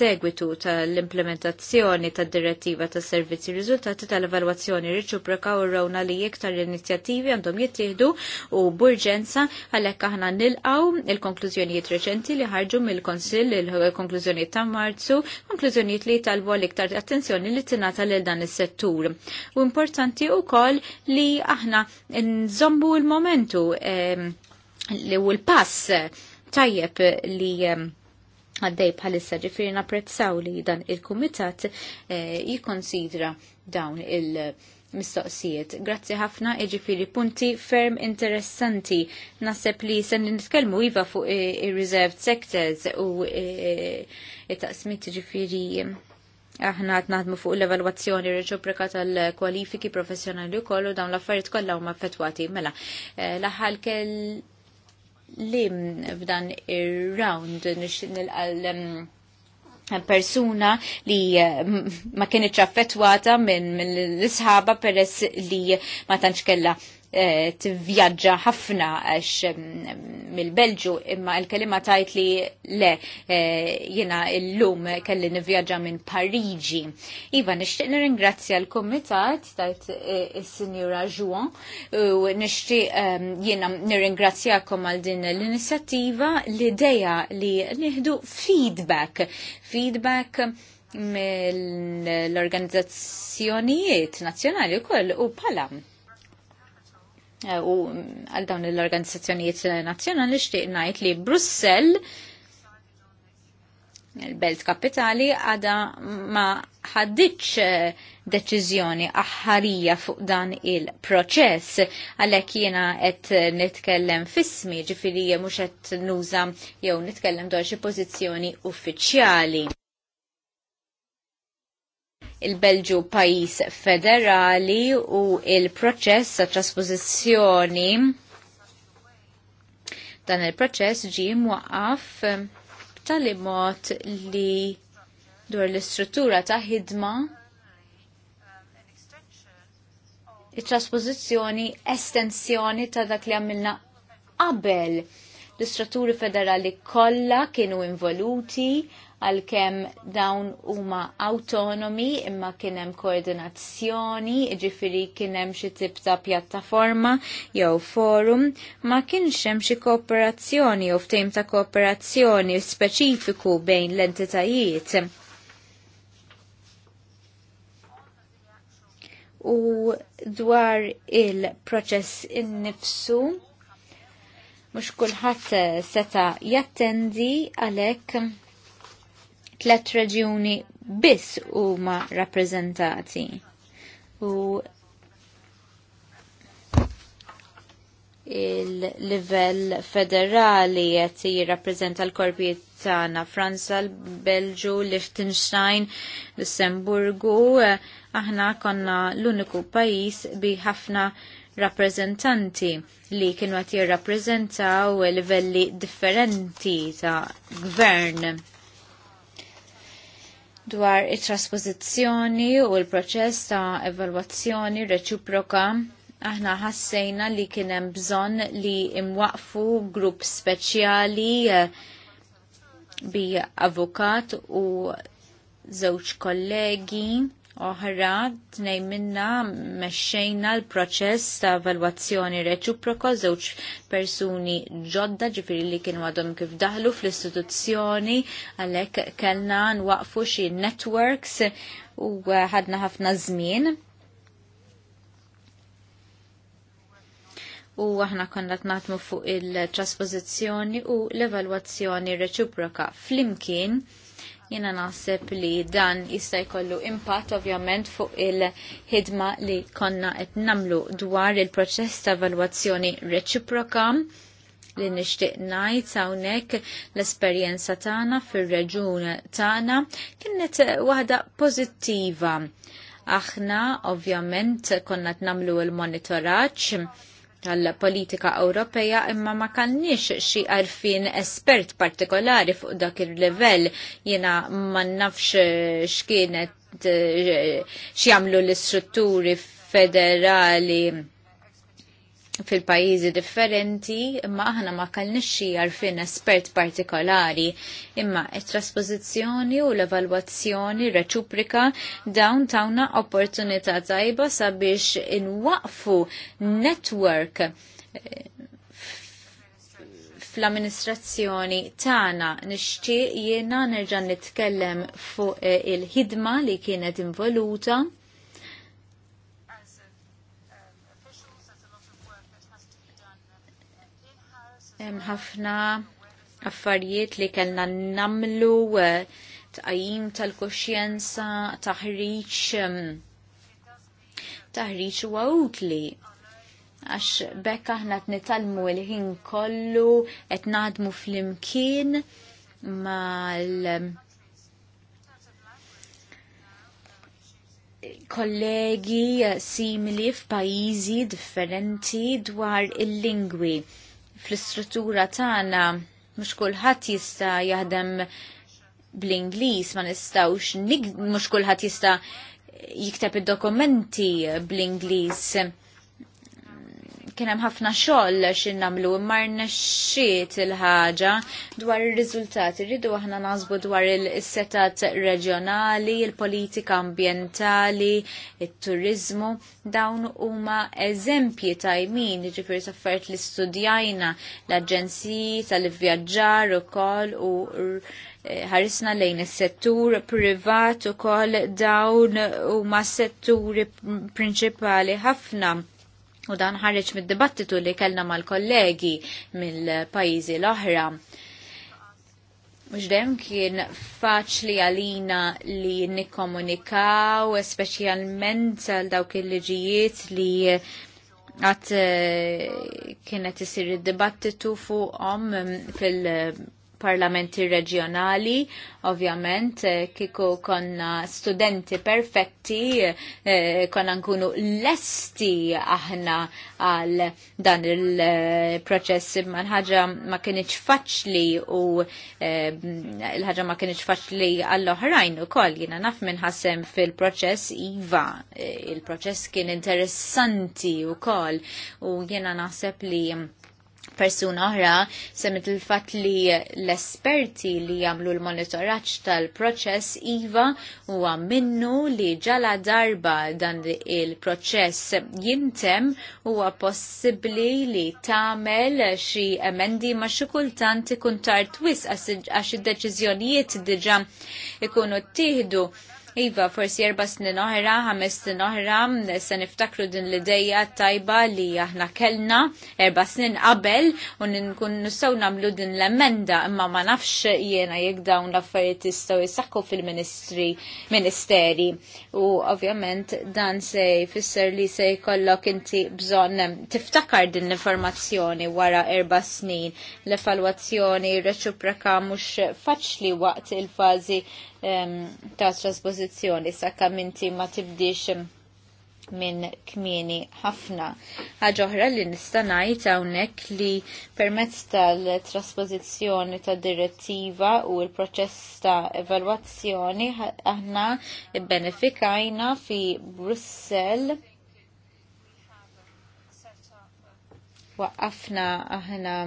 S3: segwitu tal-implementazzjoni tad-direttiva tas-servizzi riżultati tal-evalwazzjoni riċiproka u rewna li iktar inizjattivi għandhom jittieħdu u burġenza għalhekk aħna nilqaw il-konklużjonijiet reċenti li ħarġu mill-Konsill il-konklużjonijiet ta' Marzu, konklużjonijiet li talbu l-iktar attenzjoni li tingħata lil dan is-settur. U importanti wkoll li aħna nżombu l-momentu li u l-pass tajjeb li għaddej bħalissa ġifiri napprezzaw li dan il-kumitat eh, jikonsidra dawn il- mistoqsijiet. Grazzi ħafna iġifiri punti ferm interessanti. Nasseb li sen nitkellmu iva fuq il-reserved sectors u it-taqsmit iġifiri aħna għat naħdmu fuq l-evalwazzjoni reċiproka tal-kwalifiki professjonali u kollu dawn l-affarijiet kollha huma affettwati. Mela, eh, l-aħħal kell lim f'dan ir-round nilqal persuna li eh, ma kienieċ affettwata minn l-isħaba peress li ma tantx kella Eh, tivvjaġġa ħafna għax mm, mill-Belġu imma l-kelima tajt li le eh, jena il lum kelli nivvjaġġa minn Pariġi. Iva, nishtiq nirringrazzja l-komitat tajt eh, il-Sinjura Juan u nishtiq ehm, jena nirringrazzjakom għal din l-inizjattiva l-ideja li nihdu feedback. Feedback mill-organizzazzjonijiet nazzjonali u koll u palam u għal dawn l-organizzazzjonijiet nazzjonali xtieq ngħid li Brussell il-belt kapitali għada ma ħaddiċ eh, deċiżjoni aħħarija fuq dan il-proċess għalhekk jiena qed nitkellem fismi ġifieri mhux qed nuża jew nitkellem dwar xi pożizzjoni uffiċjali il-Belġu pajis federali u il-proċess ta' trasposizjoni dan il-proċess ġi mwaqqaf tal mod li dwar l-istruttura ta' ħidma it-trasposizjoni estensjoni ta' dak li għamilna qabel l-istrutturi federali kollha kienu involuti għalkemm dawn huma autonomi imma kien hemm koordinazzjoni, jiġifieri kien hemm xi tip ta' pjattaforma jew forum, ma kienx hemm xi kooperazzjoni jew ftehim ta' kooperazzjoni speċifiku bejn l-entitajiet. U dwar il-proċess innifsu, mhux kulħadd seta' jattendi għalhekk tlet reġjuni biss huma rappreżentati. U il-livell federali qed jirrappreżenta l-korpijiet tagħna Franza, l-Belġu, Liechtenstein, Lussemburgu, aħna konna l-uniku pajjiż bi ħafna rappreżentanti li kienu qed jirrappreżentaw livelli differenti ta' gvern dwar it-trasposizzjoni u l-proċess ta' evalwazzjoni reċiproka aħna ħassejna li kienem bżon li imwaqfu grupp speċjali eh, bi avukat u żewġ kollegi oħra tnejn minna meċċejna l-proċess ta' valwazzjoni reċuproko żewġ persuni ġodda ġifiri li kienu għadhom kif daħlu fl-istituzzjoni għalhekk kellna nwaqfu xi networks u ħadna ħafna żmien. U aħna konna naħdmu fuq il-traspożizzjoni u l-evalwazzjoni reċiproka flimkien Jena naħseb li dan jista' jkollu impatt ovvjament fuq il-ħidma li konna qed namlu dwar il-proċess ta' evalwazzjoni reċiproka li nixtieq ngħid hawnhekk l-esperjenza tagħna fir-reġun tagħna kienet waħda pożittiva. Aħna ovvjament konna qed nagħmlu l-monitoraġġ għall-politika Ewropea imma ma kannix xi għarfin espert partikolari fuq dak il-level jiena ma nafx eh, x'kienet eh, x'jamlu l-istrutturi federali fil-pajizi differenti, imma aħna ma kellniex xi għarfien espert partikolari, imma it-traspożizzjoni u l-evalwazzjoni reċuprika dawn tawna opportunità tajba sabiex inwaqfu network eh, fl-amministrazzjoni tagħna nixtieq jiena nerġa' nitkellem fuq eh, il-ħidma li kienet involuta Hemm ħafna affarijiet li kellna namlu eh, tqajjim tal-koxjenza, taħriġ ehm, taħriġ huwa utli għax bekk aħna qed nitalmu l-ħin kollu qed naħdmu flimkien imkien mal kollegi simili f'pajjiżi differenti dwar il-lingwi fl-istruttura tagħna mhux kulħadd jista' jaħdem bl-Ingliż, ma nistgħux mhux kulħadd jista' jikteb id-dokumenti bl-Ingliż kien hemm ħafna xogħol xin nagħmlu imma rnexxiet il-ħaġa dwar ir-riżultati. Rridu aħna naħsbu dwar is setat reġjonali, il-politika ambjentali, it-turiżmu, dawn huma eżempji tajmin, jiġifieri saffert li studjajna l-aġenziji tal ivvjaġġar ukoll u ħarisna lejn is-settur privat ukoll dawn huma setturi prinċipali ħafna U dan ħarreġ mid-dibattitu li kellna mal-kollegi mill-pajizi l-oħra. Mux kien faċli għalina li nikkomunikaw, specialment għal dawk il-liġijiet li għat eh, kienet isir id-dibattitu fuqom fil- parlamenti reġjonali, ovvjament eh, kiku konna studenti perfetti, eh, konna nkunu lesti aħna għal dan il-proċess eh, imma l-ħagġa ma kienieċ faċli u l-ħagġa ma kienieċ faċli għall-oħrajn u kol jina naf minħasem fil-proċess iva, il-proċess kien interessanti u kol u jina naħseb li persuna oħra semmet il-fat li l-esperti li jamlu l-monitoraċ tal-proċess IVA huwa minnu li ġala darba dan il-proċess jintem huwa possibli li tamel xi emendi ma xi kultant ikun tard wis għax id-deċiżjonijiet diġà ikunu ttieħdu Iva, forsi erba snin oħra, ħames snin oħra, se niftakru din l-ideja tajba li aħna kellna erba snin qabel u nkun nistgħu nagħmlu din l-emenda imma ma nafx jiena jekk dawn l-affarijiet jistgħu jisakku fil-ministri ministeri u ovvjament dan se jfisser li se jkollok inti bżonn tiftakar din l-informazzjoni wara erba snin l-evalwazzjoni reċiproka mhux faċli waqt il-fażi ta' trasposizjoni sakka minti ma tibdix minn kmini ħafna. Ħaġa oħra li nista' ngħid hawnhekk li permezz tal-trasposizzjoni ta' direttiva u l-proċess ta' evalwazzjoni aħna benefikajna fi Brussell waqqafna aħna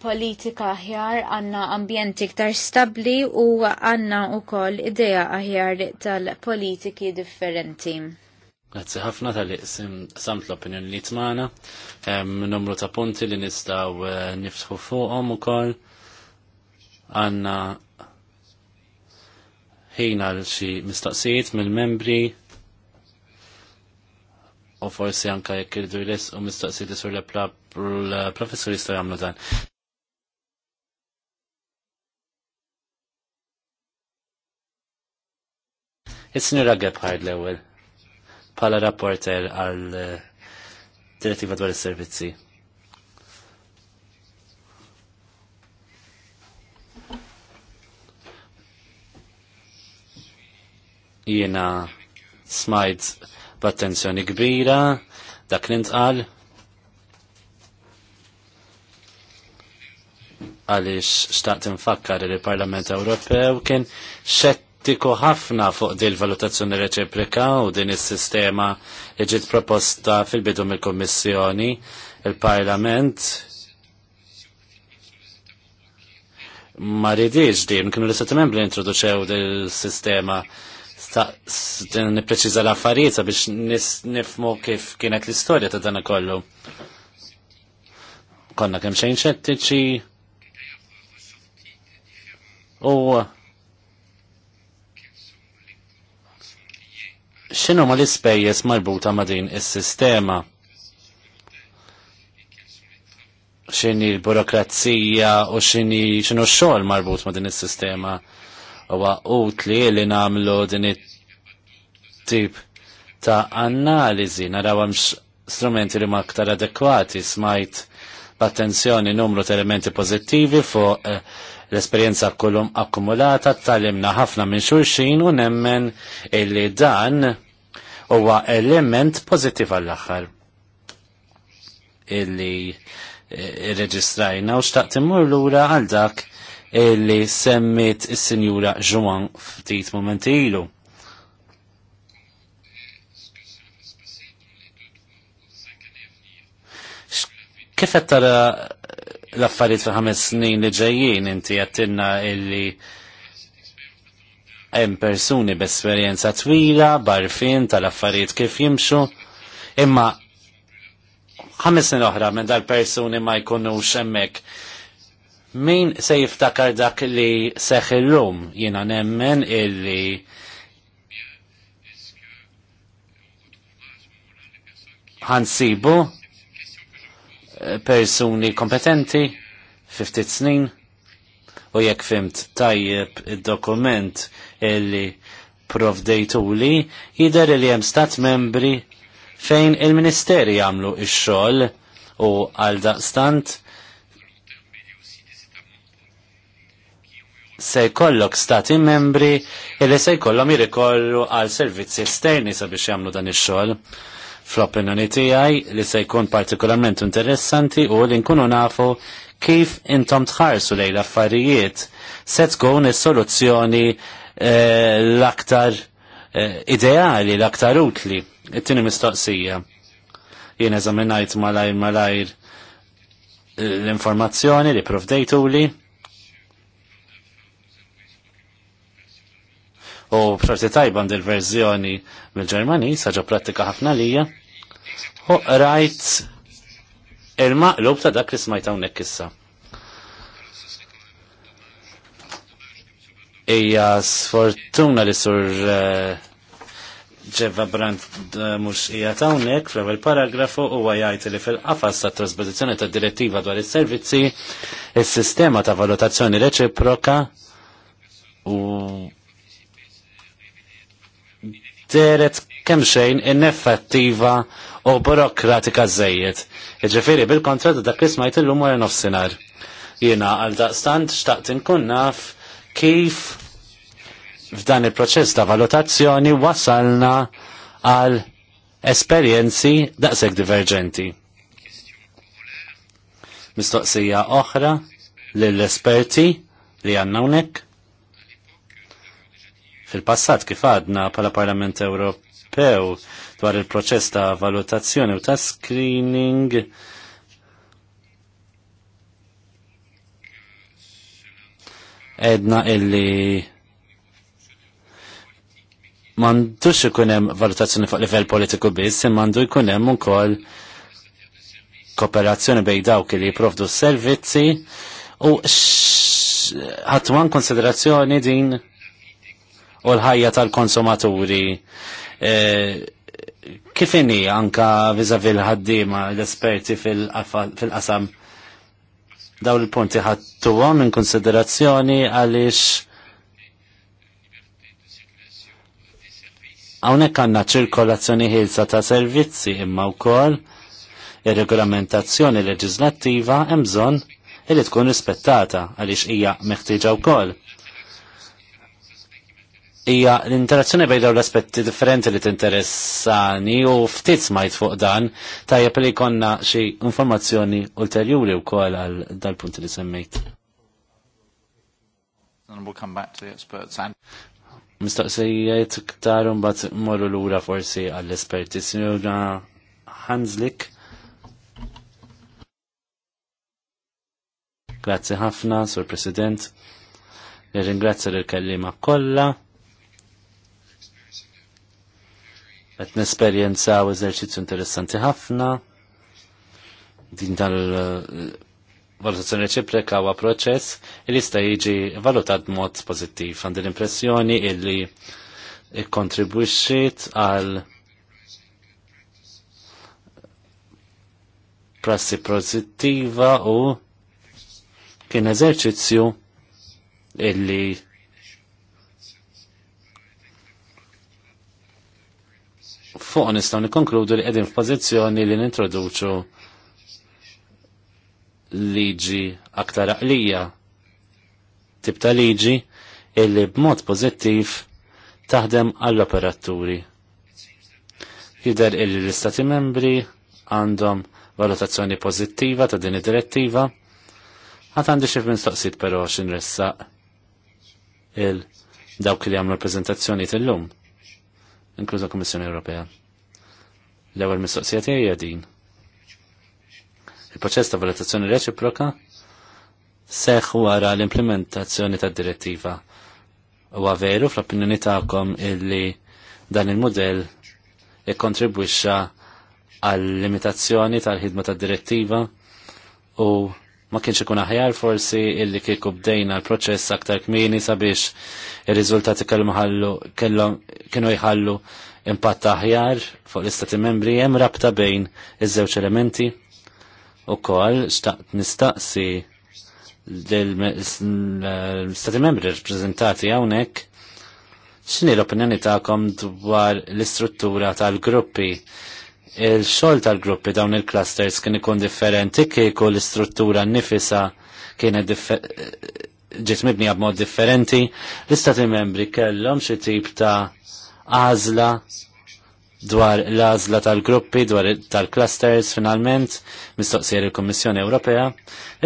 S3: politika aħjar, għanna ambjent iktar stabli u għanna u koll ideja aħjar tal-politiki differenti.
S4: Grazzi ħafna tal-iqsim samt l-opinjoni li tmana, numru ta' punti li nistaw eh, niftħu fuqom u koll, għanna ħina l-xi mistaqsijiet mill-membri, u forsi anka jekk irdu jles u mistaqsijiet sur l-professur jistaw jagħmlu dan. is Snira Gebhard l-ewwel pala rapporter għal eh, direttiva dwar is-servizzi. Jiena smajt b'attenzjoni kbira dak li ntqal għaliex xtaqt infakkar li l-Parlament Ewropew kien xett kritiku ħafna fuq din valutazzjoni reċeprika u din is-sistema li ġiet proposta fil-bidu mill-Kummissjoni il-Parlament ma ridiex din kienu l-istati membri introduċew il-sistema nippreċiża l-affarijiet biex nifmu kif kienet l-istorja ta' dan kollu. Konna kemm xejn xettiċi u xinu ma l-ispejjes marbuta ma din is-sistema? xini l-burokrazija u xini xinu xol marbut ma din is-sistema u utli li namlu din it-tip ta' analizi naraw strumenti li ma aktar adekwati smajt b'attenzjoni numru ta' elementi pożittivi fuq eh, L-esperjenza kullum akkumulata tal-imna ħafna minn xulxin u nemmen illi dan huwa element pozittiv għall-aħħar. Illi eh, reġistrajna u xtaqt immur lura għal dak illi semmit is-sinjura Ġuan ftit momenti ilu. Kif qed tara l-affarijiet fil ħames snin li ġejjin inti għattinna illi hemm persuni b'esperjenza twila, barfin tal-affarijiet kif jimxu, imma ħames snin oħra minn dal-persuni ma jkunux hemmhekk. Min se jiftakar dak li seħ illum jiena nemmen illi ħansibu persuni kompetenti, 50 snin, u jekk fimt tajjeb id-dokument illi provdejtuli, jider li hemm stat membri fejn il-ministeri jagħmlu ix-xogħol u għal daqstant se jkollok stati membri illi se jkollhom jirrikollu għal servizzi esterni sabiex jagħmlu dan ix-xogħol fl-opinjoni tiegħi li se jkun partikolarment interessanti u li nkunu nafu kif intom tħarsu lejn l-affarijiet se tkun is-soluzzjoni eh, l-aktar eh, ideali, l-aktar utli. It-tieni mistoqsija. Jien eżaminajt malajr malajr eh, l-informazzjoni li provdejtuli U b'xorti tajba il verżjoni mill-Ġermani, saġa pratika ħafna lija, u rajt il-maqlub ta' dak li smajt hawnhekk issa. Ija sfortuna li sur eh, ġeva brand eh, mux ija unnek, fl paragrafu u għajajt li fil-qafas ta' trasposizjoni ta' direttiva dwar is-servizzi, il-sistema ta' valutazzjoni reċiproka u deret kemm xejn ineffettiva u burokratika żejjed. Jiġifieri bil-kontra ta' dak li smajt illum wara nofsinhar. Jiena għal daqstant xtaqt inkun naf kif f'dan il-proċess ta' valutazzjoni wasalna għal esperjenzi daqshekk diverġenti. Mistoqsija oħra lill-esperti li għandna hawnhekk Fil-passat kif għadna pala Parlament Ewropew dwar il-proċess ta' valutazzjoni u ta' screening edna illi mandux ikunem valutazzjoni fuq livell politiku biss, mandu ikunem ukoll kooperazzjoni bej dawk li jiprofdu s servizzi u ħatman konsiderazzjoni din u l-ħajja tal-konsumaturi. E, Kif inhi anka viżavi l-ħaddiema l-esperti fil-qasam daw il-punti għom minn konsiderazzjoni għaliex Hawnhekk għandna ċirkolazzjoni ħilsa ta' servizzi imma wkoll ir-regolamentazzjoni leġislattiva hemm bżonn li tkun rispettata għaliex hija meħtieġa wkoll Ija, l-interazzjoni bejn dawn l-aspetti differenti li tinteressani u ftit smajt fuq dan tajjeb li konna xi informazzjoni ulterjuri wkoll għal dal-punt li semmejt. Mistaqsijiet ktar mbagħad morru lura forsi għall-esperti. Signora Hanslik. Grazzi ħafna, Sur President. Nirringrazzja l-kellima kollha qed nesperjenzaw eżerċizzju interessanti ħafna. Din tal-valutazzjoni reċiproka u proċess il jista' jiġi valutat b'mod pożittiv għand l-impressjoni illi ikkontribwixxiet għal prassi pozittiva u kien eżerċizzju illi fuq nistgħu nikkonkludu li qegħdin f'pożizzjoni li nintroduċu liġi aktar aqlija tip ta' liġi illi b'mod pożittiv taħdem għall-operaturi. Jider illi l-Istati membri għandhom valutazzjoni pozittiva ta' din id-direttiva. Għat għandi xif mistoqsit pero xin ressaq il dawk li għamlu prezentazzjoni tal-lum, inkluza Komissjoni Ewropea. L-ewwel mistoqsija tiegħi hija din. Il-proċess ta' valutazzjoni reċiproka seħħ wara l-implementazzjoni tad-direttiva. Huwa veru fl-opinjoni tagħkom illi dan il-mudell ikkontribwixxa għall-limitazzjoni tal-ħidma tad-direttiva u ma kienx ikun aħjar forsi illi kieku bdejna l-proċess aktar kmini sabiex ir-riżultati kellhom kienu jħallu impatt aħjar fuq l-istati membri hemm rabta bejn iż-żewġ elementi u koll xtaqt nistaqsi l-istati membri rappresentati hawnhekk x'inhi l-opinjoni tagħkom dwar l-istruttura tal-gruppi il-xol tal-gruppi dawn il-clusters kien ikun differenti kieku l-istruttura nifisa kienet ġiet mibnija b'mod differenti, l-istati membri kellhom xi tip ta' għażla dwar l-għażla tal-gruppi, dwar tal-clusters finalment, mistoqsir il-Kommissjoni Ewropea.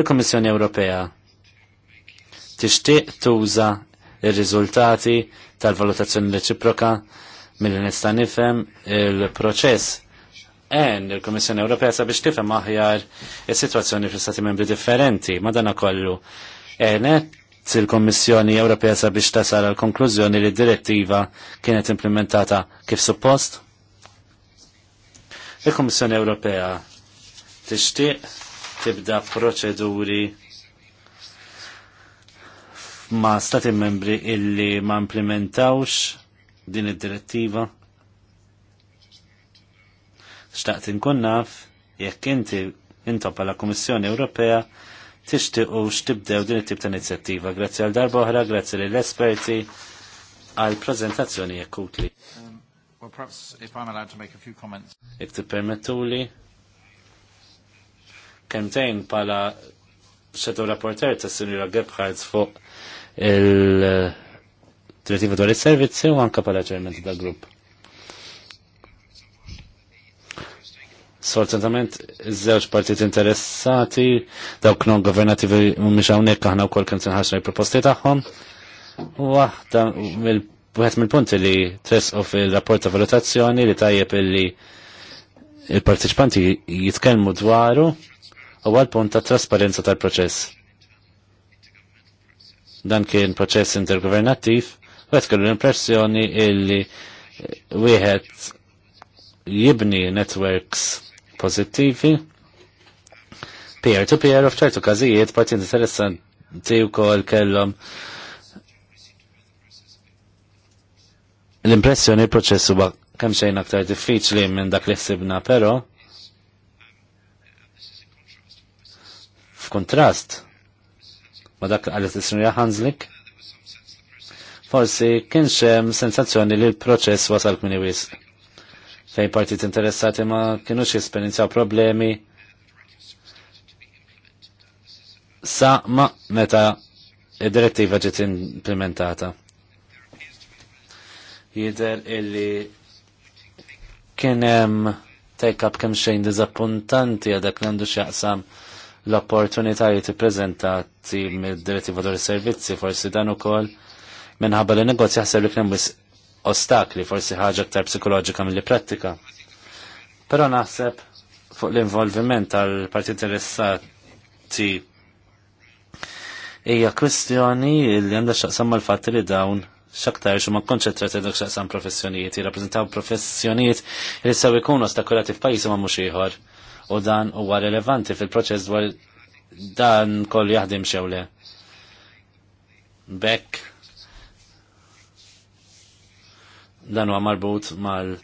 S4: Il-Kommissjoni Ewropea tixtieq tuża il riżultati tal-valutazzjoni reċiproka mill nista' nifhem il-proċess en il kommissjoni Ewropea sabiex tifhem aħjar is-sitwazzjoni fl-Stati membri differenti, madana kollu. Enet il-Kommissjoni Ewropea sabiex tasal għal konklużjoni li d-direttiva kienet implementata kif suppost? Il-Kommissjoni Ewropea tixtieq tibda proċeduri ma' stati membri illi ma' implementawx din id-direttiva? Xtaqt inkun naf jekk inti intop għal Kummissjoni Ewropea tixtiqux tibdew din it-tip ta' inizjattiva. Grazzi għal darba oħra, grazzi lill esperti għal prezentazzjoni akutli. Um, well, perhaps if kemtejn pala rapporter ta' Sinjura Gebhardt fuq il-direttiva dwar is-servizzi u anka pala ċerment tal-grupp. Sfortunatament, iż-żewġ partit interessati, dawk non governativi mhumiex hawnhekk aħna wkoll kemm l proposti tagħhom. Waħda wieħed mill-punti li tresqu il rapport ta' valutazzjoni li tajjeb illi il-partiċipanti jitkellmu dwaru u għal-punt ta' trasparenza tal-proċess. Dan kien proċess intergovernattiv, u kellu l-impressjoni illi wieħed jibni networks pozittivi peer-to-peer u fċertu każijiet parti interessanti wkoll kellhom l-impressjoni il-proċess huwa kemm xejn aktar diffiċli minn dak li ħsibna, però f'kontrast ma dak għal is-sinja forsi kien xem sensazzjoni li l-proċess wasal kmini wisq fejn partit interessati ma kienux jesperienzaw problemi sa ma meta id-direttiva ġiet implementata. Jider illi kienem take-up kem xejn dizappuntanti għadak l-għandu xaqsam l-opportunitajiet prezentati mid-direttiva dwar is-servizzi forsi dan ukoll minħabba li negozja ħseb li kien wisq ostakli, forsi ħaġa aktar psikoloġika mill prattika. Pero naħseb fuq l-involviment tal-parti interessati hija kwestjoni li għandha xaqsam mal-fatt li dawn xaktar xumma konċentrati dak xaqsam professjonijiet, jirrappreżentaw professjonijiet li sew ikunu ostakolati f'pajjiż ma mhux ieħor u dan huwa relevanti fil-proċess dwar dan kollu jaħdim xewle. Bekk dan huwa marbut mal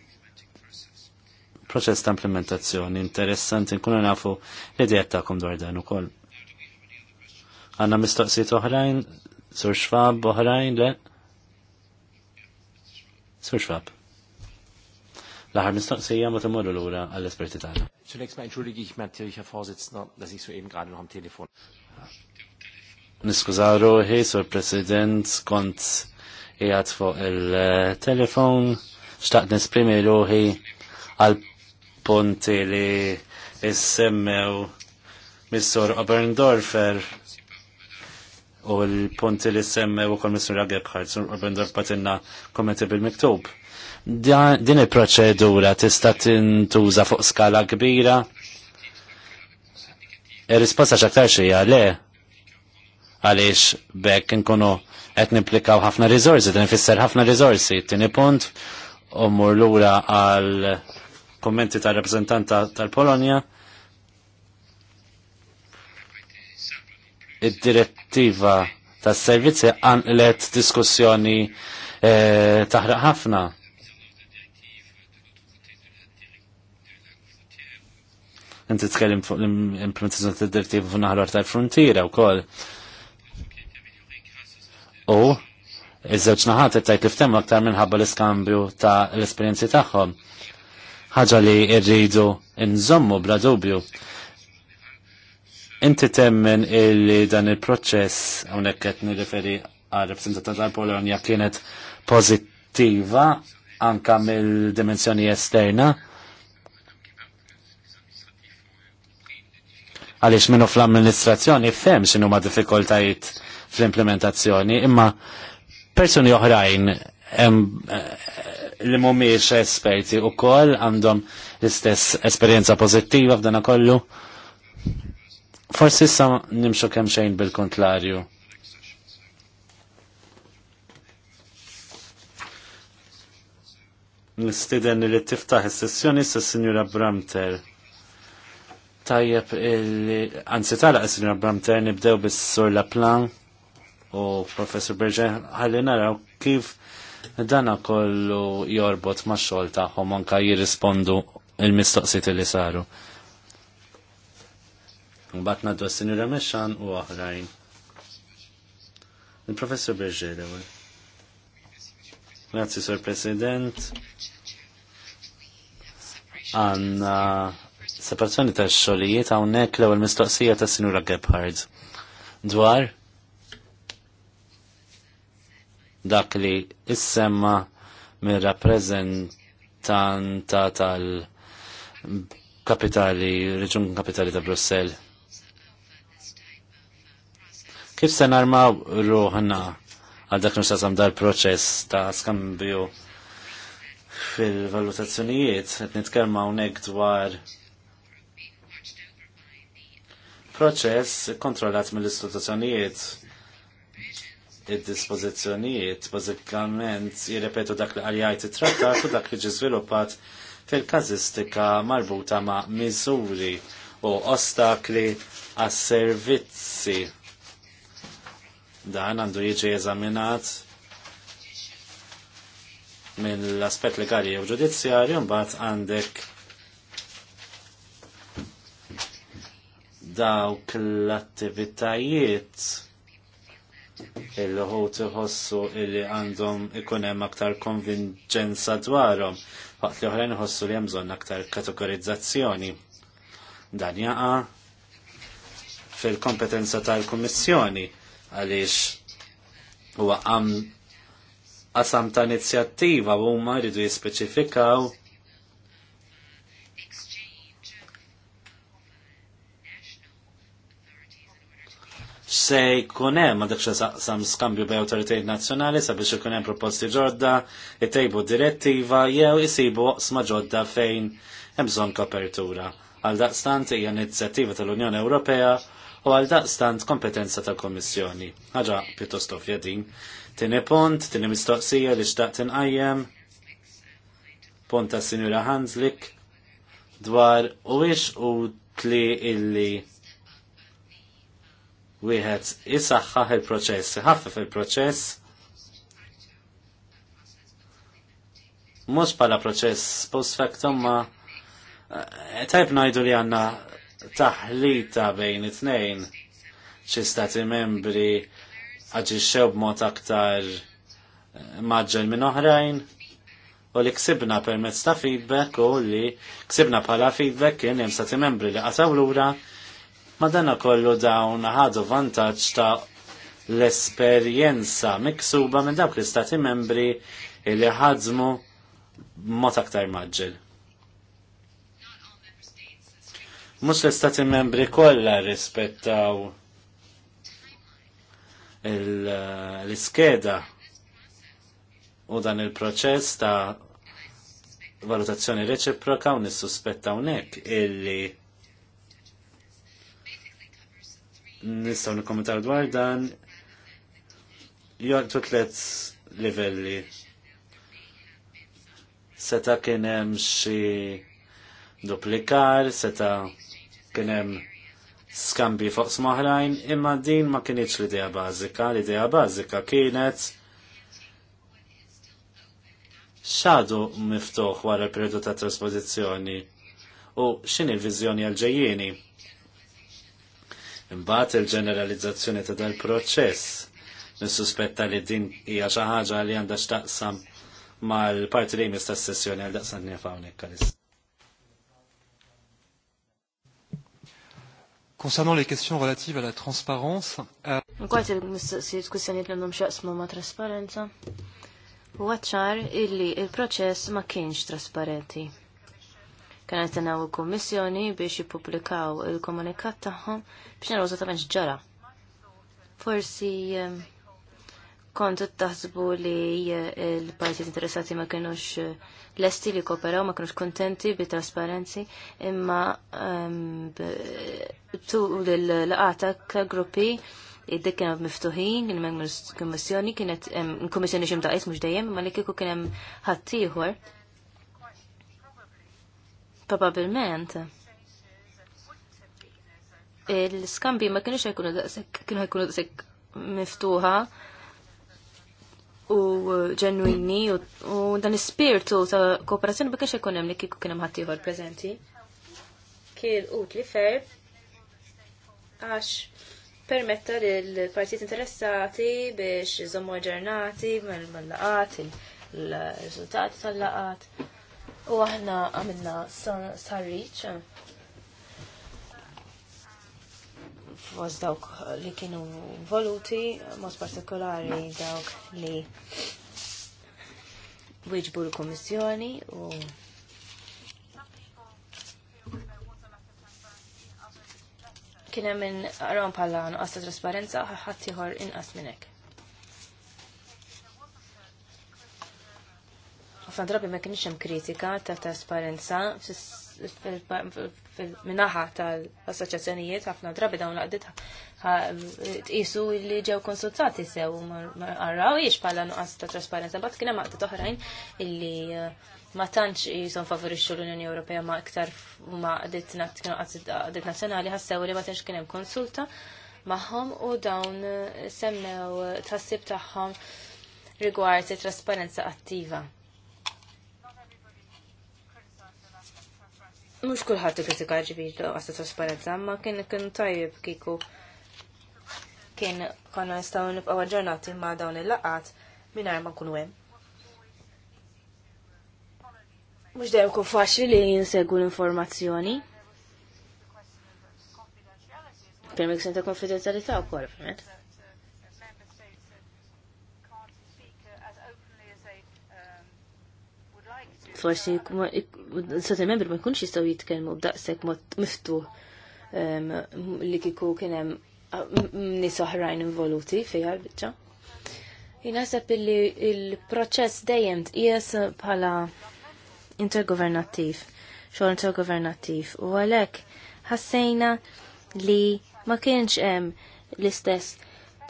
S4: proċess ta' implementazzjoni interessanti nkunu nafu l-idea tagħkom dwar dan ukoll. Għandna mistoqsijiet oħrajn, sur xfab oħrajn, le? Sur xfab. L-aħħar mistoqsija ma timmorru lura għall-esperti tagħna. Zunächst mal entschuldige ich natürlich Herr Vorsitzender, dass ich soeben gerade noch am Telefon. Niskużaru, hej, Sur President, kont jgħat fuq il-telefon, xtaqt nesprimi ruħi għal punti li jissemmew Missur Oberndorfer u l-punti li semmew u kol Missur Agebhardt, Sur Oberndorfer patinna kommenti bil-miktub. Din il-proċedura tista' tintuża fuq skala kbira. Ir-risposta e x'aktar xija le għaliex bekk nkunu qed nipplikaw ħafna rizorsi, din ifisser ħafna rizorsi. Tieni punt u mur lura għal kommenti tal-rappreżentanta tal-Polonja. Id-direttiva tas-servizzi għanqlet diskussjoni eh, taħraq ħafna. Inti tkellim fuq l-implementazzjoni tad-direttiva fuq naħlor tal-frontiera wkoll. koll u iż-żewġ naħat it-tajt iftem aktar minħabba l-iskambju ta' l-esperjenzi tagħhom. Ħaġa li rridu nżommu bla dubju. Inti temmen illi dan il-proċess hawnhekk qed nirreferi għal rappreżentanza tal-Polonja kienet pożittiva anka mill-dimensjoni esterna. Għaliex minnu fl-amministrazzjoni fem x'inhuma diffikoltajiet fl-implementazzjoni, imma persuni oħrajn eh, li mumiex esperti u koll għandhom l-istess esperienza pozittiva f'dana kollu. Forsi issa nimxu kemm xejn bil-kontlarju. Nistiden li tiftaħ is-sessjoni sa Sinjura Bramter. Tajjeb il-anzi tala Sinjura Bramter nibdew bis-sur Laplan u professor Berger, ħalli naraw kif dana kollu jorbot ma' xogħol tagħhom anke jirrispondu il mistoqsit li saru. Mbagħad ngħaddu s-sinjura Mexxan u oħrajn. Il-professor Berger ewwel. Grazzi, Sur President. Għanna separazzjoni ta' xogħlijiet hawnhekk l-ewwel mistoqsija ta' Sinura Gebhard dwar dak li issemma minn rappreżentanta tal-kapitali, reġun kapitali ta' Brussell. Kif se narmaw ruħna għal dak nxasam dal-proċess ta' skambju fil-valutazzjonijiet, qed nitkellma hawnhekk dwar proċess kontrollat mill-istituzzjonijiet id-dispożizzjonijiet bazikament jirrepetu dak li għaljajt it-trattat u dak li ġi żviluppat fil-kazistika marbuta ma' miżuri u ostakli għas servizzi Dan għandu jiġi eżaminat minn l aspett legali u ġudizzjarju mbagħad għandek dawk l-attivitajiet il-ħut iħossu illi għandhom ikun hemm aktar konvinġenza dwarhom, waqt li oħrajn ħossu li hemm aktar kategorizzazzjoni. Dan jaqa' fil-kompetenza tal-Kummissjoni għaliex huwa qasam ta' inizjattiva u huma jridu jispeċifikaw se jkun hemm għandek sam skambju bej awtoritajiet nazzjonali sabiex ikun hemm proposti ġodda, jtejbu direttiva jew jisibu sma ġodda fejn hemm bżonn kopertura. Għal daqstant hija inizjattiva tal-Unjoni Ewropea u għal daqstant kompetenza tal komissjoni. Ħaġa pjuttost ovvja din. Tieni punt, tini mistoqsija li xtaqt inqajjem punt ta' Sinjura Hanslik dwar u wix u tli illi wieħed isaħħaħ il-proċess, iħaffef il-proċess, mux pala proċess post factum ma eh, tajb najdu li għanna taħlita bejn it-nejn ċi stati membri għagġiċċew b'mod aktar eh, maġġel minn oħrajn u li ksibna permezz ta' feedback u li ksibna pala feedback kien hemm stati membri li qatgħu lura dana kollu dawn ħadu vantaġġ ta' l-esperjenza miksuba minn dawk l-istati membri li ħadżmu mod aktar maġġel. Mux l-istati membri kollha rispettaw l-iskeda u dan il-proċess ta' valutazzjoni reċiproka u nissuspettaw nek illi nistaw nikkommentaw dwar dan jortu tlet livelli. Seta kienem xi duplikar, seta kienem skambi fuq smaħrajn, imma din ma kienieċ l-idea bażika. L-idea bażika kienet xadu miftuħ wara l-periodu ta' trasposizjoni u x'inhi l-viżjoni għal ġejjini. Imbagħad il-ġeneralizzazzjoni ta' dal-proċess. Nissuspetta li din hija xi ħaġa li għandha x'taqsam mal-parti li jmiss tas-sessjoni għal daqsan nefawnek għalis. Concernant les questions relatives à la
S2: transparence. Euh, Nkwajt
S1: il-mistoqsijiet kwistjoniet li għandhom x'jaqsmu ma' trasparenza. Waċċar illi il-proċess ma kienx trasparenti. Kien qed u l-Kummissjoni biex jippubblikaw il-komunikat tagħhom biex ta' eżattament ġara. Forsi kontu taħsbu li il-partijiet interessati ma kienux lesti li kooperaw, ma kienux kontenti bi trasparenzi, imma tu l-laqata ka' gruppi id-dik kienu miftuħin, kien hemm kommissjoni, kienet kommissjoni xi mdaqis mhux dejjem, imma li kieku kien hemm ħaddieħor probabilment il-skambi ma kienx jkunu kienu jkunu daqshekk miftuħa u ġenwini u dan ispirtu ta' kooperazzjoni ma kienx jkun hemm li kieku kien hemm ħaddieħor preżenti. Kien utli fer għax permetta lil partijiet interessati biex iżommu ġernati mal-laqat, il-riżultati tal-laqat. U għahna għamilna sarriċ. Fos dawk li kienu voluti, mos partikolari dawk li wieġbu l-Komissjoni u kien hemm arrom bħala nuqqas ta' trasparenza ħadd ieħor inqas minn hekk. ħafna drabi ma kienx hemm kritika ta' trasparenza minaħa tal-assoċjazzjonijiet ħafna drabi dawn laqdiet tqisu li ġew konsultati sew ma jiex bħala nuqqas ta' trasparenza bad kien hemm għaqdiet oħrajn illi eh, ma tantx qishom favorixxu l-Unjoni Ewropea ma iktar ma qdiet nazzjonali ħassew li ma tantx kien hemm konsulta magħhom u dawn eh, semmew tħassib tagħhom rigward it trasparenza attiva mux kullħat kritika ġibir għasta trasparenza, ma kien kien tajib kiku kien konna nistaw nibqaw ġurnati ma dawn il-laqat minn ma kun wem. Mux dajem kun faċli li jinsegu l-informazzjoni. Permek senta konfidenzjalità u kol, permet. forsi s-sati membri ma jkunx jistaw jitkelmu b'daqsek mod miftuħ li kiku kienem nis oħrajn involuti fija l-bicċa. Jinaħseb illi il-proċess dejjem tqies bħala intergovernattiv, xogħol intergovernattiv u għalhekk ħassejna li ma kienx hemm l-istess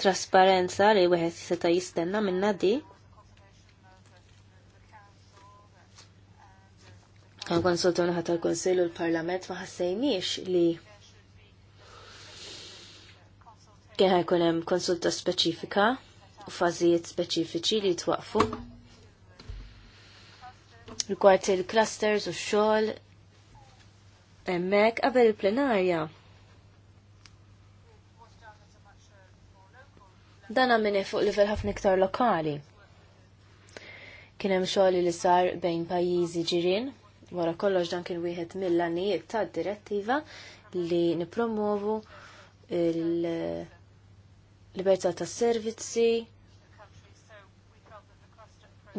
S1: trasparenza li wieħed seta' jistenna minna di konsultu naħat tal-Konsil u l-Parlament ma ħassejniex li kien ħajkun hemm konsulta speċifika u fażijiet speċifiċi li twaqfu. Rigward il-clusters u x-xogħol hemmhekk qabel il-plenarja. Dan għamini fuq livell ħafna iktar lokali. Kien hemm xogħol li sar bejn pajjiżi ġirien Wara kollox dan kien wieħed mill-għanijiet ta' direttiva li nipromovu l libertà ta' servizzi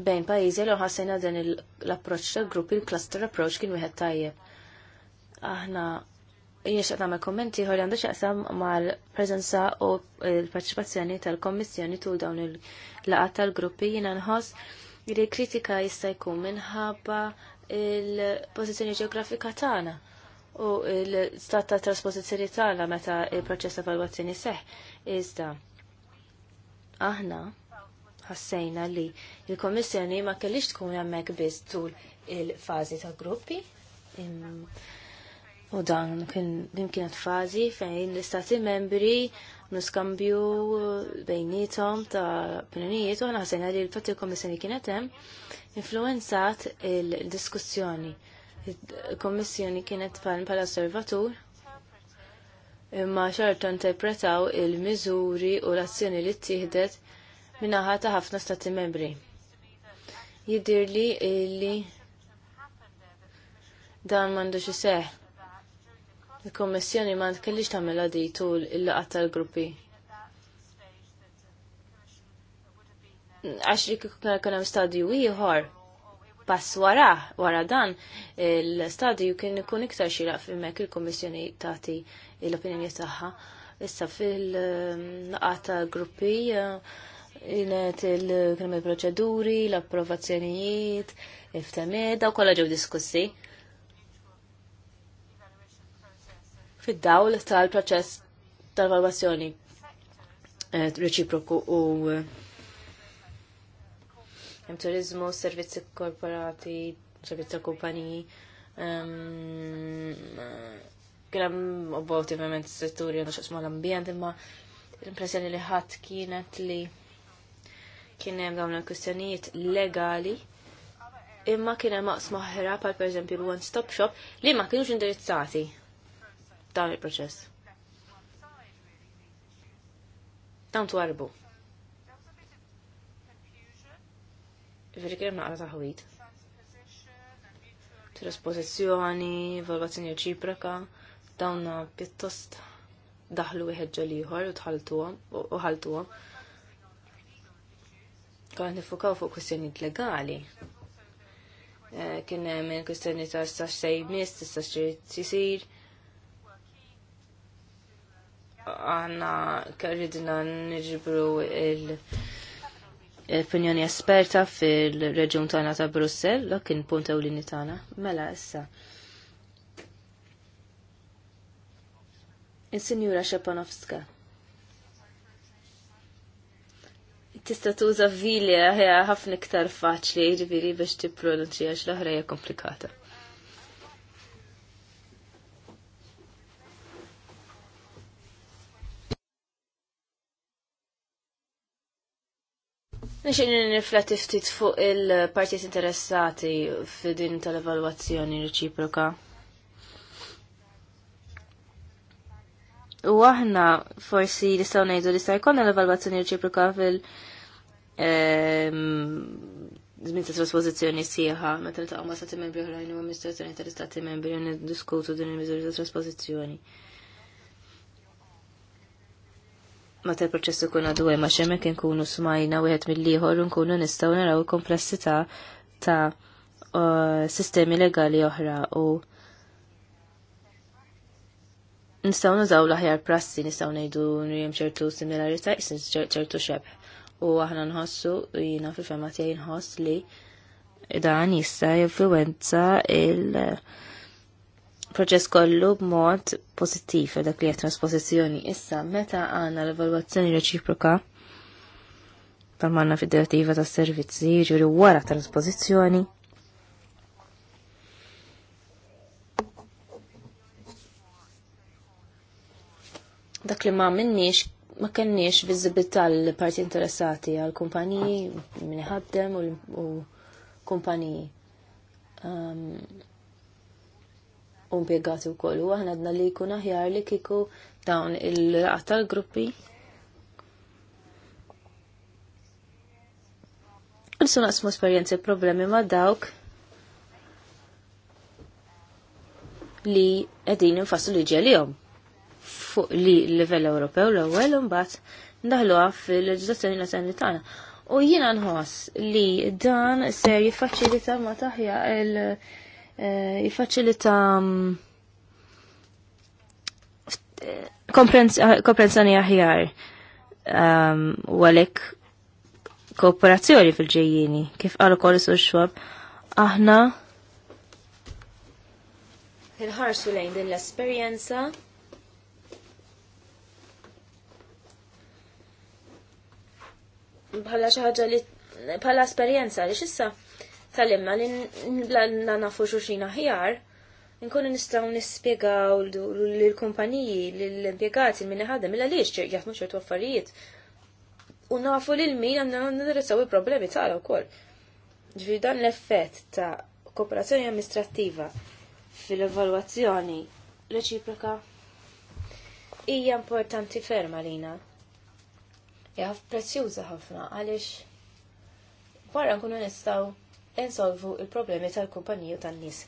S1: bejn pajjiżi li ħassejna dan l-approċċ tal-grupp il-cluster approach kien wieħed tajjeb. Aħna jien għadna nagħmel kommenti ħolli għandu xaqsam mal-preżenza u l-parċipazzjoni tal-Kommissjoni tul dawn il-laqat tal-gruppi jina nħoss li kritika jista' jkun minħabba il-pożizzjoni ġeografika tagħna u l-stat ta' trasposizjoni tagħna meta il-proċess ta' valwazzjoni seħ iżda aħna ħassejna li il-Komissjoni ma kellix tkun hemmhekk biss tul il-fażi ta' gruppi U dan kien din kienet fażi fejn l-istati membri nuskambju bejnietom ta' opinjonijiet u ħana li l-fatti kommissjoni kienet hemm influenzat il-diskussjoni. Il-Kommissjoni kienet fan pala osservatur imma xorta interpretaw il-miżuri u l-azzjoni li ttieħdet minnaħa ta' ħafna stati membri. Jidir li dan mandu xiseħ. Il-Kommissjoni ma kellix tagħmilha di tul il-laqgħa tal-gruppi għax li kien hemm stadju ieħor pass wara wara dan l-stadju kien ikun iktar xieraq fimmek il komissjoni tagħti l-opinjoni tagħha. Issa fil-naqat gruppi jinet il-krimi proċeduri, l-approvazzjonijiet, iftemed, daw kollha ġew diskussi. Fid-dawl tal-proċess tal valvazzjoni eh, reċiproku u hemm turizmu, servizzi korporati, servizzi ta' kumpaniji. Kien hemm bot ovvjament setturi għandu xaqsmu l-ambjent imma l-impressjoni li ħadd kienet li kien hemm dawn il-kwistjonijiet legali imma kien hemm maqsma maħra bħal pereżempju one stop shop li ma kienux indirizzati dawn il-proċess. Dawn twarbu. Veri kienem naqra taħwit. Trasposizjoni, valvazzjoni reċiproka, dawna pjuttost daħlu wieħed liħor u tħaltuhom. Kont nifukaw fuq kwistjonijiet legali. Eh, kien hemm kwistjoni ta' stax xejn miss, tista' tisir. Għanna kerridna nġibru il- opinjoni esperta fil-reġjun tagħna ta' Brussell, dak kien punt ewlieni tagħna. Mela issa. Is-Sinjura Xepanovska. Tista' tuża vilja ħafna iktar faċli jiġifieri biex tippronunċi għax l-oħra hija komplikata. Nixin nirrifletti ftit fuq il-partijiet interessati f'din tal-evalwazzjoni reċiproka. U aħna forsi nistgħu ngħidu li sta jkollna l-evalwazzjoni reċiproka fil- ehm, żmien ta' trasposizzjoni sieħa meta niltaqgħu ma' stati membri oħrajn u amministrazzjoni tal-istati membri u niddiskutu din il-miżuri ta' trasposizzjoni. meta l proċessu kun għadu għaj ma' kien kunu smajna wieħed mill-liħor nkunu nistgħu naraw il-komplessità ta' uh, sistemi legali oħra u nistaw nużaw l-aħjar prassi, nistaw nejdu nrijem ċertu similarita, ċertu xeb U aħna nħossu, jina fil-fema tijaj nħoss li dan jista jinfluenza il- proċess kollu b'mod pozittiv dak li trasposizzjoni. Issa, meta għanna l-evalwazzjoni reċiproka tal-manna fid ta' servizzi ġuri wara trasposizzjoni. Dak li ma' minnix ma kenniex viżibit tal-parti interessati għal kumpaniji ħaddem u kumpaniji. Um, u impjegati wkoll. aħna għadna li jkun aħjar li kieku dawn il-laqgħa tal-gruppi. Nsu naqsmu esperjenzi problemi ma' dawk li qegħdin infassu li ġelihom fuq li l-livell Ewropew l-ewwel imbagħad ndaħluha fil-leġiżlazzjoni nazzjonali tagħna. U jiena nħoss li dan ser jiffaċilita ma taħja il- Eh, jifaċilita mm, eh, komprensjoni aħjar ehm, u għalek kooperazzjoni fil-ġejjini, kif għal għalu kol xwab, aħna il-ħarsu lejn din l-esperienza bħala xaħġa li bħala esperienza li xissa tal-imma li nana nafu xuxina ħjar, nkunu nistaw nispiegaw l-kumpaniji, l-impiegati, minni ħadem, illa liġ ċerjatmu ċertu affarijiet. U nafu li l-min għanna nidrissaw il-problemi tara u koll. Ġvi dan l-effett ta' kooperazzjoni amministrativa fil-evaluazzjoni reċiproka hija importanti ferma lina. Hija prezzjuża ħafna għaliex barra nkunu nistaw insolvu il-problemi tal-kumpaniju tan-nies.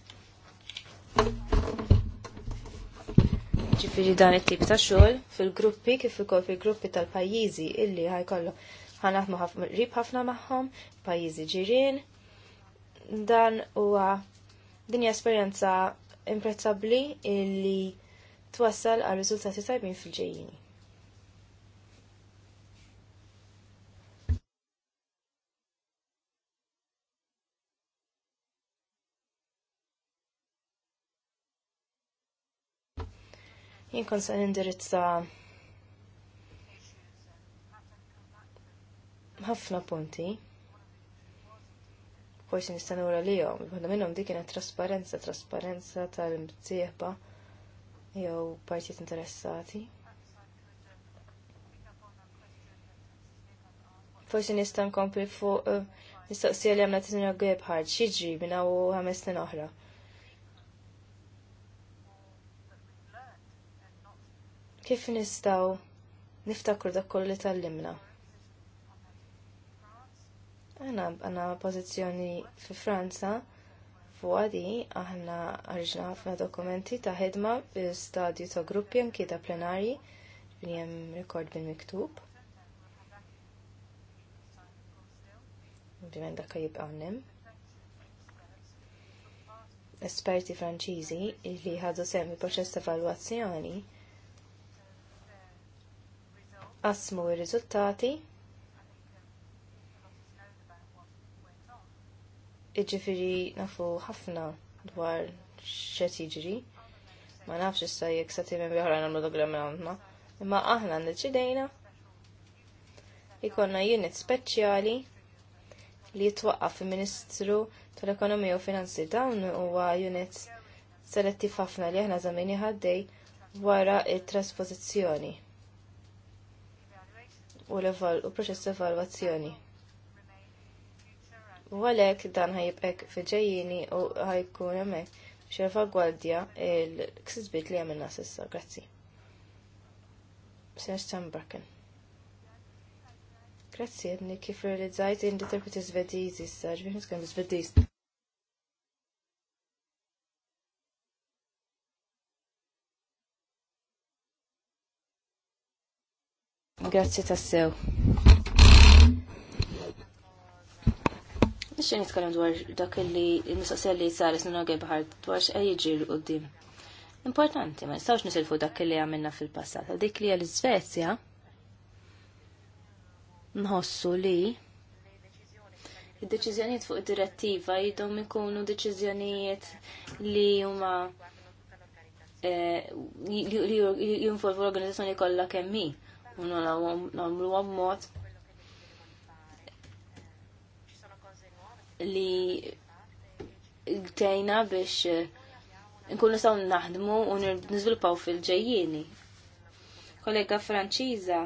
S1: Ġifiri dan it-tip ta' xogħol fil-gruppi kif ukoll fil-gruppi tal-pajjiżi illi ħajkollu ħanaħmu rib ħafna magħhom, pajjiżi ġirien. Dan huwa dinja esperjenza imprezzabbli illi twassal għal riżultati tajbin fil-ġejjini. Jien kon se nindirizza ħafna punti. Forsi nista' nura lihom, waħda minnhom dik kienet trasparenza, trasparenza tal-imsieħba jew partijiet interessati. forsi nista' nkompli fuq nistaqsija eh, li għamlet sinja Gebhard xiġri minn hawn ħames snin oħra. kif nistaw niftakru dak kollu li tal-limna. Għana għana pozizjoni fi Franza, fuqadi aħna għarġna ħafna dokumenti ta' ħidma bi-stadju ta' gruppi anki ta' plenarji, li rekord bil miktub. Ovvjament dak jib għannim. Esperti Franċiżi li ħadu sem il-proċess ta' valwazzjoni qasmu r-riżultati. Iġifiri nafu ħafna dwar xet jiġri. Ma nafx issa jekk sa timen biħra nagħmlu dogram għandna. Imma aħna ndeċidejna ikonna unit speċjali li jitwaqqaf il-Ministru tal-Ekonomija u Finanzi dawn huwa unit selettiv ħafna li aħna żamini ħaddej wara it traspożizzjoni u l-proċess ta' evalwazzjoni. U għalhekk dan ħajibqek fiġejjini u ħajkun għamek xerfa jirfagwaldja l ksizbit li għamilna sissa. Grazzi. Sir Stambraken. Grazzi għedni kif realizzajt indi terpiti svedizi s-sarġ, biex niskan svediz. grazzi tassew. Nixxie nitkellem dwar dak li mistoqsija li saris minn għaj bħar dwar x'qed jiġi l qudiem Importanti, ma nistgħux nisilfu dak li għamilna fil-passat. Dik li l-Svezja nħossu li id-deċiżjonijiet fuq id-direttiva jidhom ikunu deċiżjonijiet li huma eh, li jinvolvu l-organizzazzjoni kollha kemm hi u namlu għam mod li tejna biex eh, nkunu saw naħdmu u nizvilpaw fil-ġejjieni. Kollega Franċiża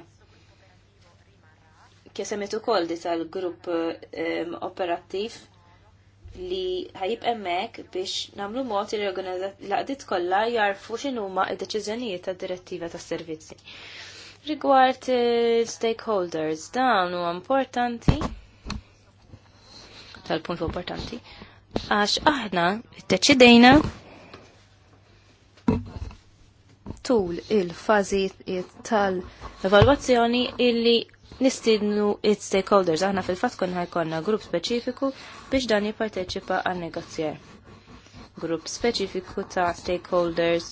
S1: kiesemet ukoll di tal-grupp eh, operattiv li ħajib emmek biex namlu mod il l laqdit kollha jarfu x'inhuma d deċiżjonijiet tad-direttiva tas-servizzi. Rigward eh, stakeholders, dan huwa importanti tal-punt importanti għax aħna t-teċidejna tul il-fazi tal-evalwazzjoni illi nistidnu it-stakeholders. Aħna fil-fat kon ħajkonna grupp speċifiku biex dan jipparteċipa għal negozjar. Grupp speċifiku ta' stakeholders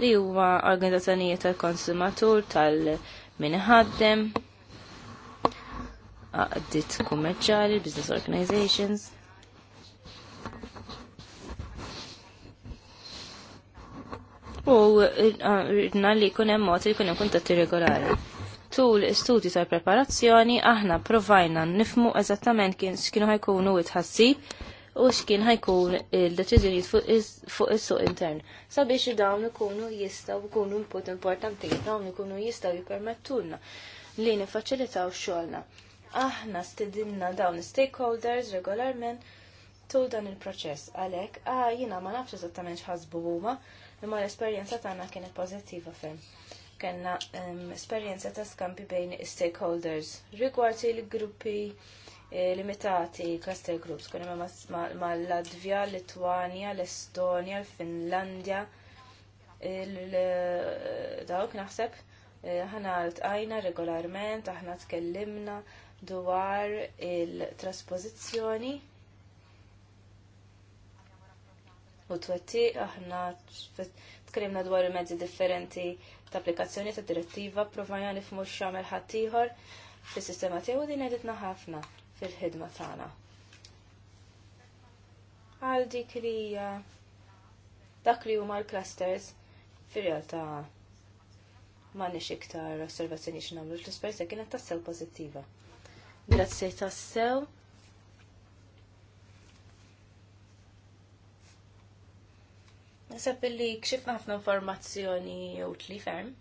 S1: li huwa organizzazzjonijiet tal-konsumatur tal-minħaddem għaddit kummerċali, business organizations. U rridna li kun hemm mod li kun hemm kuntatti regolari. Tul istudji tal-preparazzjoni aħna provajna nifmu eżattament kien x'kienu ħajkunu it-ħassib u x'kien ħajkun il-deċiżjonijiet fuq is-suq intern. Sabiex dawn ikunu jistgħu jkunu input importanti dawn ikunu jistgħu jippermettulna li nifaċilitaw xogħolna. Aħna stidinna dawn stakeholders regolarment tul dan il-proċess għalhekk ah jiena ma nafx eżattament x'ħasbu huma imma l-esperjenza tagħna kienet pożittiva ferm kena um, esperienza ta' skampi bejn stakeholders rigward il-gruppi Eh, limitati cluster groups, kuna ma, ma, Latvia, latvja Litwania, l-Estonia, l-Finlandja, dawk naħseb eh, ħana l regolarment, aħna tkellimna dwar il-trasposizjoni u twetti aħna tkellimna dwar il-mezzi differenti ta' applikazzjoni ta' direttiva provajna nifmu xamel ħaddieħor fis-sistema tiegħu din qegħditna ħafna fil-ħidma tagħna. Għal dik li dak li huma l-clusters fir-realtà m'għandniex iktar osservazzjoni x'nagħmlu l-esperjenza kienet tassew pożittiva. Grazzi tassew. Nasab li kxifna ħafna informazzjoni utli ferm.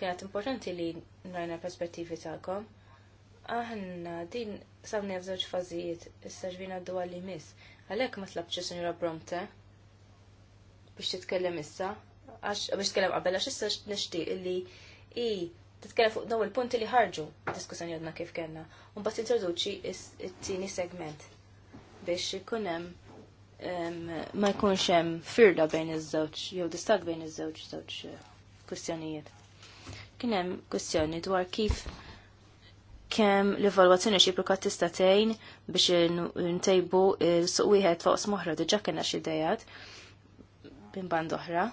S1: Kienet importanti li nrajna perspettivi tagħkom. Aħna, din sabni għafżewġ fażijiet, issa sarġvina d li mis. Għalek ma tlabċi Sinjura Bromte biex titkellem issa, għax biex titkellem qabel, għax issa nishtiq illi i titkellem fuq dawn il-punti li ħarġu diskussjoni għadna kif kellna. Un bat introduċi it-tieni segment biex ikun hemm ma jkunx hemm firda bejn iż-żewġ jew distak bejn iż-żewġ żewġ eh, kwistjonijiet. Kien hemm kwistjoni dwar kif kemm l-evalwazzjoni reċiproka tista' tgħin biex ntejbu suq wieħed fuq smoħra diġà kellna xi dejjat minn band oħra.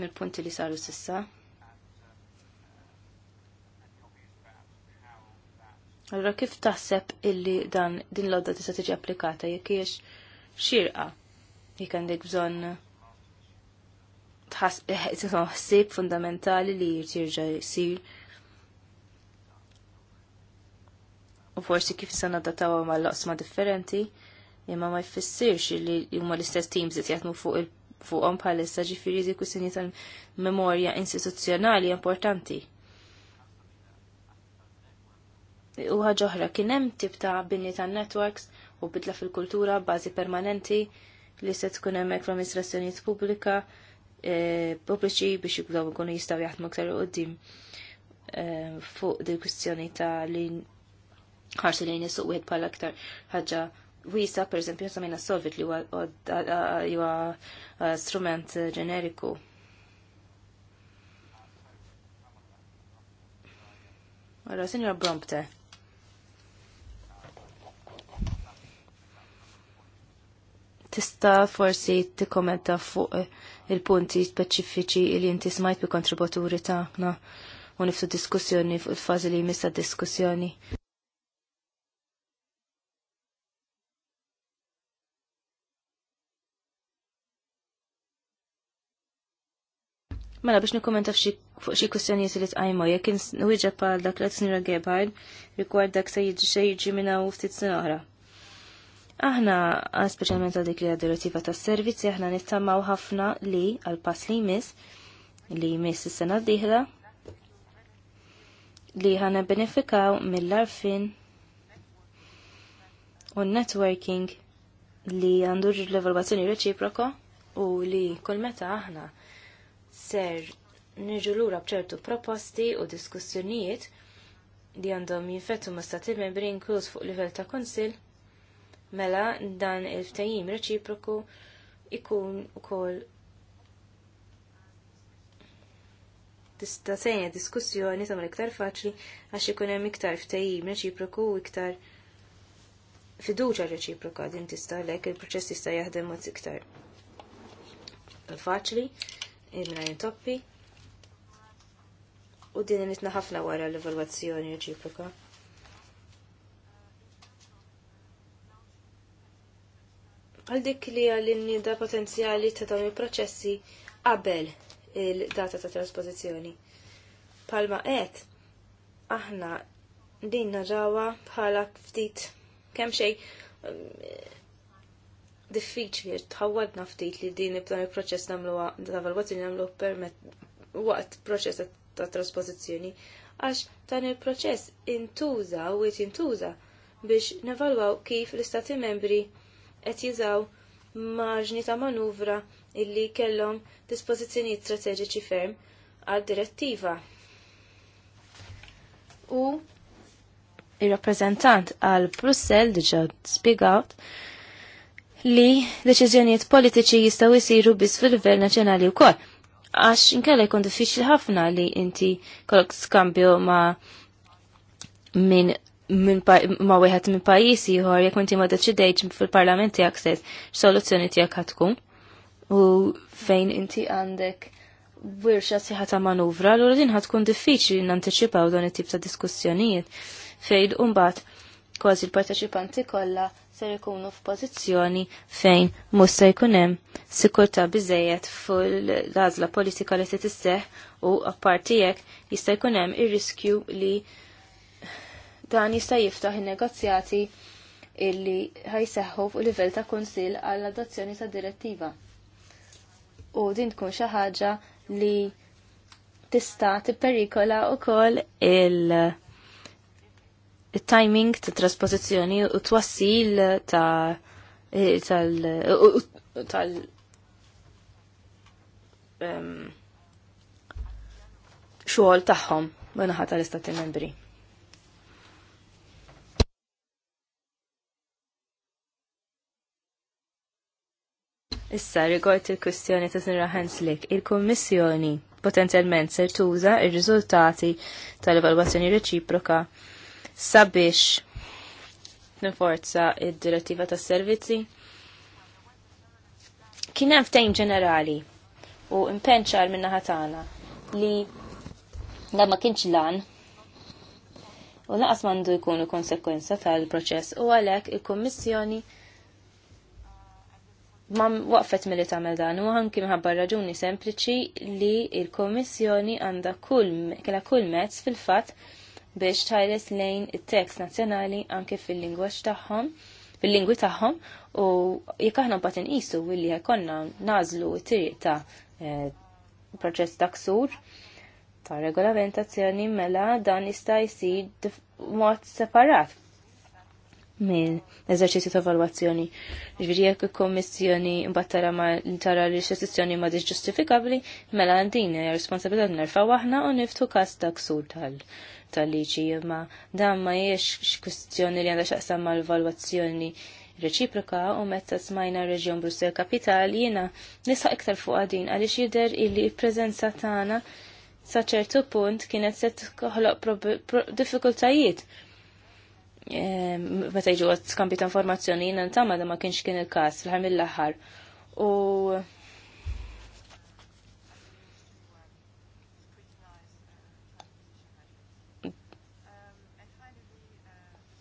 S1: Mill-punti li saru sissa. Allora kif taħseb illi dan din l-odda tista' tiġi applikata jekk hiex xirqa jekk għandek bżonn ħsieb eh, fundamentali li jirtirġa' jsir u forsi kif se nadataw ma l osma differenti, imma ma jfissirx li huma l-istess teams qed jaħdmu fuq il fuqhom bħalissa ġifieri dik kwistjoni tal-memorja istituzzjonali importanti. U ħaġa kienem kien hemm tip ta' binni tan-networks u bidla fil-kultura bazi permanenti li se tkun hemmhekk fl-amministrazzjonijiet pubblika e, pubbliċi biex jibdew ikunu jistgħu jaħdmu aktar quddiem e, fuq di kwistjoni ta' li ħarsu li is wieħed bħala aktar ħaġa wisa, per eżempju, samina solvit li huwa uh, uh, uh, strument ġeneriku. Allora, signora Brompte. Tista forsi t-kommenta fuq eh, il-punti speċifiċi li inti smajt bi kontributuri tagħna u niftu diskussjoni fuq il-fażi li jmissa diskussjoni. Mela biex nikkommenta fuq xi kwistjonijiet li tqajmu jekk inwieġeb bħal dak li snira Gebhard rigward dak se jiġi xejn jiġi minn hawn ftit sin oħra. Aħna speċjalment għal dik li direttiva tas-servizzi aħna nittamaw ħafna li għal pass li jmiss li jmiss is-sena d-dieħla li ħana benefikaw mill-arfin u networking li għandu l-evalwazzjoni reċiproka u li kol meta aħna ser nirġu lura bċertu proposti u diskussjonijiet li għandhom jinfettu ma' stati membri inkluż fuq livell ta' konsil, mela dan il-ftajim reċiproku ikun ukoll tista' sejna diskussjoni tagħmel iktar faċli għax ikun hemm iktar ftehim reċiproku u iktar fiduċa reċiproka din tista' lek il-proċess jista' jaħdem mod iktar faċli il-minar u din nitna ħafna wara l-evalwazzjoni reċiproka. Għal dik li għal da potenzjali ta' dawn il-proċessi qabel il-data ta' trasposizjoni. Palma qed aħna din naġawa bħala ftit kemm xejn diffiċli tħawadna ftit li din dan il-proċess nagħmluha tal-evalwazzjoni nagħmluh permett waqt proċess ta' trasposizjoni għax dan il-proċess intuża u għet intuża biex nevalwaw kif l-istati membri qed jiżaw marġni ta' manuvra illi kellhom dispożizzjonijiet strateġiċi ferm għad direttiva. U il rappreżentant għal Brussell diġà spiegat li deċiżjonijiet politiċi jistgħu jsiru biss fil-livell nazzjonali wkoll. Għax inkella jkun diffiċli ħafna li inti kollok skambju ma' minn min ma wieħed minn pajjiż ieħor jekk inti ma deċidejx fil-parlament tiegħek stess x'soluzzjoni tiegħek ħad tkun u fejn inti għandek wirxa siħa ta' manuvra, l din ħad tkun diffiċli nanticipaw dan it-tip ta' diskussjonijiet fejn mbagħad kważi l-parteċipanti kollha ser ikunu f'pożizzjoni fejn mhux se jkun hemm sikurtà biżejjed fil-għażla politika li se tisseħ u apparti hekk jista' jkun hemm ir-riskju li dan jista' jiftaħ in-negozjati illi ħajseħħu fuq livell ta' kunsil għall adozzjoni ta' direttiva. U din tkun xi ħaġa li tista' tipperikola wkoll il- il-timing ta' trasposizjoni u twassil ta' eh, tal tal xogħol tagħhom minħa tal-istati membri. Issa rigward il-kwistjoni ta' Sinra Hanslik, il kummissjoni potenzjalment ser tuża ir-riżultati tal-evalwazzjoni reċiproka sabiex niforza id-direttiva tas servizzi. Kien hemm ftehim ġenerali u impenċar minna ħatana li da ma kienx lan u naqas mandu jkunu konsekwenza tal-proċess u għalhekk il-Kummissjoni ma waqfet mill tagħmel dan u anki minħabba raġuni sempliċi li il-Kommissjoni għandha kull kull mezz fil-fatt biex tħares lejn it-tekst nazzjonali anke fil-lingwaġġ tagħhom fil-lingwi tagħhom u jekk aħna mbagħad inqisu willi jkollna nażlu t-triq ta' eh, proċess ta' ksur ta' regolamentazzjoni mela dan jista' jsir mod separat minn eżerċizzju ta' valwazzjoni. Ġviri jekk il-kommissjoni mbattara ma tara li x-sessjoni ma ġustifikabbli, mela għandina jgħar responsabilità nerfaw aħna u niftu każ ta' ksur tal tal-liġi, imma dan ma jiex kwistjoni li għandha xaqsam mal-valwazzjoni reċiproka u meta smajna reġjon Brussel Kapital jiena nisa iktar fuq għadin għaliex jidher illi l-preżenza tagħna sa ċertu punt kienet se toħloq diffikultajiet. Meta jiġu għat skambi ta' informazzjoni jiena ntama da ma kienx kien il-każ l-ħamil mill-aħħar. U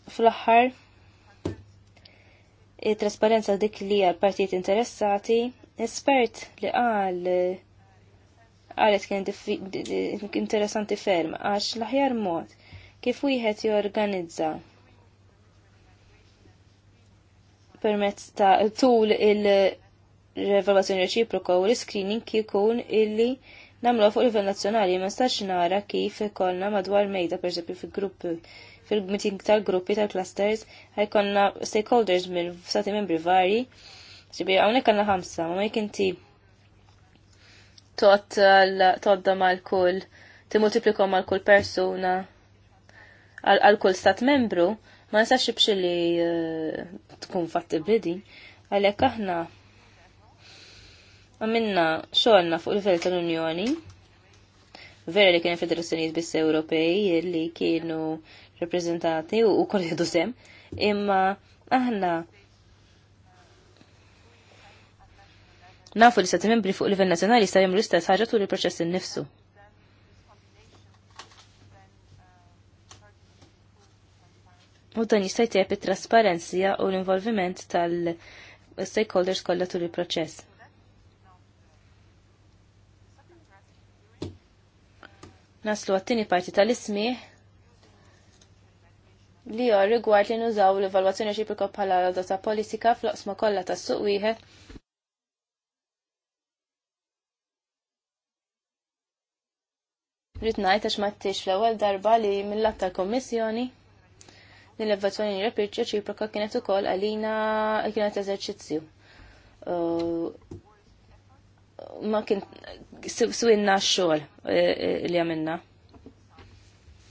S1: fl-aħħar trasparenza dik li għal partijiet interessati, espert li għal għalet kien interessanti ferm, għax l-aħjar mod kif wieħed jorganizza permezz ta' tul il-revalvazzjoni reċiproka u l-screening kikun illi namlu fuq livell nazzjonali ma stax nara kif ikollna madwar mejda per fi grupp fil-meeting tal-gruppi tal-clusters ħajkonna stakeholders minn stati membri vari. Ġibi, għawnek għanna ħamsa, għawnek inti todda mal-kull, timultipliko mal-kull persona, għal-kull stat membru, ma nistax xibxi li eh, tkun fatti bidi, għalek aħna għamilna xogħolna fuq livell tal-Unjoni, vera li kien federazzjonijiet biss Ewropej li kienu rappresentati u kol jihdu sem, imma aħna nafu li stati membri fuq livell nazjonali sta jemlu istess ħaġa tul il-proċess innifsu. U dan jista' jtejb it-trasparenzja u l-involviment tal-stakeholders kollha tul il-proċess. Naslu għattini parti tal ismiħ li jo rigward li nużaw l-evalwazzjoni ċiprika bħala data politika fl-oqsma kollha tas-suq wieħed. Rrid ngħid għax fl-ewwel darba li mill-att tal-Kommissjoni li l-evalwazzjoni ċiprika kienet ukoll għalina kienet eżerċizzju. Uh, ma kien swinna x-xogħol eh, eh, li għamilna.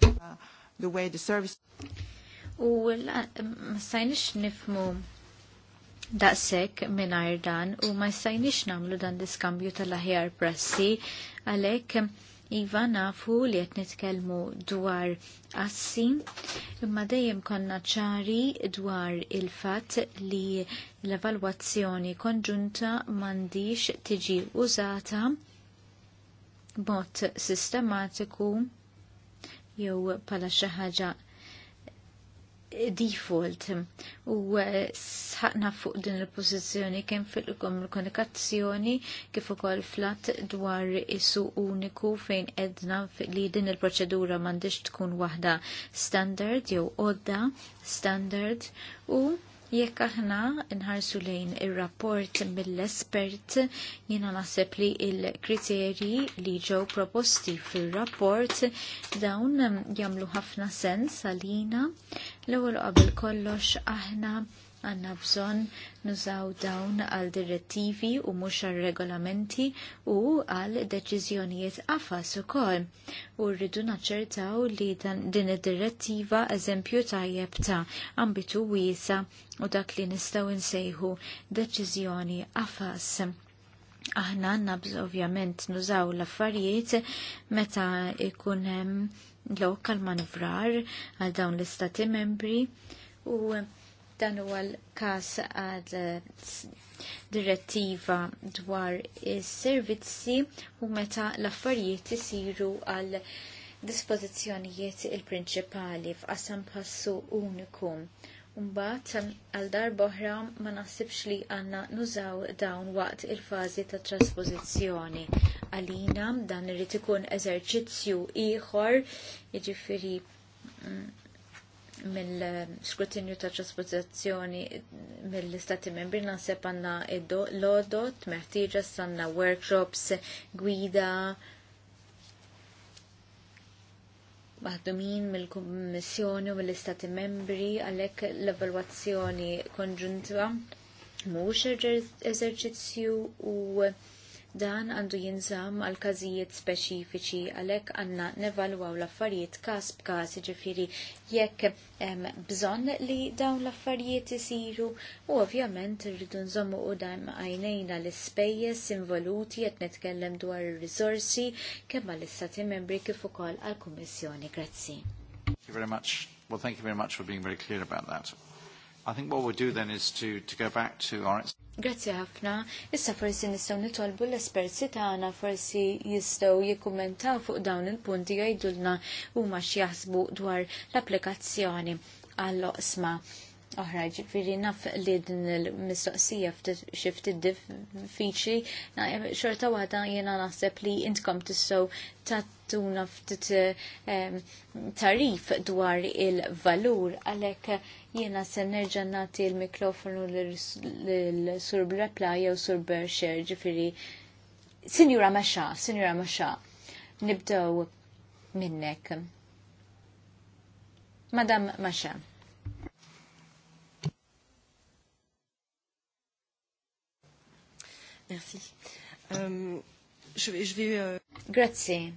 S2: Uh, the way the service
S3: u ma stajnix nifmu daqsek mingħajr dan u ma stajnix nagħmlu dan diskambju tal-aħjar prassi għalhekk Iva nafu li qed nitkellmu dwar assi, imma dejjem konna ċari dwar il-fatt li l-evalwazzjoni konġunta m'għandix tiġi użata b'mod sistematiku jew bħala xi ħaġa default u eh, sħaqna fuq din il-pozizjoni kien fil l-konikazzjoni kif ukoll flat dwar isu uniku fejn edna li din il-proċedura m'għandix tkun waħda standard jew odda standard u Jekk aħna nħarsu lejn ir-rapport mill-espert jiena naħseb li l-kriterji li ġew proposti fir-rapport dawn jagħmlu ħafna sens għalina l-ewwel qabel kollox aħna Għanna bżon nużaw dawn għal direttivi u mux għal regolamenti u għal deċiżjonijiet għafas u kol. U rridu naċċertaw li dan din id-direttiva eżempju tajjeb ta' ambitu wiesa u dak li nistaw insejħu deċiżjoni għafas aħna nabż ovvjament nużaw l-affarijiet meta ikun hemm lokal manuvrar għal dawn l-istati membri u Dan huwa l-każ għad eh, direttiva dwar is-servizzi u meta l-affarijiet isiru għal dispozizjonijiet il-prinċipali f'qasam passu uniku. Mbagħad għal darboħra ma naħsibx li għandna nużaw dawn waqt il-fażi ta' traspożizzjoni. Għalina dan irid ikun eżerċizzju ieħor, jiġifieri mm, mill-skrutinju ta' trasportazzjoni mill-istati membri naħseb għanna l-odot, meħtieġa sanna workshops, gwida, maħdumin mill-Kummissjoni u mill-Istati membri għalhekk l-evalwazzjoni konġunta mhux eżerċizzju u Dan għandu jinżam għal każijiet speċifiċi għalhekk għandna nevalwaw l-affarijiet każ b'każ jiġifieri jekk hemm bżonn li dawn l-affarijiet isiru u ovvjament irridu nżommu u għajnejna l-ispejjeż involuti qed nitkellem dwar ir-riżorsi kemm għall-istati membri kif ukoll għall-Kummissjoni. Grazzi.
S2: Thank you very much. Well, thank you very much for being very clear about that. I think what we'll do then is to, to go back to our...
S3: Grazzi ħafna. Issa forsi nistgħu nitolbu l-esperti tagħna forsi jistgħu jikkummentaw fuq dawn il-punti jgħidulna huma x'jaħsbu dwar l-applikazzjoni għall-oqsma oħra ġifiri naf li din il-mistoqsija xi id-diffiċli, xorta waħda jena naħseb li intkom tissow tat tuna ftit tarif dwar il-valur għalek jiena se nerġa' nagħti l-mikrofonu l Surb Repla jew sur xer ġifieri Sinjura Maxa, Sinjura Maxa, nibdew minnek. Madam Maxa.
S1: Merci. Um, je vais, je vais, euh... Grazie.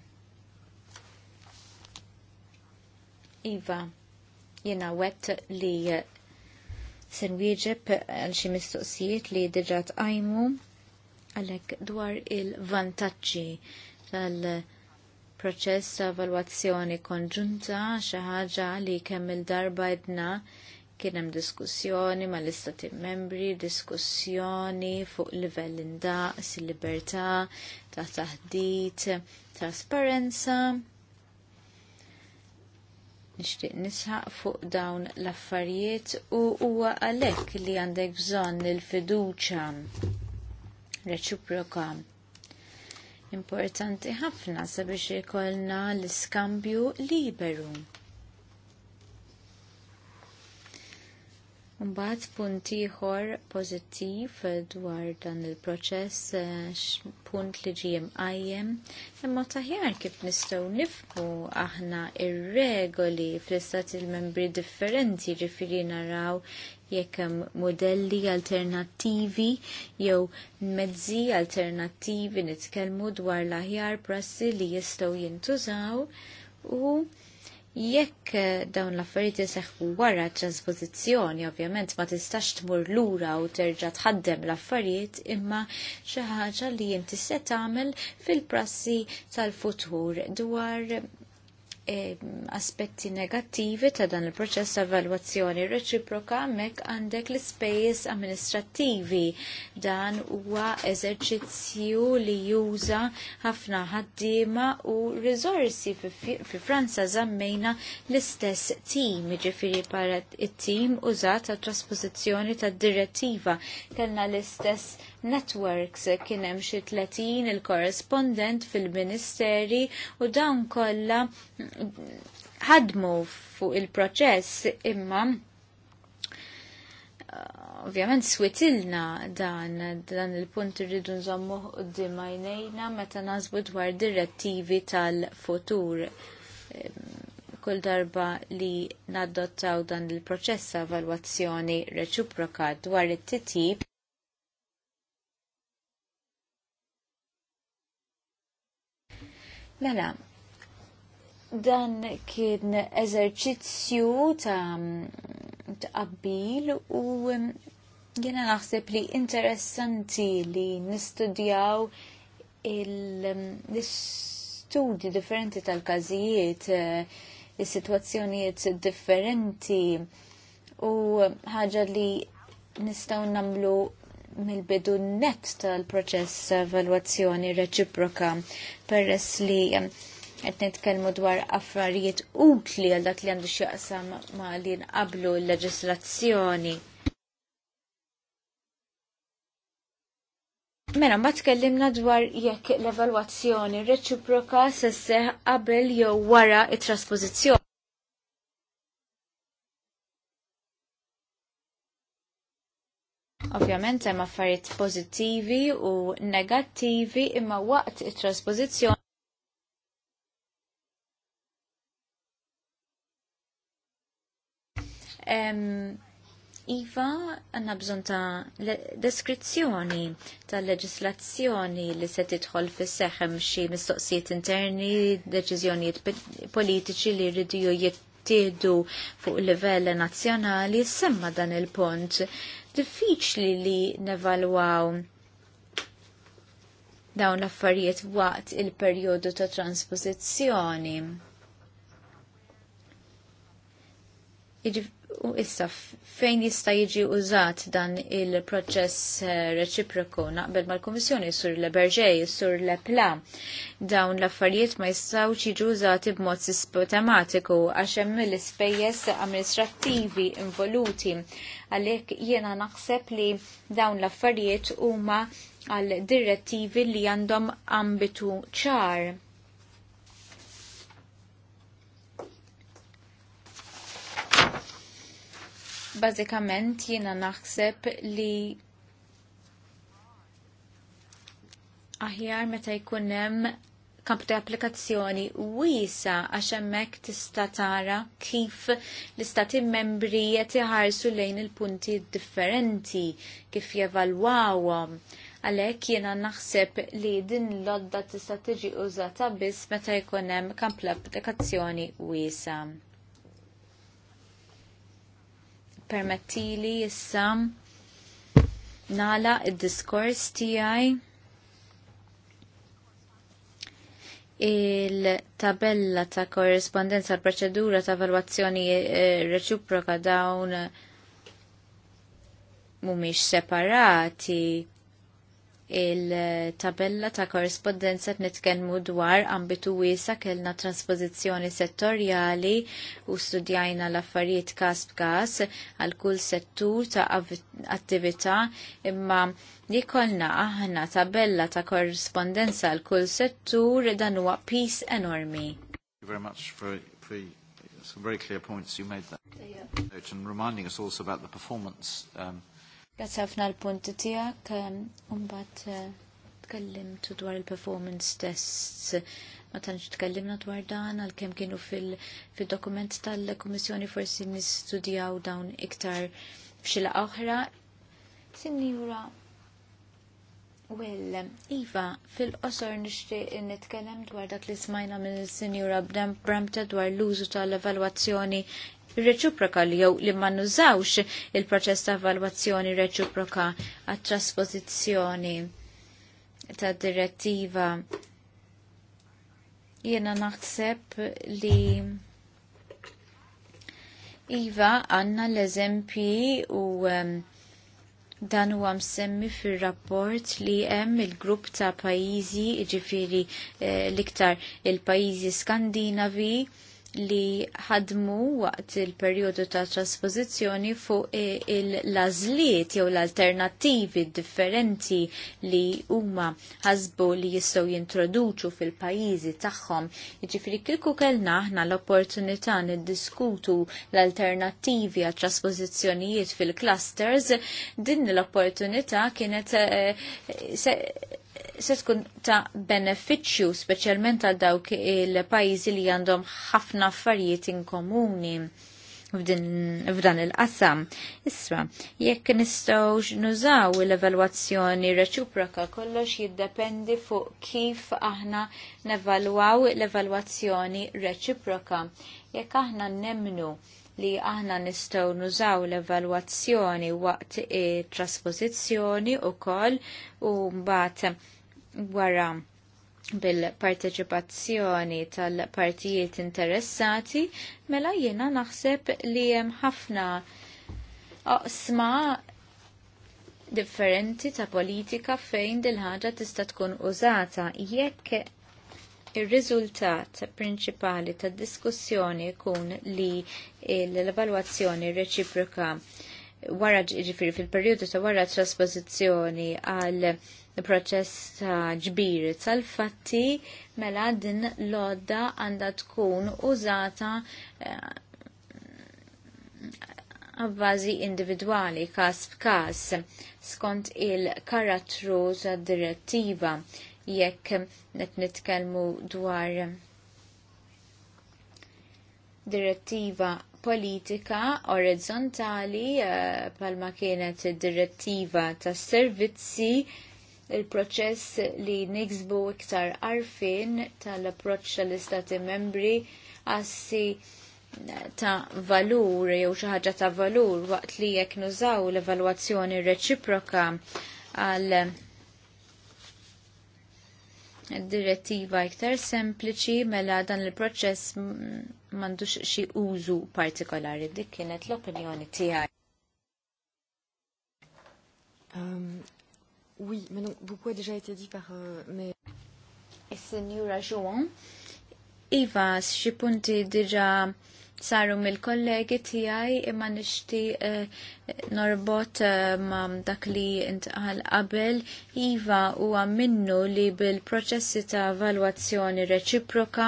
S3: Iva, jena wet li eh, sen wieġeb eh, għal xi mistoqsijiet li diġa' tqajmu għalhekk dwar il-vantaġġi tal-proċess ta' evalwazzjoni konġunta xi ħaġa li kemm il-darba edna kien hemm diskussjoni mal-istati membri, diskussjoni fuq livell indaqs, il-libertà ta' taħdit, trasparenza, nixtieq nisħaq fuq dawn l-affarijiet u huwa għalhekk li għandek bżonn il-fiduċja reċiproka. Importanti ħafna sabiex ikollna l-iskambju liberu. Mbagħad punt ieħor pożittiv dwar dan il-proċess eh, punt li ġie mqajjem imma taħjar kif nistgħu nifmu aħna ir-regoli fl il membri differenti ġifieri naraw jekk hemm modelli alternattivi jew mezzi alternattivi nitkellmu dwar l-aħjar prassi li jistgħu jintużaw u Jekk eh, dawn l-affarijiet iseħħu wara t trasposizzjoni, ovvjament ma tistax tmur lura u terġa' tħaddem l-affarijiet imma xi ħaġa li inti se tagħmel fil-prassi tal-futur dwar aspetti negattivi ta' dan il-proċess ta' evalwazzjoni reċiproka mek għandek l-ispejjeż amministrattivi. Dan huwa eżerċizzju li juża ħafna ħaddiema u riżorsi fi Franza żammejna l-istess tim, ġifiri para it-tim użat għat trasposizzjoni tad direttiva. Kellna l-istess networks eh, kien hemm xi 30 il-korrespondent fil-Ministeri u dawn kollha ħadmu fuq il-proċess imma eh, ovvjament switilna dan dan il-punt irridu nżommu qudiem għajnejna meta nażbu dwar direttivi tal-futur kull darba li naddottaw dan il-proċess evalwazzjoni reċiproka dwar it titib Mela, dan kien eżerċizzju ta' tqabbil u um, jena naħseb li interessanti li nistudjaw il-studju um, differenti tal-kazijiet, uh, il-situazzjonijiet differenti u ħaġa li nistaw namlu mill-bidu net tal-proċess ta' evalwazzjoni reċiproka peress li um, qed nitkellmu dwar affarijiet utli għal dak li għandu x'jaqsam ma li nqablu l-leġislazzjoni. Mela, ma tkellimna dwar jekk l-evalwazzjoni reċiproka se seħ qabel jew wara it traspożizzjoni Ovvjament hemm affarijiet pożittivi u negattivi imma waqt it-trasposizzjoni Um, iva, għanna bżon ta' deskrizzjoni ta' leġislazzjoni li se tidħol fis seħem xi mistoqsijiet interni, deċiżjonijiet politiċi li rridu jittieħdu fuq livell nazzjonali, semma dan il-pont diffiċli li nevalwaw dawn l-affarijiet waqt il-perjodu ta' transpożizzjoni. U issa fejn jista' jiġi użat dan il-proċess eh, reċiproku naqbel mal-Kummissjoni sur Le berġej sur le pla Dawn l-affarijiet ma jistgħux jiġu użati b'mod sistematiku għax hemm l-ispejjeż amministrattivi involuti. Għalhekk jiena naħseb li dawn l-affarijiet huma għal direttivi li għandhom ambitu ċar Bażikament jiena naħseb li aħjar meta jkun hemm kamp ta' applikazzjoni wiesa għax hemmhekk tista' tara kif l-istati membri qed iħarsu lejn il-punti differenti kif jevalwawhom. Għalhekk jiena naħseb li din l-odda tista' tiġi użata biss meta jkun hemm kamp ta' applikazzjoni wiesa permettili issa nala id-diskors tiegħi il-tabella ta' korrespondenza l proċedura ta' valwazzjoni eh, reċiproka dawn mumiex separati il-tabella ta' korrespondenza nitkellmu dwar ambitu wiesa kellna transpozizjoni settorjali u studjajna l-affarijiet kas b'kas għal kull settur ta' attività imma li aħna tabella ta' korrespondenza għal kull settur dan huwa pis enormi.
S2: Some very clear points you made that yeah. and reminding us also about the performance um,
S3: Grazie ħafna l-punti tijak, umbat ehm, eh, tkellimtu dwar il-performance tests. Ma tantx tkellimna dwar dan għalkemm kienu fil-dokument tal-Kummissjoni forsi nistudjaw dawn iktar f'xila oħra. Sinjura Well, Iva, fil-qosor nixtieq nitkellem dwar dak li smajna minn sinjura Bramta dwar l-użu tal-evalwazzjoni reċiproka li jew li ma il-proċess ta' evalwazzjoni reċiproka għat trasposizzjoni ta' direttiva. Jena naħseb li Iva għanna l-eżempji u dan huwa msemmi fir-rapport li hemm il-grupp ta' pajjiżi ġifiri eh, l-iktar il-pajjiżi Skandinavi li ħadmu waqt il-perjodu ta' traspożizzjoni fuq il-lażliet jew l-alternattivi differenti li huma ħasbu li jistgħu jintroduċu fil-pajjiżi tagħhom. Jiġifieri kieku kellna aħna l-opportunità niddiskutu l-alternattivi għat traspożizzjonijiet fil-clusters, din l-opportunità kienet eh, se tkun ta' beneficju speċjalment għal dawk il-pajjiżi li għandhom ħafna affarijiet inkomuni f'dan il-qasam. Issa, jekk nistgħu nużaw l-evalwazzjoni reċiproka kollox jiddependi fuq kif aħna nevalwaw l-evalwazzjoni reċiproka. Jekk aħna nemnu li aħna nistgħu nużaw l-evalwazzjoni waqt trasposizzjoni u koll u mbagħad wara bil-parteċipazzjoni tal-partijiet interessati, mela jiena naħseb li hemm ħafna oqsma differenti ta' politika fejn dil-ħaġa tista' tkun użata jekk Ir-riżultat prinċipali tad diskussjoni jkun li l-evalwazzjoni reċiproka wara ġifiri fil-periodu ta' wara trasposizzjoni għal il-proċess ta' ġbir tal-fatti mela din l-odda għandha tkun użata eh, għabbażi individwali kas b'kas skont il-karattru ta' direttiva jekk net nitkellmu dwar direttiva politika orizzontali eh, palma kienet direttiva tas servizzi il-proċess li niksbu iktar arfin tal-approċċ tal-istati membri għassi ta' valur jew xi ħaġa ta' valur waqt li jekk nużaw l-evalwazzjoni reċiproka għal direttiva iktar sempliċi mela dan il-proċess m'għandux xi użu partikolari. Dik kienet l-opinjoni tiegħi.
S2: Um, Oui, mais donc beaucoup a déjà été dit par euh,
S3: mes... Is-Sinjura Iva, xi punti déjà saru mill-kollegi tiegħi imma nishti eh, norbot eh, ma' dak li intqal qabel iva huwa minnu li bil-proċessi ta' valwazzjoni reċiproka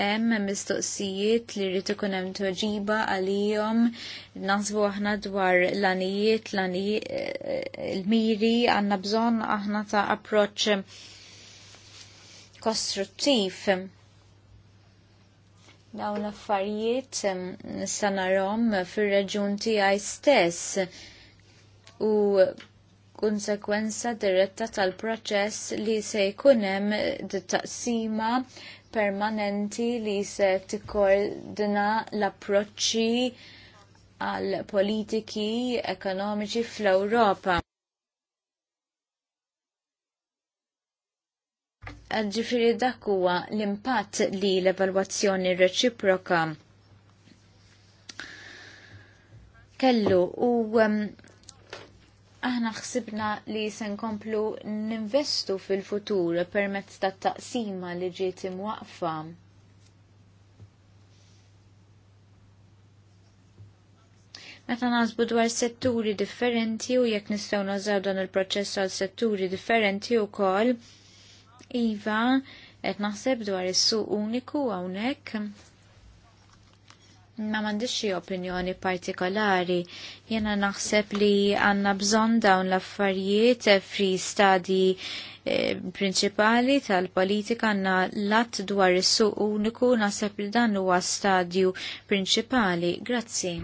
S3: hemm mistoqsijiet li rrid ikun hemm toġiba għalihom naħsbu aħna dwar l-anijiet eh, l-miri għandna bżonn aħna ta' approċċ kostruttiv Dawn l-affarijiet sanarom fil fir-reġjun tiegħi stess u konsekwenza diretta tal-proċess li se jkun hemm taqsima permanenti li se tikkordina l-approċċi għal politiki ekonomiċi fl-Ewropa. Ġifiri dak huwa l-impatt li l-evalwazzjoni reċiproka kellu u um, aħna ħsibna li se nkomplu ninvestu fil-futur permezz ta' taqsima li ġiet imwaqfa. Meta nasbu dwar setturi differenti u jekk nistgħu nażaw dan il-proċess għal setturi differenti wkoll, Iva, qed naħseb dwar is-suq uniku hawnhekk. Ma m'għandix xi opinjoni partikolari. Jena naħseb li għandna bżonn dawn l-affarijiet fri stadi eh, prinċipali tal-politika għanna lat dwar is-suq uniku naħseb li dan huwa stadju prinċipali. Grazzi.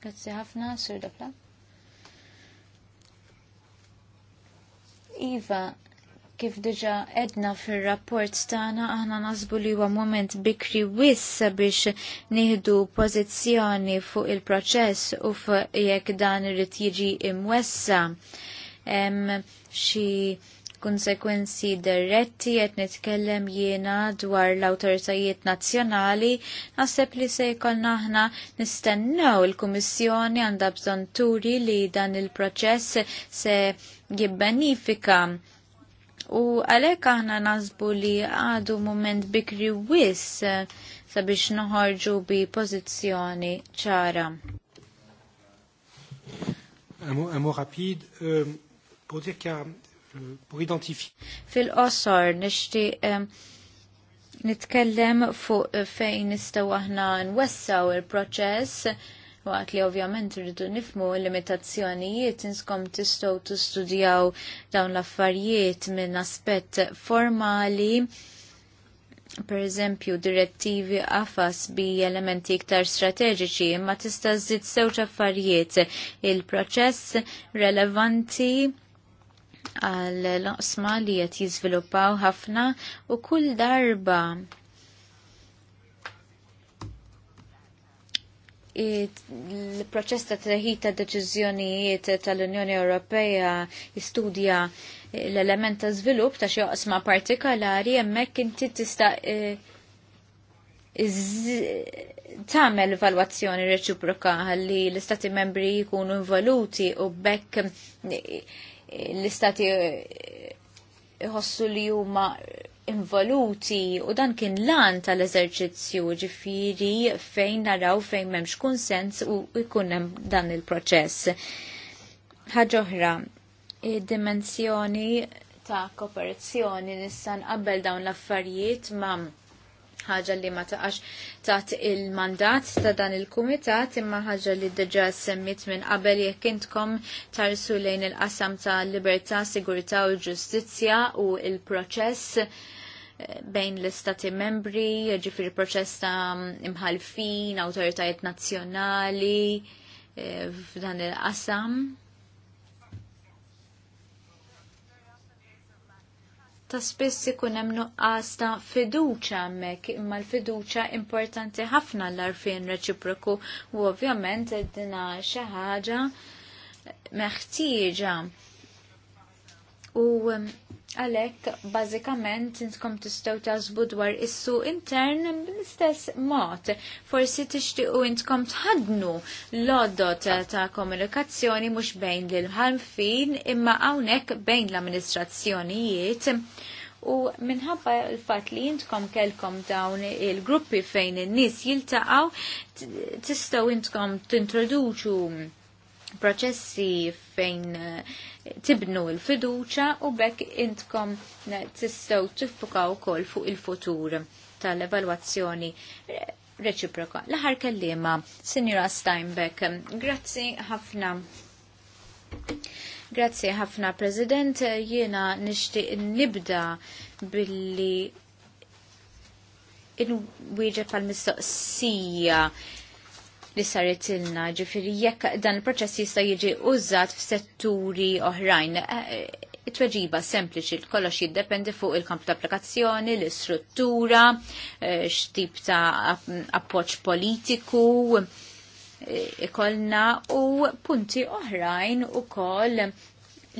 S3: Grazzi ħafna, Sur Iva, kif diġa edna fil-rapport tagħna aħna nasbu li huwa moment bikri wiss biex nieħdu pożizzjoni fuq il-proċess u jekk dan irid jiġi imwessa. Hemm xi konsekwenzi diretti qed nitkellem jiena dwar l-awtoritajiet nazzjonali, naħseb li se jkollna aħna nistennew il-Kummissjoni għandha bżonn turi li dan il-proċess se jibbenifika U għalek aħna nazbu li għadu moment bikri wis eh, sabiex noħorġu bi pozizjoni ċara.
S2: Un mot rapide, euh, pour dire qu'il y a, euh, pour identifier.
S3: Fil-qosor, nishti eh, nitkellem fuq eh, fejn nistaw aħna nwessaw il-proċess waqt li ovvjament rridu nifmu l-limitazzjonijiet inskom tistgħu tistudjaw dawn l-affarijiet minn aspett formali per eżempju direttivi għafas bi elementi iktar strateġiċi ma tista' żid sewġ affarijiet il-proċess relevanti għal loqsma li qed jiżviluppaw ħafna u kull darba il-proċess ta' treħita deċiżjonijiet tal-Unjoni Ewropea jistudja l-element ta' żvilupp ta' xi oqsma partikolari hemmhekk inti tista' e, tagħmel valwazzjoni reċiproka li l-istati membri jkunu involuti u bekk l-istati jħossu li huma involuti u dan kien lan tal-eżerċizzju ġifiri fejn naraw fejn memx konsens u jkun hemm dan il-proċess. Ħaġa oħra, id-dimensjoni ta' kooperazzjoni nissan nqabbel dawn l-affarijiet ma' ħaġa li ma taqax taħt il-mandat ta' dan il-kumitat imma ħaġa li deġa semmit minn qabel jekk intkom tarsu lejn il-qasam ta' libertà, sigurtà u ġustizzja u il-proċess eh, bejn l-istati membri, ġifir proċess ta' imħalfin, autoritajiet nazzjonali eh, f'dan il-qasam ta' spiss ikun hemm nuqqas ta' fiduċa hemmhekk, imma l-fiduċa importanti ħafna l-arfin reċiproku u ovvjament dina xi ħaġa meħtieġa u għalek bazikament intkom tistaw tażbu dwar issu intern bl-istess mod. Forsi tixtiqu intkom tħadnu l-oddot ta' komunikazzjoni mhux bejn l-ħalfin imma hawnhekk bejn l-amministrazzjonijiet. U minħabba l-fat li jintkom kelkom dawn il-gruppi fejn in-nies jiltaqgħu tistgħu intkom tintroduċu proċessi fejn eh, tibnu il-fiduċa u bekk intkom eh, tistaw tiffukaw kol fuq il-futur tal-evalwazzjoni eh, reċiproka. L-ħar kellima, Sinjura Steinbeck, grazzi ħafna. Grazzi ħafna, President, jiena nishtiq nibda billi in wieġeb għal-mistoqsija li saret ilna ġifiri jekk dan il-proċess jista' jiġi użat f'setturi oħrajn. Eh, eh, it-tweġiba sempliċi kollox jiddependi fuq il-kamp ta' applikazzjoni, l-istruttura, eh, x'tip ta' appoġġ politiku, ikollna u punti oħrajn ukoll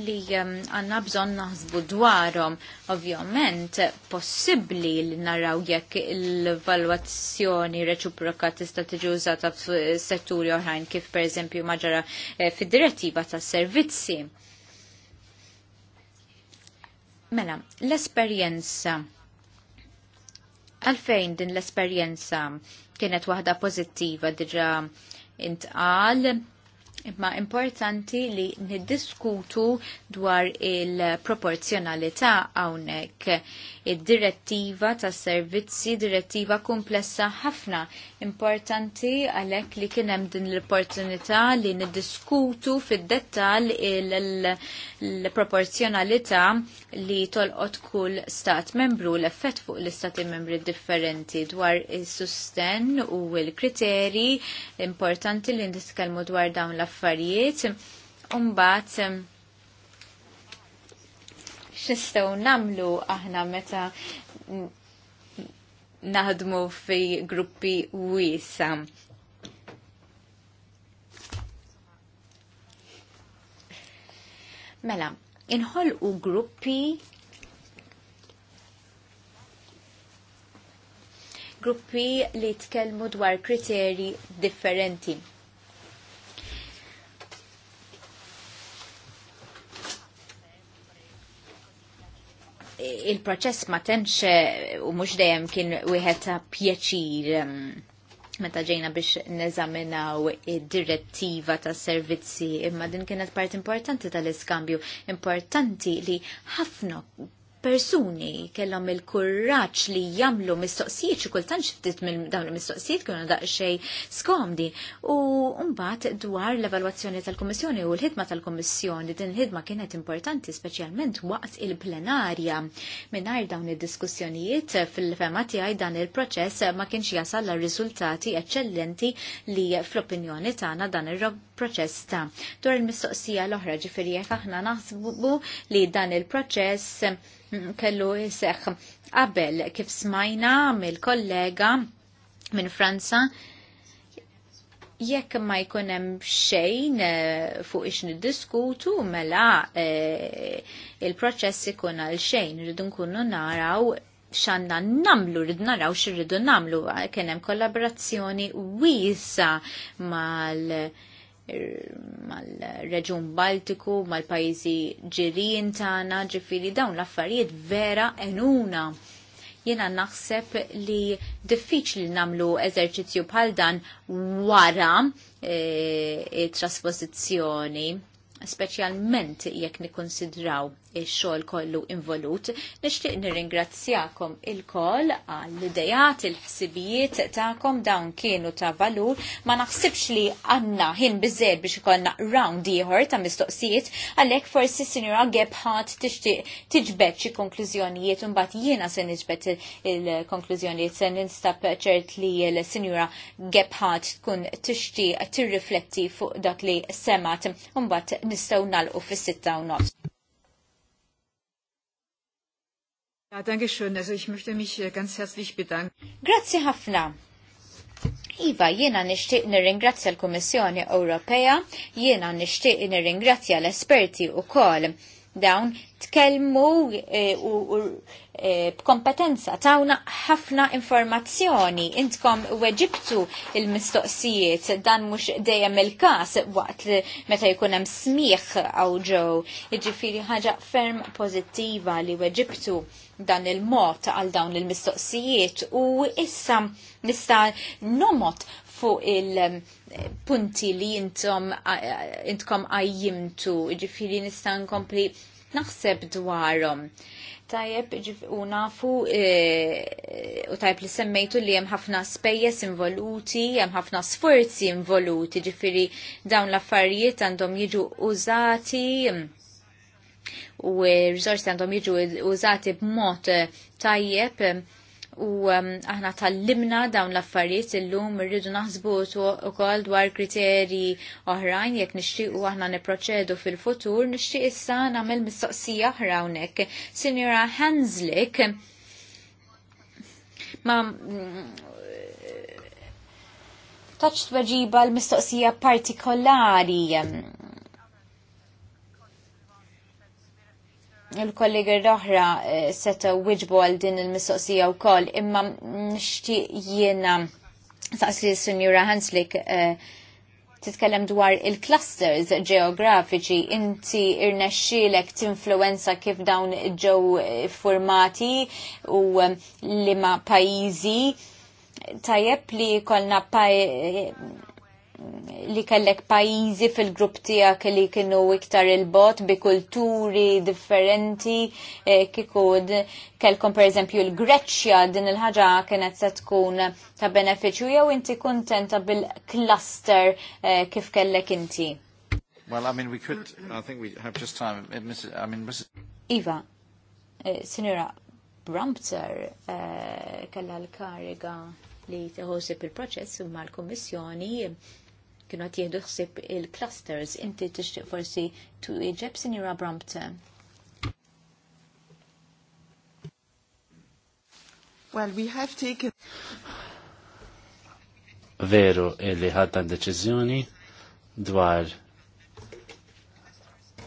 S3: li um, għanna bżon naħsbu dwarom. Ovvjament, possibli li naraw jekk il-valwazzjoni reċiproka tista' tiġi użata f'setturi oħrajn kif pereżempju maġara eh, fid-direttiva tas servizzi. Mela, l-esperjenza għalfejn din l-esperjenza kienet waħda pozittiva diġa intqal Imma importanti li niddiskutu dwar il-proporzjonalità hawnhekk. Id-direttiva tas servizzi direttiva komplessa ħafna Importanti għalhekk li kien hemm din l-opportunità li niddiskutu fid-dettall il proporzjonalità li tolqot kull stat membru l-effett fuq l-istati membri differenti dwar is-susten u l-kriteri importanti li nitkellmu dwar dawn l-affarijiet. Umbat, xistaw namlu aħna meta naħdmu fi gruppi wisa. Mela, inħol u gruppi gruppi li tkellmu dwar kriteri differenti il-proċess ma temx eh, u mhux dejjem kien wieħed ta' pjaċir mm, meta ġejna biex neżaminaw id-direttiva ta' servizzi imma din kienet part importanti tal-iskambju importanti li ħafna persuni kellhom il-kurraġġ li jagħmlu mistoqsijiet xi kultant xiftit minn dawn il-mistoqsijiet kienu daqsxejn skomdi. U mbagħad dwar l-evalwazzjoni tal-Kummissjoni u l-ħidma tal-Kummissjoni din il-ħidma kienet importanti speċjalment waqt il-plenarja. Mingħajr dawn id-diskussjonijiet fil-fema tiegħi dan il-proċess ma kienx jasal riżultati eċċellenti li fl-opinjoni tagħna dan il-proċess ta' dwar il-mistoqsija l-oħra ġifieri aħna naħsbu li dan il-proċess kellu jseħ qabel kif smajna mill-kollega minn Franza jekk ma jkun hemm xejn eh, fuq ix niddiskutu mela e, il-proċess ikun għal xejn rridu nkunu naraw x'għandna namlu, rridu naraw x'irridu namlu kien hemm kollaborazzjoni wiesa mal- mal-reġun Baltiku, mal-pajizi ġirin tana, ġifiri dawn l-affarijiet vera enuna. Jena naħseb li diffiċli namlu eżerċizzju bħal dan wara e, trasposizzjoni, speċjalment jekk nikkonsidraw il xogħol kollu involut. Nixtieq nirringrazzjakom il-koll għall-idejat, il-ħsibijiet tagħkom dawn kienu ta' valur. Ma naħsibx li għandna ħin biżżejjed biex ikollna round ieħor ta' mistoqsijiet, għalhekk forsi sinjura Gebhardt tixtieq tiġbed xi konklużjonijiet u mbagħad jiena se niġbed il-konklużjonijiet se ninstab ċert li l-sinjura Gebhardt tkun tixtieq tirrifletti fuq dak li semat u mbagħad nistgħu nagħlqu fis-sitta u not. Ja, danke schön. Also ich möchte mich äh, ganz herzlich bedanken. Grazie hafna. Iva, jiena nixtieq nirringrazzja l kommissjoni Ewropea, jiena nixtieq nirringrazzja l-esperti u kol. dawn tkellmu e, u, u E, b'kompetenza tawna ħafna informazzjoni. Intkom weġibtu il-mistoqsijiet dan mhux dejjem il-każ waqt meta jkun hemm smieħ għaw ġew. iġifiri ħaġa ferm pożittiva li weġibtu dan il-mod għal dawn il-mistoqsijiet u issa nista' nomot fuq il-punti li intom intkom għajjimtu, iġifiri nistan kompli naħseb dwarhom. Tajjeb u nafu e, u tajjeb li semmejtu li hemm ħafna spejjeż involuti, hemm ħafna sforzi involuti, ġifiri dawn l-affarijiet għandhom jiġu użati u r għandhom jiġu użati b'mod e, tajjeb u um, aħna tal-limna dawn l-affarijiet illum irridu naħsbu ukoll dwar kriterji oħrajn jekk nixtiequ aħna neproċedu fil-futur nixtieq issa nagħmel mistoqsija oħra hawnhekk. Hanslik ma mm, taċt tweġiba l-mistoqsija partikolari il-kollegi l-oħra eh, seta wieġbu għal din il-mistoqsija u koll, imma nishti jiena saqsli s-Sinjura Hanslik eh, titkellem dwar il-clusters geografiċi, inti irnexxielek influenza kif dawn ġew formati u eh, li ma' pajizi tajjeb li kolna li kellek pajizi fil-grupp tijak li kienu iktar il-bot bi kulturi differenti eh, kikud kelkom per eżempju l-Greċja din il-ħagġa kienet se tkun ta' beneficju jew inti kontenta bil-cluster eh, kif kellek inti.
S2: Well, I mean, we could, I think we have just time. Eh, I mean, Mrs.
S3: Iva, eh, Sinura Brumpter l-kariga li teħosib il-proċess u mal-Kommissjoni kienu għat jieħdu ħsib il-clusters. Inti tixtieq forsi tu iġeb sinjura Brampton.
S1: Well, we have taken...
S4: Veru illi ħadna deċiżjoni dwar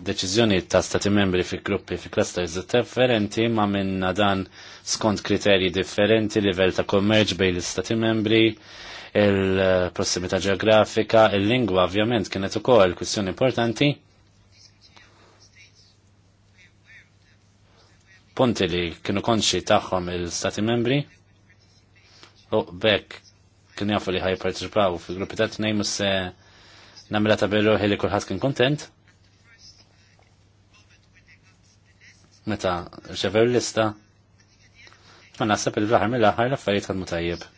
S4: deċiżjoni ta' stati membri fi gruppi fi clusters differenti ma minna dan skont kriterji differenti, livell ta' kommerġ bej l-stati membri, il-prossimità ġeografika, il-lingwa ovvjament kienet ukoll kwistjoni importanti. Punti li kienu konċi tagħhom il-Stati membri u bekk kien jafu li ħaj parteċipaw fi gruppi ta' tnejn mus namela ta' bello li kulħadd kien kontent. Meta ġevew l-lista, ma nasab il-raħar mill-aħħar l-affarijiet għad mutajjeb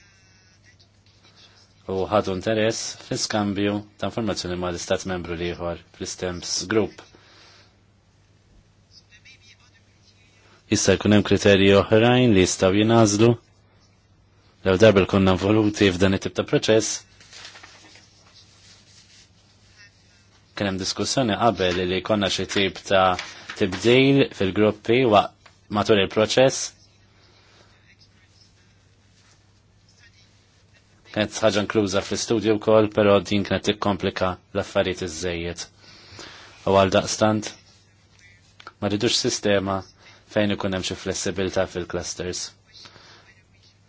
S4: u ħadu interess fi skambju ta' informazzjoni ma' l-istat membru liħor fl-Stamps Group. Issa jkun hemm kriterji oħrajn li jistgħu jingħażlu lew darba konna involuti f'dan it-tip ta' proċess. Kien hemm diskussjoni qabel li konna xi tip ta' tibdil fil-gruppi waqt matul il-proċess kienet ħaġa nkluża fl-istudju wkoll, però din kienet tikkomplika l-affarijiet iż-żejjed. U għal daqstant, ma ridux sistema fejn ikun hemm xi flessibilità fil-clusters.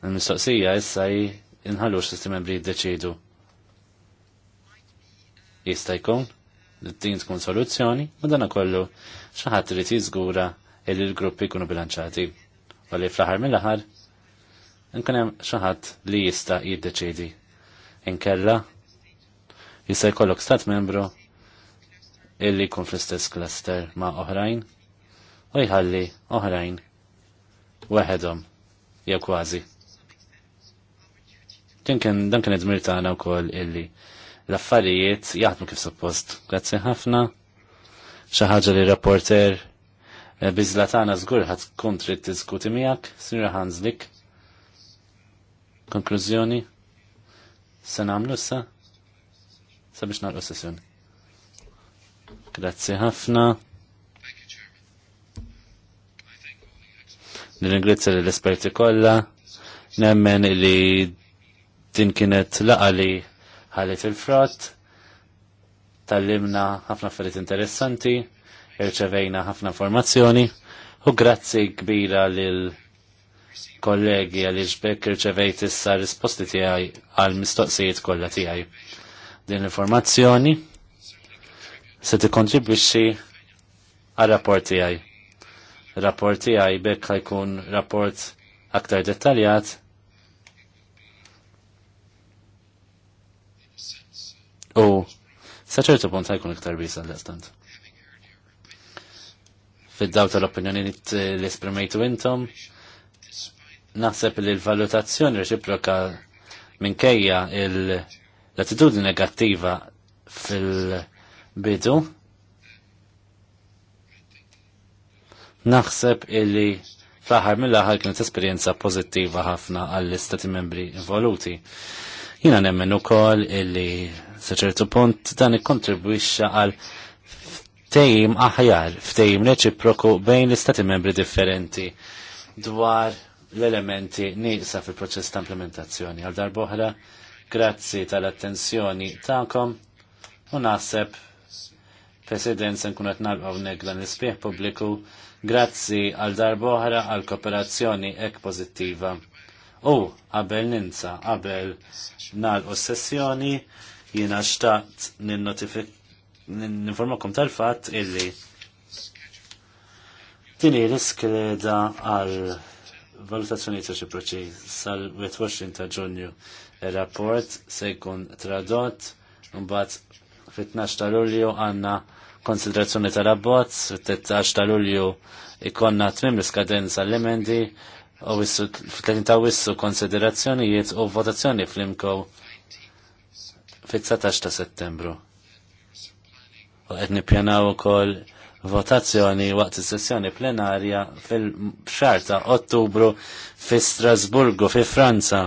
S4: Il-mistoqsija issa hi inħallux sistema membri jiddeċidu. Jista' jkun din tkun soluzzjoni, ma dan kollu xi ħadd irid jiżgura li l-gruppi jkunu bilanċati. U fl-aħħar mill-aħħar nkunem hemm xi ħadd li jista' jiddeċiedi. Inkella jista' jkollok stat membru illi jkun fl-istess cluster ma' oħrajn u jħalli oħrajn weħedhom jew kważi. Dan kien id-dmir tagħna wkoll illi l-affarijiet jaħdmu kif suppost. Grazzi ħafna. Xi ħaġa li rapporter eh, biżla tagħna żgur ħadd tkun trid tiskuti miegħek, Sinra Hanslik. Konklużjoni? Se namlu Sa biex narqu sessjoni. Grazzi ħafna. Nirringrazzja l-esperti kollha. Nemmen li din kienet laqali li il-frott. Tallimna ħafna affarijiet interessanti, irċevejna ħafna informazzjoni u grazzi kbira lil kollegi għal iġbek rċevejt issa risposti tiegħi għal mistoqsijiet kollha tiegħi. Din l-informazzjoni se tikkontribwixxi għal rapport tiegħi. Rapport tiegħi bekk ħajkun rapport aktar dettaljat u sa ċertu punt ħajkun iktar bisa l estant Fid-daw tal-opinjoni li esprimejtu intom, naħseb li l-valutazzjoni reċiproka minkejja l-attitudni negattiva fil-bidu naħseb illi fl-aħħar mill-aħħar kienet esperjenza pożittiva ħafna għall-istati membri involuti. Jina nemmen ukoll illi saċertu ċertu punt dan ikkontribwixxa għal ftejim aħjar, ftejim reċiproku bejn l-istati membri differenti dwar l-elementi nieqsa fil-proċess ta' implementazzjoni. Għal darboħra, grazzi tal-attenzjoni ta'kom u naħseb presidenza nkunu qed nalqgħu negla l-ispieħ pubbliku grazzi għal darboħra għal kooperazzjoni ek pozittiva. U qabel ninsa qabel nalqu sessjoni jiena xtaqt ninformakom tal-fatt illi tini l-iskreda għal valutazzjoni xiproċi sal-21 ta' ġunju. Il-rapport se jkun tradot mbagħad fit-12 ta' Lulju għandna konsiderazzjoni tal-abbozz, fit-13 ta' Lulju ikonna tmim l-iskadenza l-emendi u fit-30 ta' wissu konsiderazzjonijiet u votazzjoni fl-imkow fit-19 ta' Settembru. U qed nippjanaw ukoll votazzjoni waqt is-sessjoni plenarja fil-xar ta' Ottubru fi Strasburgu fi Franza.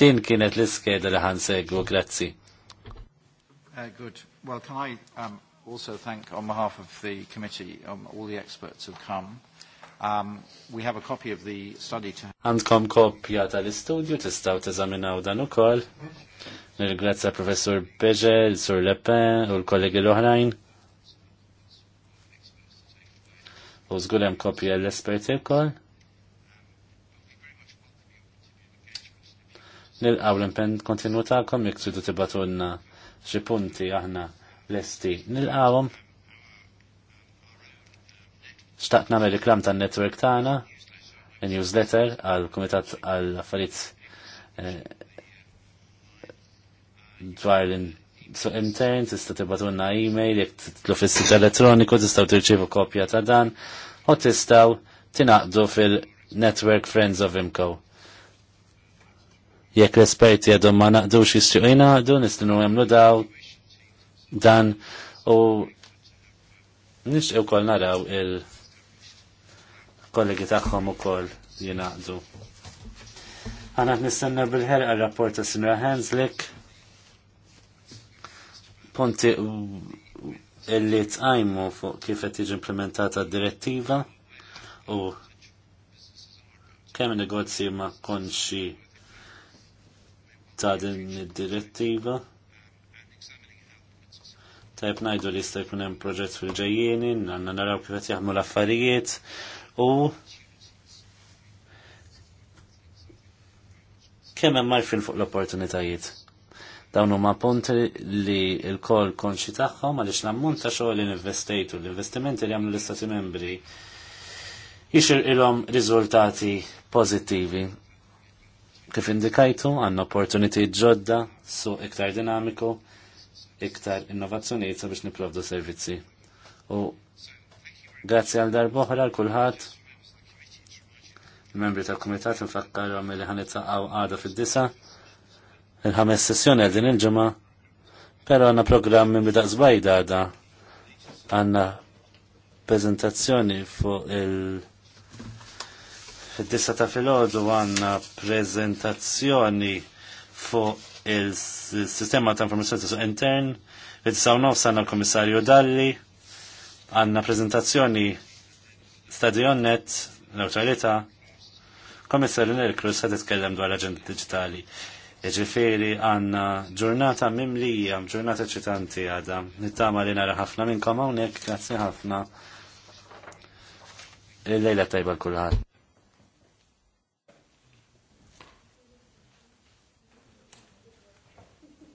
S4: Tin kienet l-iskeda li ħansegwu, grazzi.
S2: Uh, good. Well, can I um, also thank on behalf of the committee um, all the experts who've come. Um, we have a copy of the study to...
S4: Għandkom kopja tal-istudju tistaw teżaminaw dan ukoll. Nirgrazzja professor Beġel, Sur Lepen u l-kollegi l-oħrajn. u zgulem kopja l-esperti wkoll. Nilqaw l-impenn kontinu tagħkom jekk tridu tibatulna xi punti aħna lesti nilqawhom. Xtaqt nagħmel reklam tan-netwerk tagħna, newsletter għal kumitat għal affarit eh, dwar l su intern, tista tibatunna e-mail, jek titlu fis-sit elettroniku, tistaw tirċivu kopja ta' dan, u tistaw tinaqdu fil-Network Friends of Imco. Jekk l-esperti għadu ma naqdux jistgħu jnaqdu, nistgħu għemlu daw dan u nixtieq ukoll naraw il-kollegi tagħhom ukoll jingħaqdu. Għanat nistenna bil-ħerqa rapport ta' Sinra Henslik punti illi tqajmu fuq kif qed tiġi implementata d-direttiva u kemm negozji ma konxi ta' din id-direttiva. Tajb ngħidu li jista' jkun hemm proġett fil-ġejjieni, għandna naraw kif qed jaħmu l-affarijiet u kemm hemm marfin fuq l-opportunitajiet Dawn huma punti li l-kol konxi tagħhom għaliex l-ammont ta' xogħol li investejtu, l-investimenti li għamlu l-Istati membri jixir ilhom riżultati pożittivi. Kif indikajtu, għandna opportuniti ġodda su iktar dinamiku, iktar innovazzjonijiet sabiex niprovdu servizzi. U Grazzi għal darboħra l kulħadd Membri tal kumitat nfakkarom li ħanitaqgħu għada fid disa il-ħames sessjoni għadin il-ġemma, pero għanna programmi bidaq zbajda għada għanna prezentazzjoni fuq il- Fid-dissa ta' filgħodu għandna prezentazzjoni fuq il-sistema ta' informazzjoni ta' intern, fid-dissa u nofs għanna l-Komissarju Dalli, għanna prezentazzjoni stadionnet neutralita, komissarju s-sadet kellem dwar l-agenda digitali. Ġifiri għanna ġurnata mimlija, ġurnata ċitanti għada. Nittama li nara ħafna minn hawnhekk, grazzi ħafna. Il-lejla tajba kulħadd.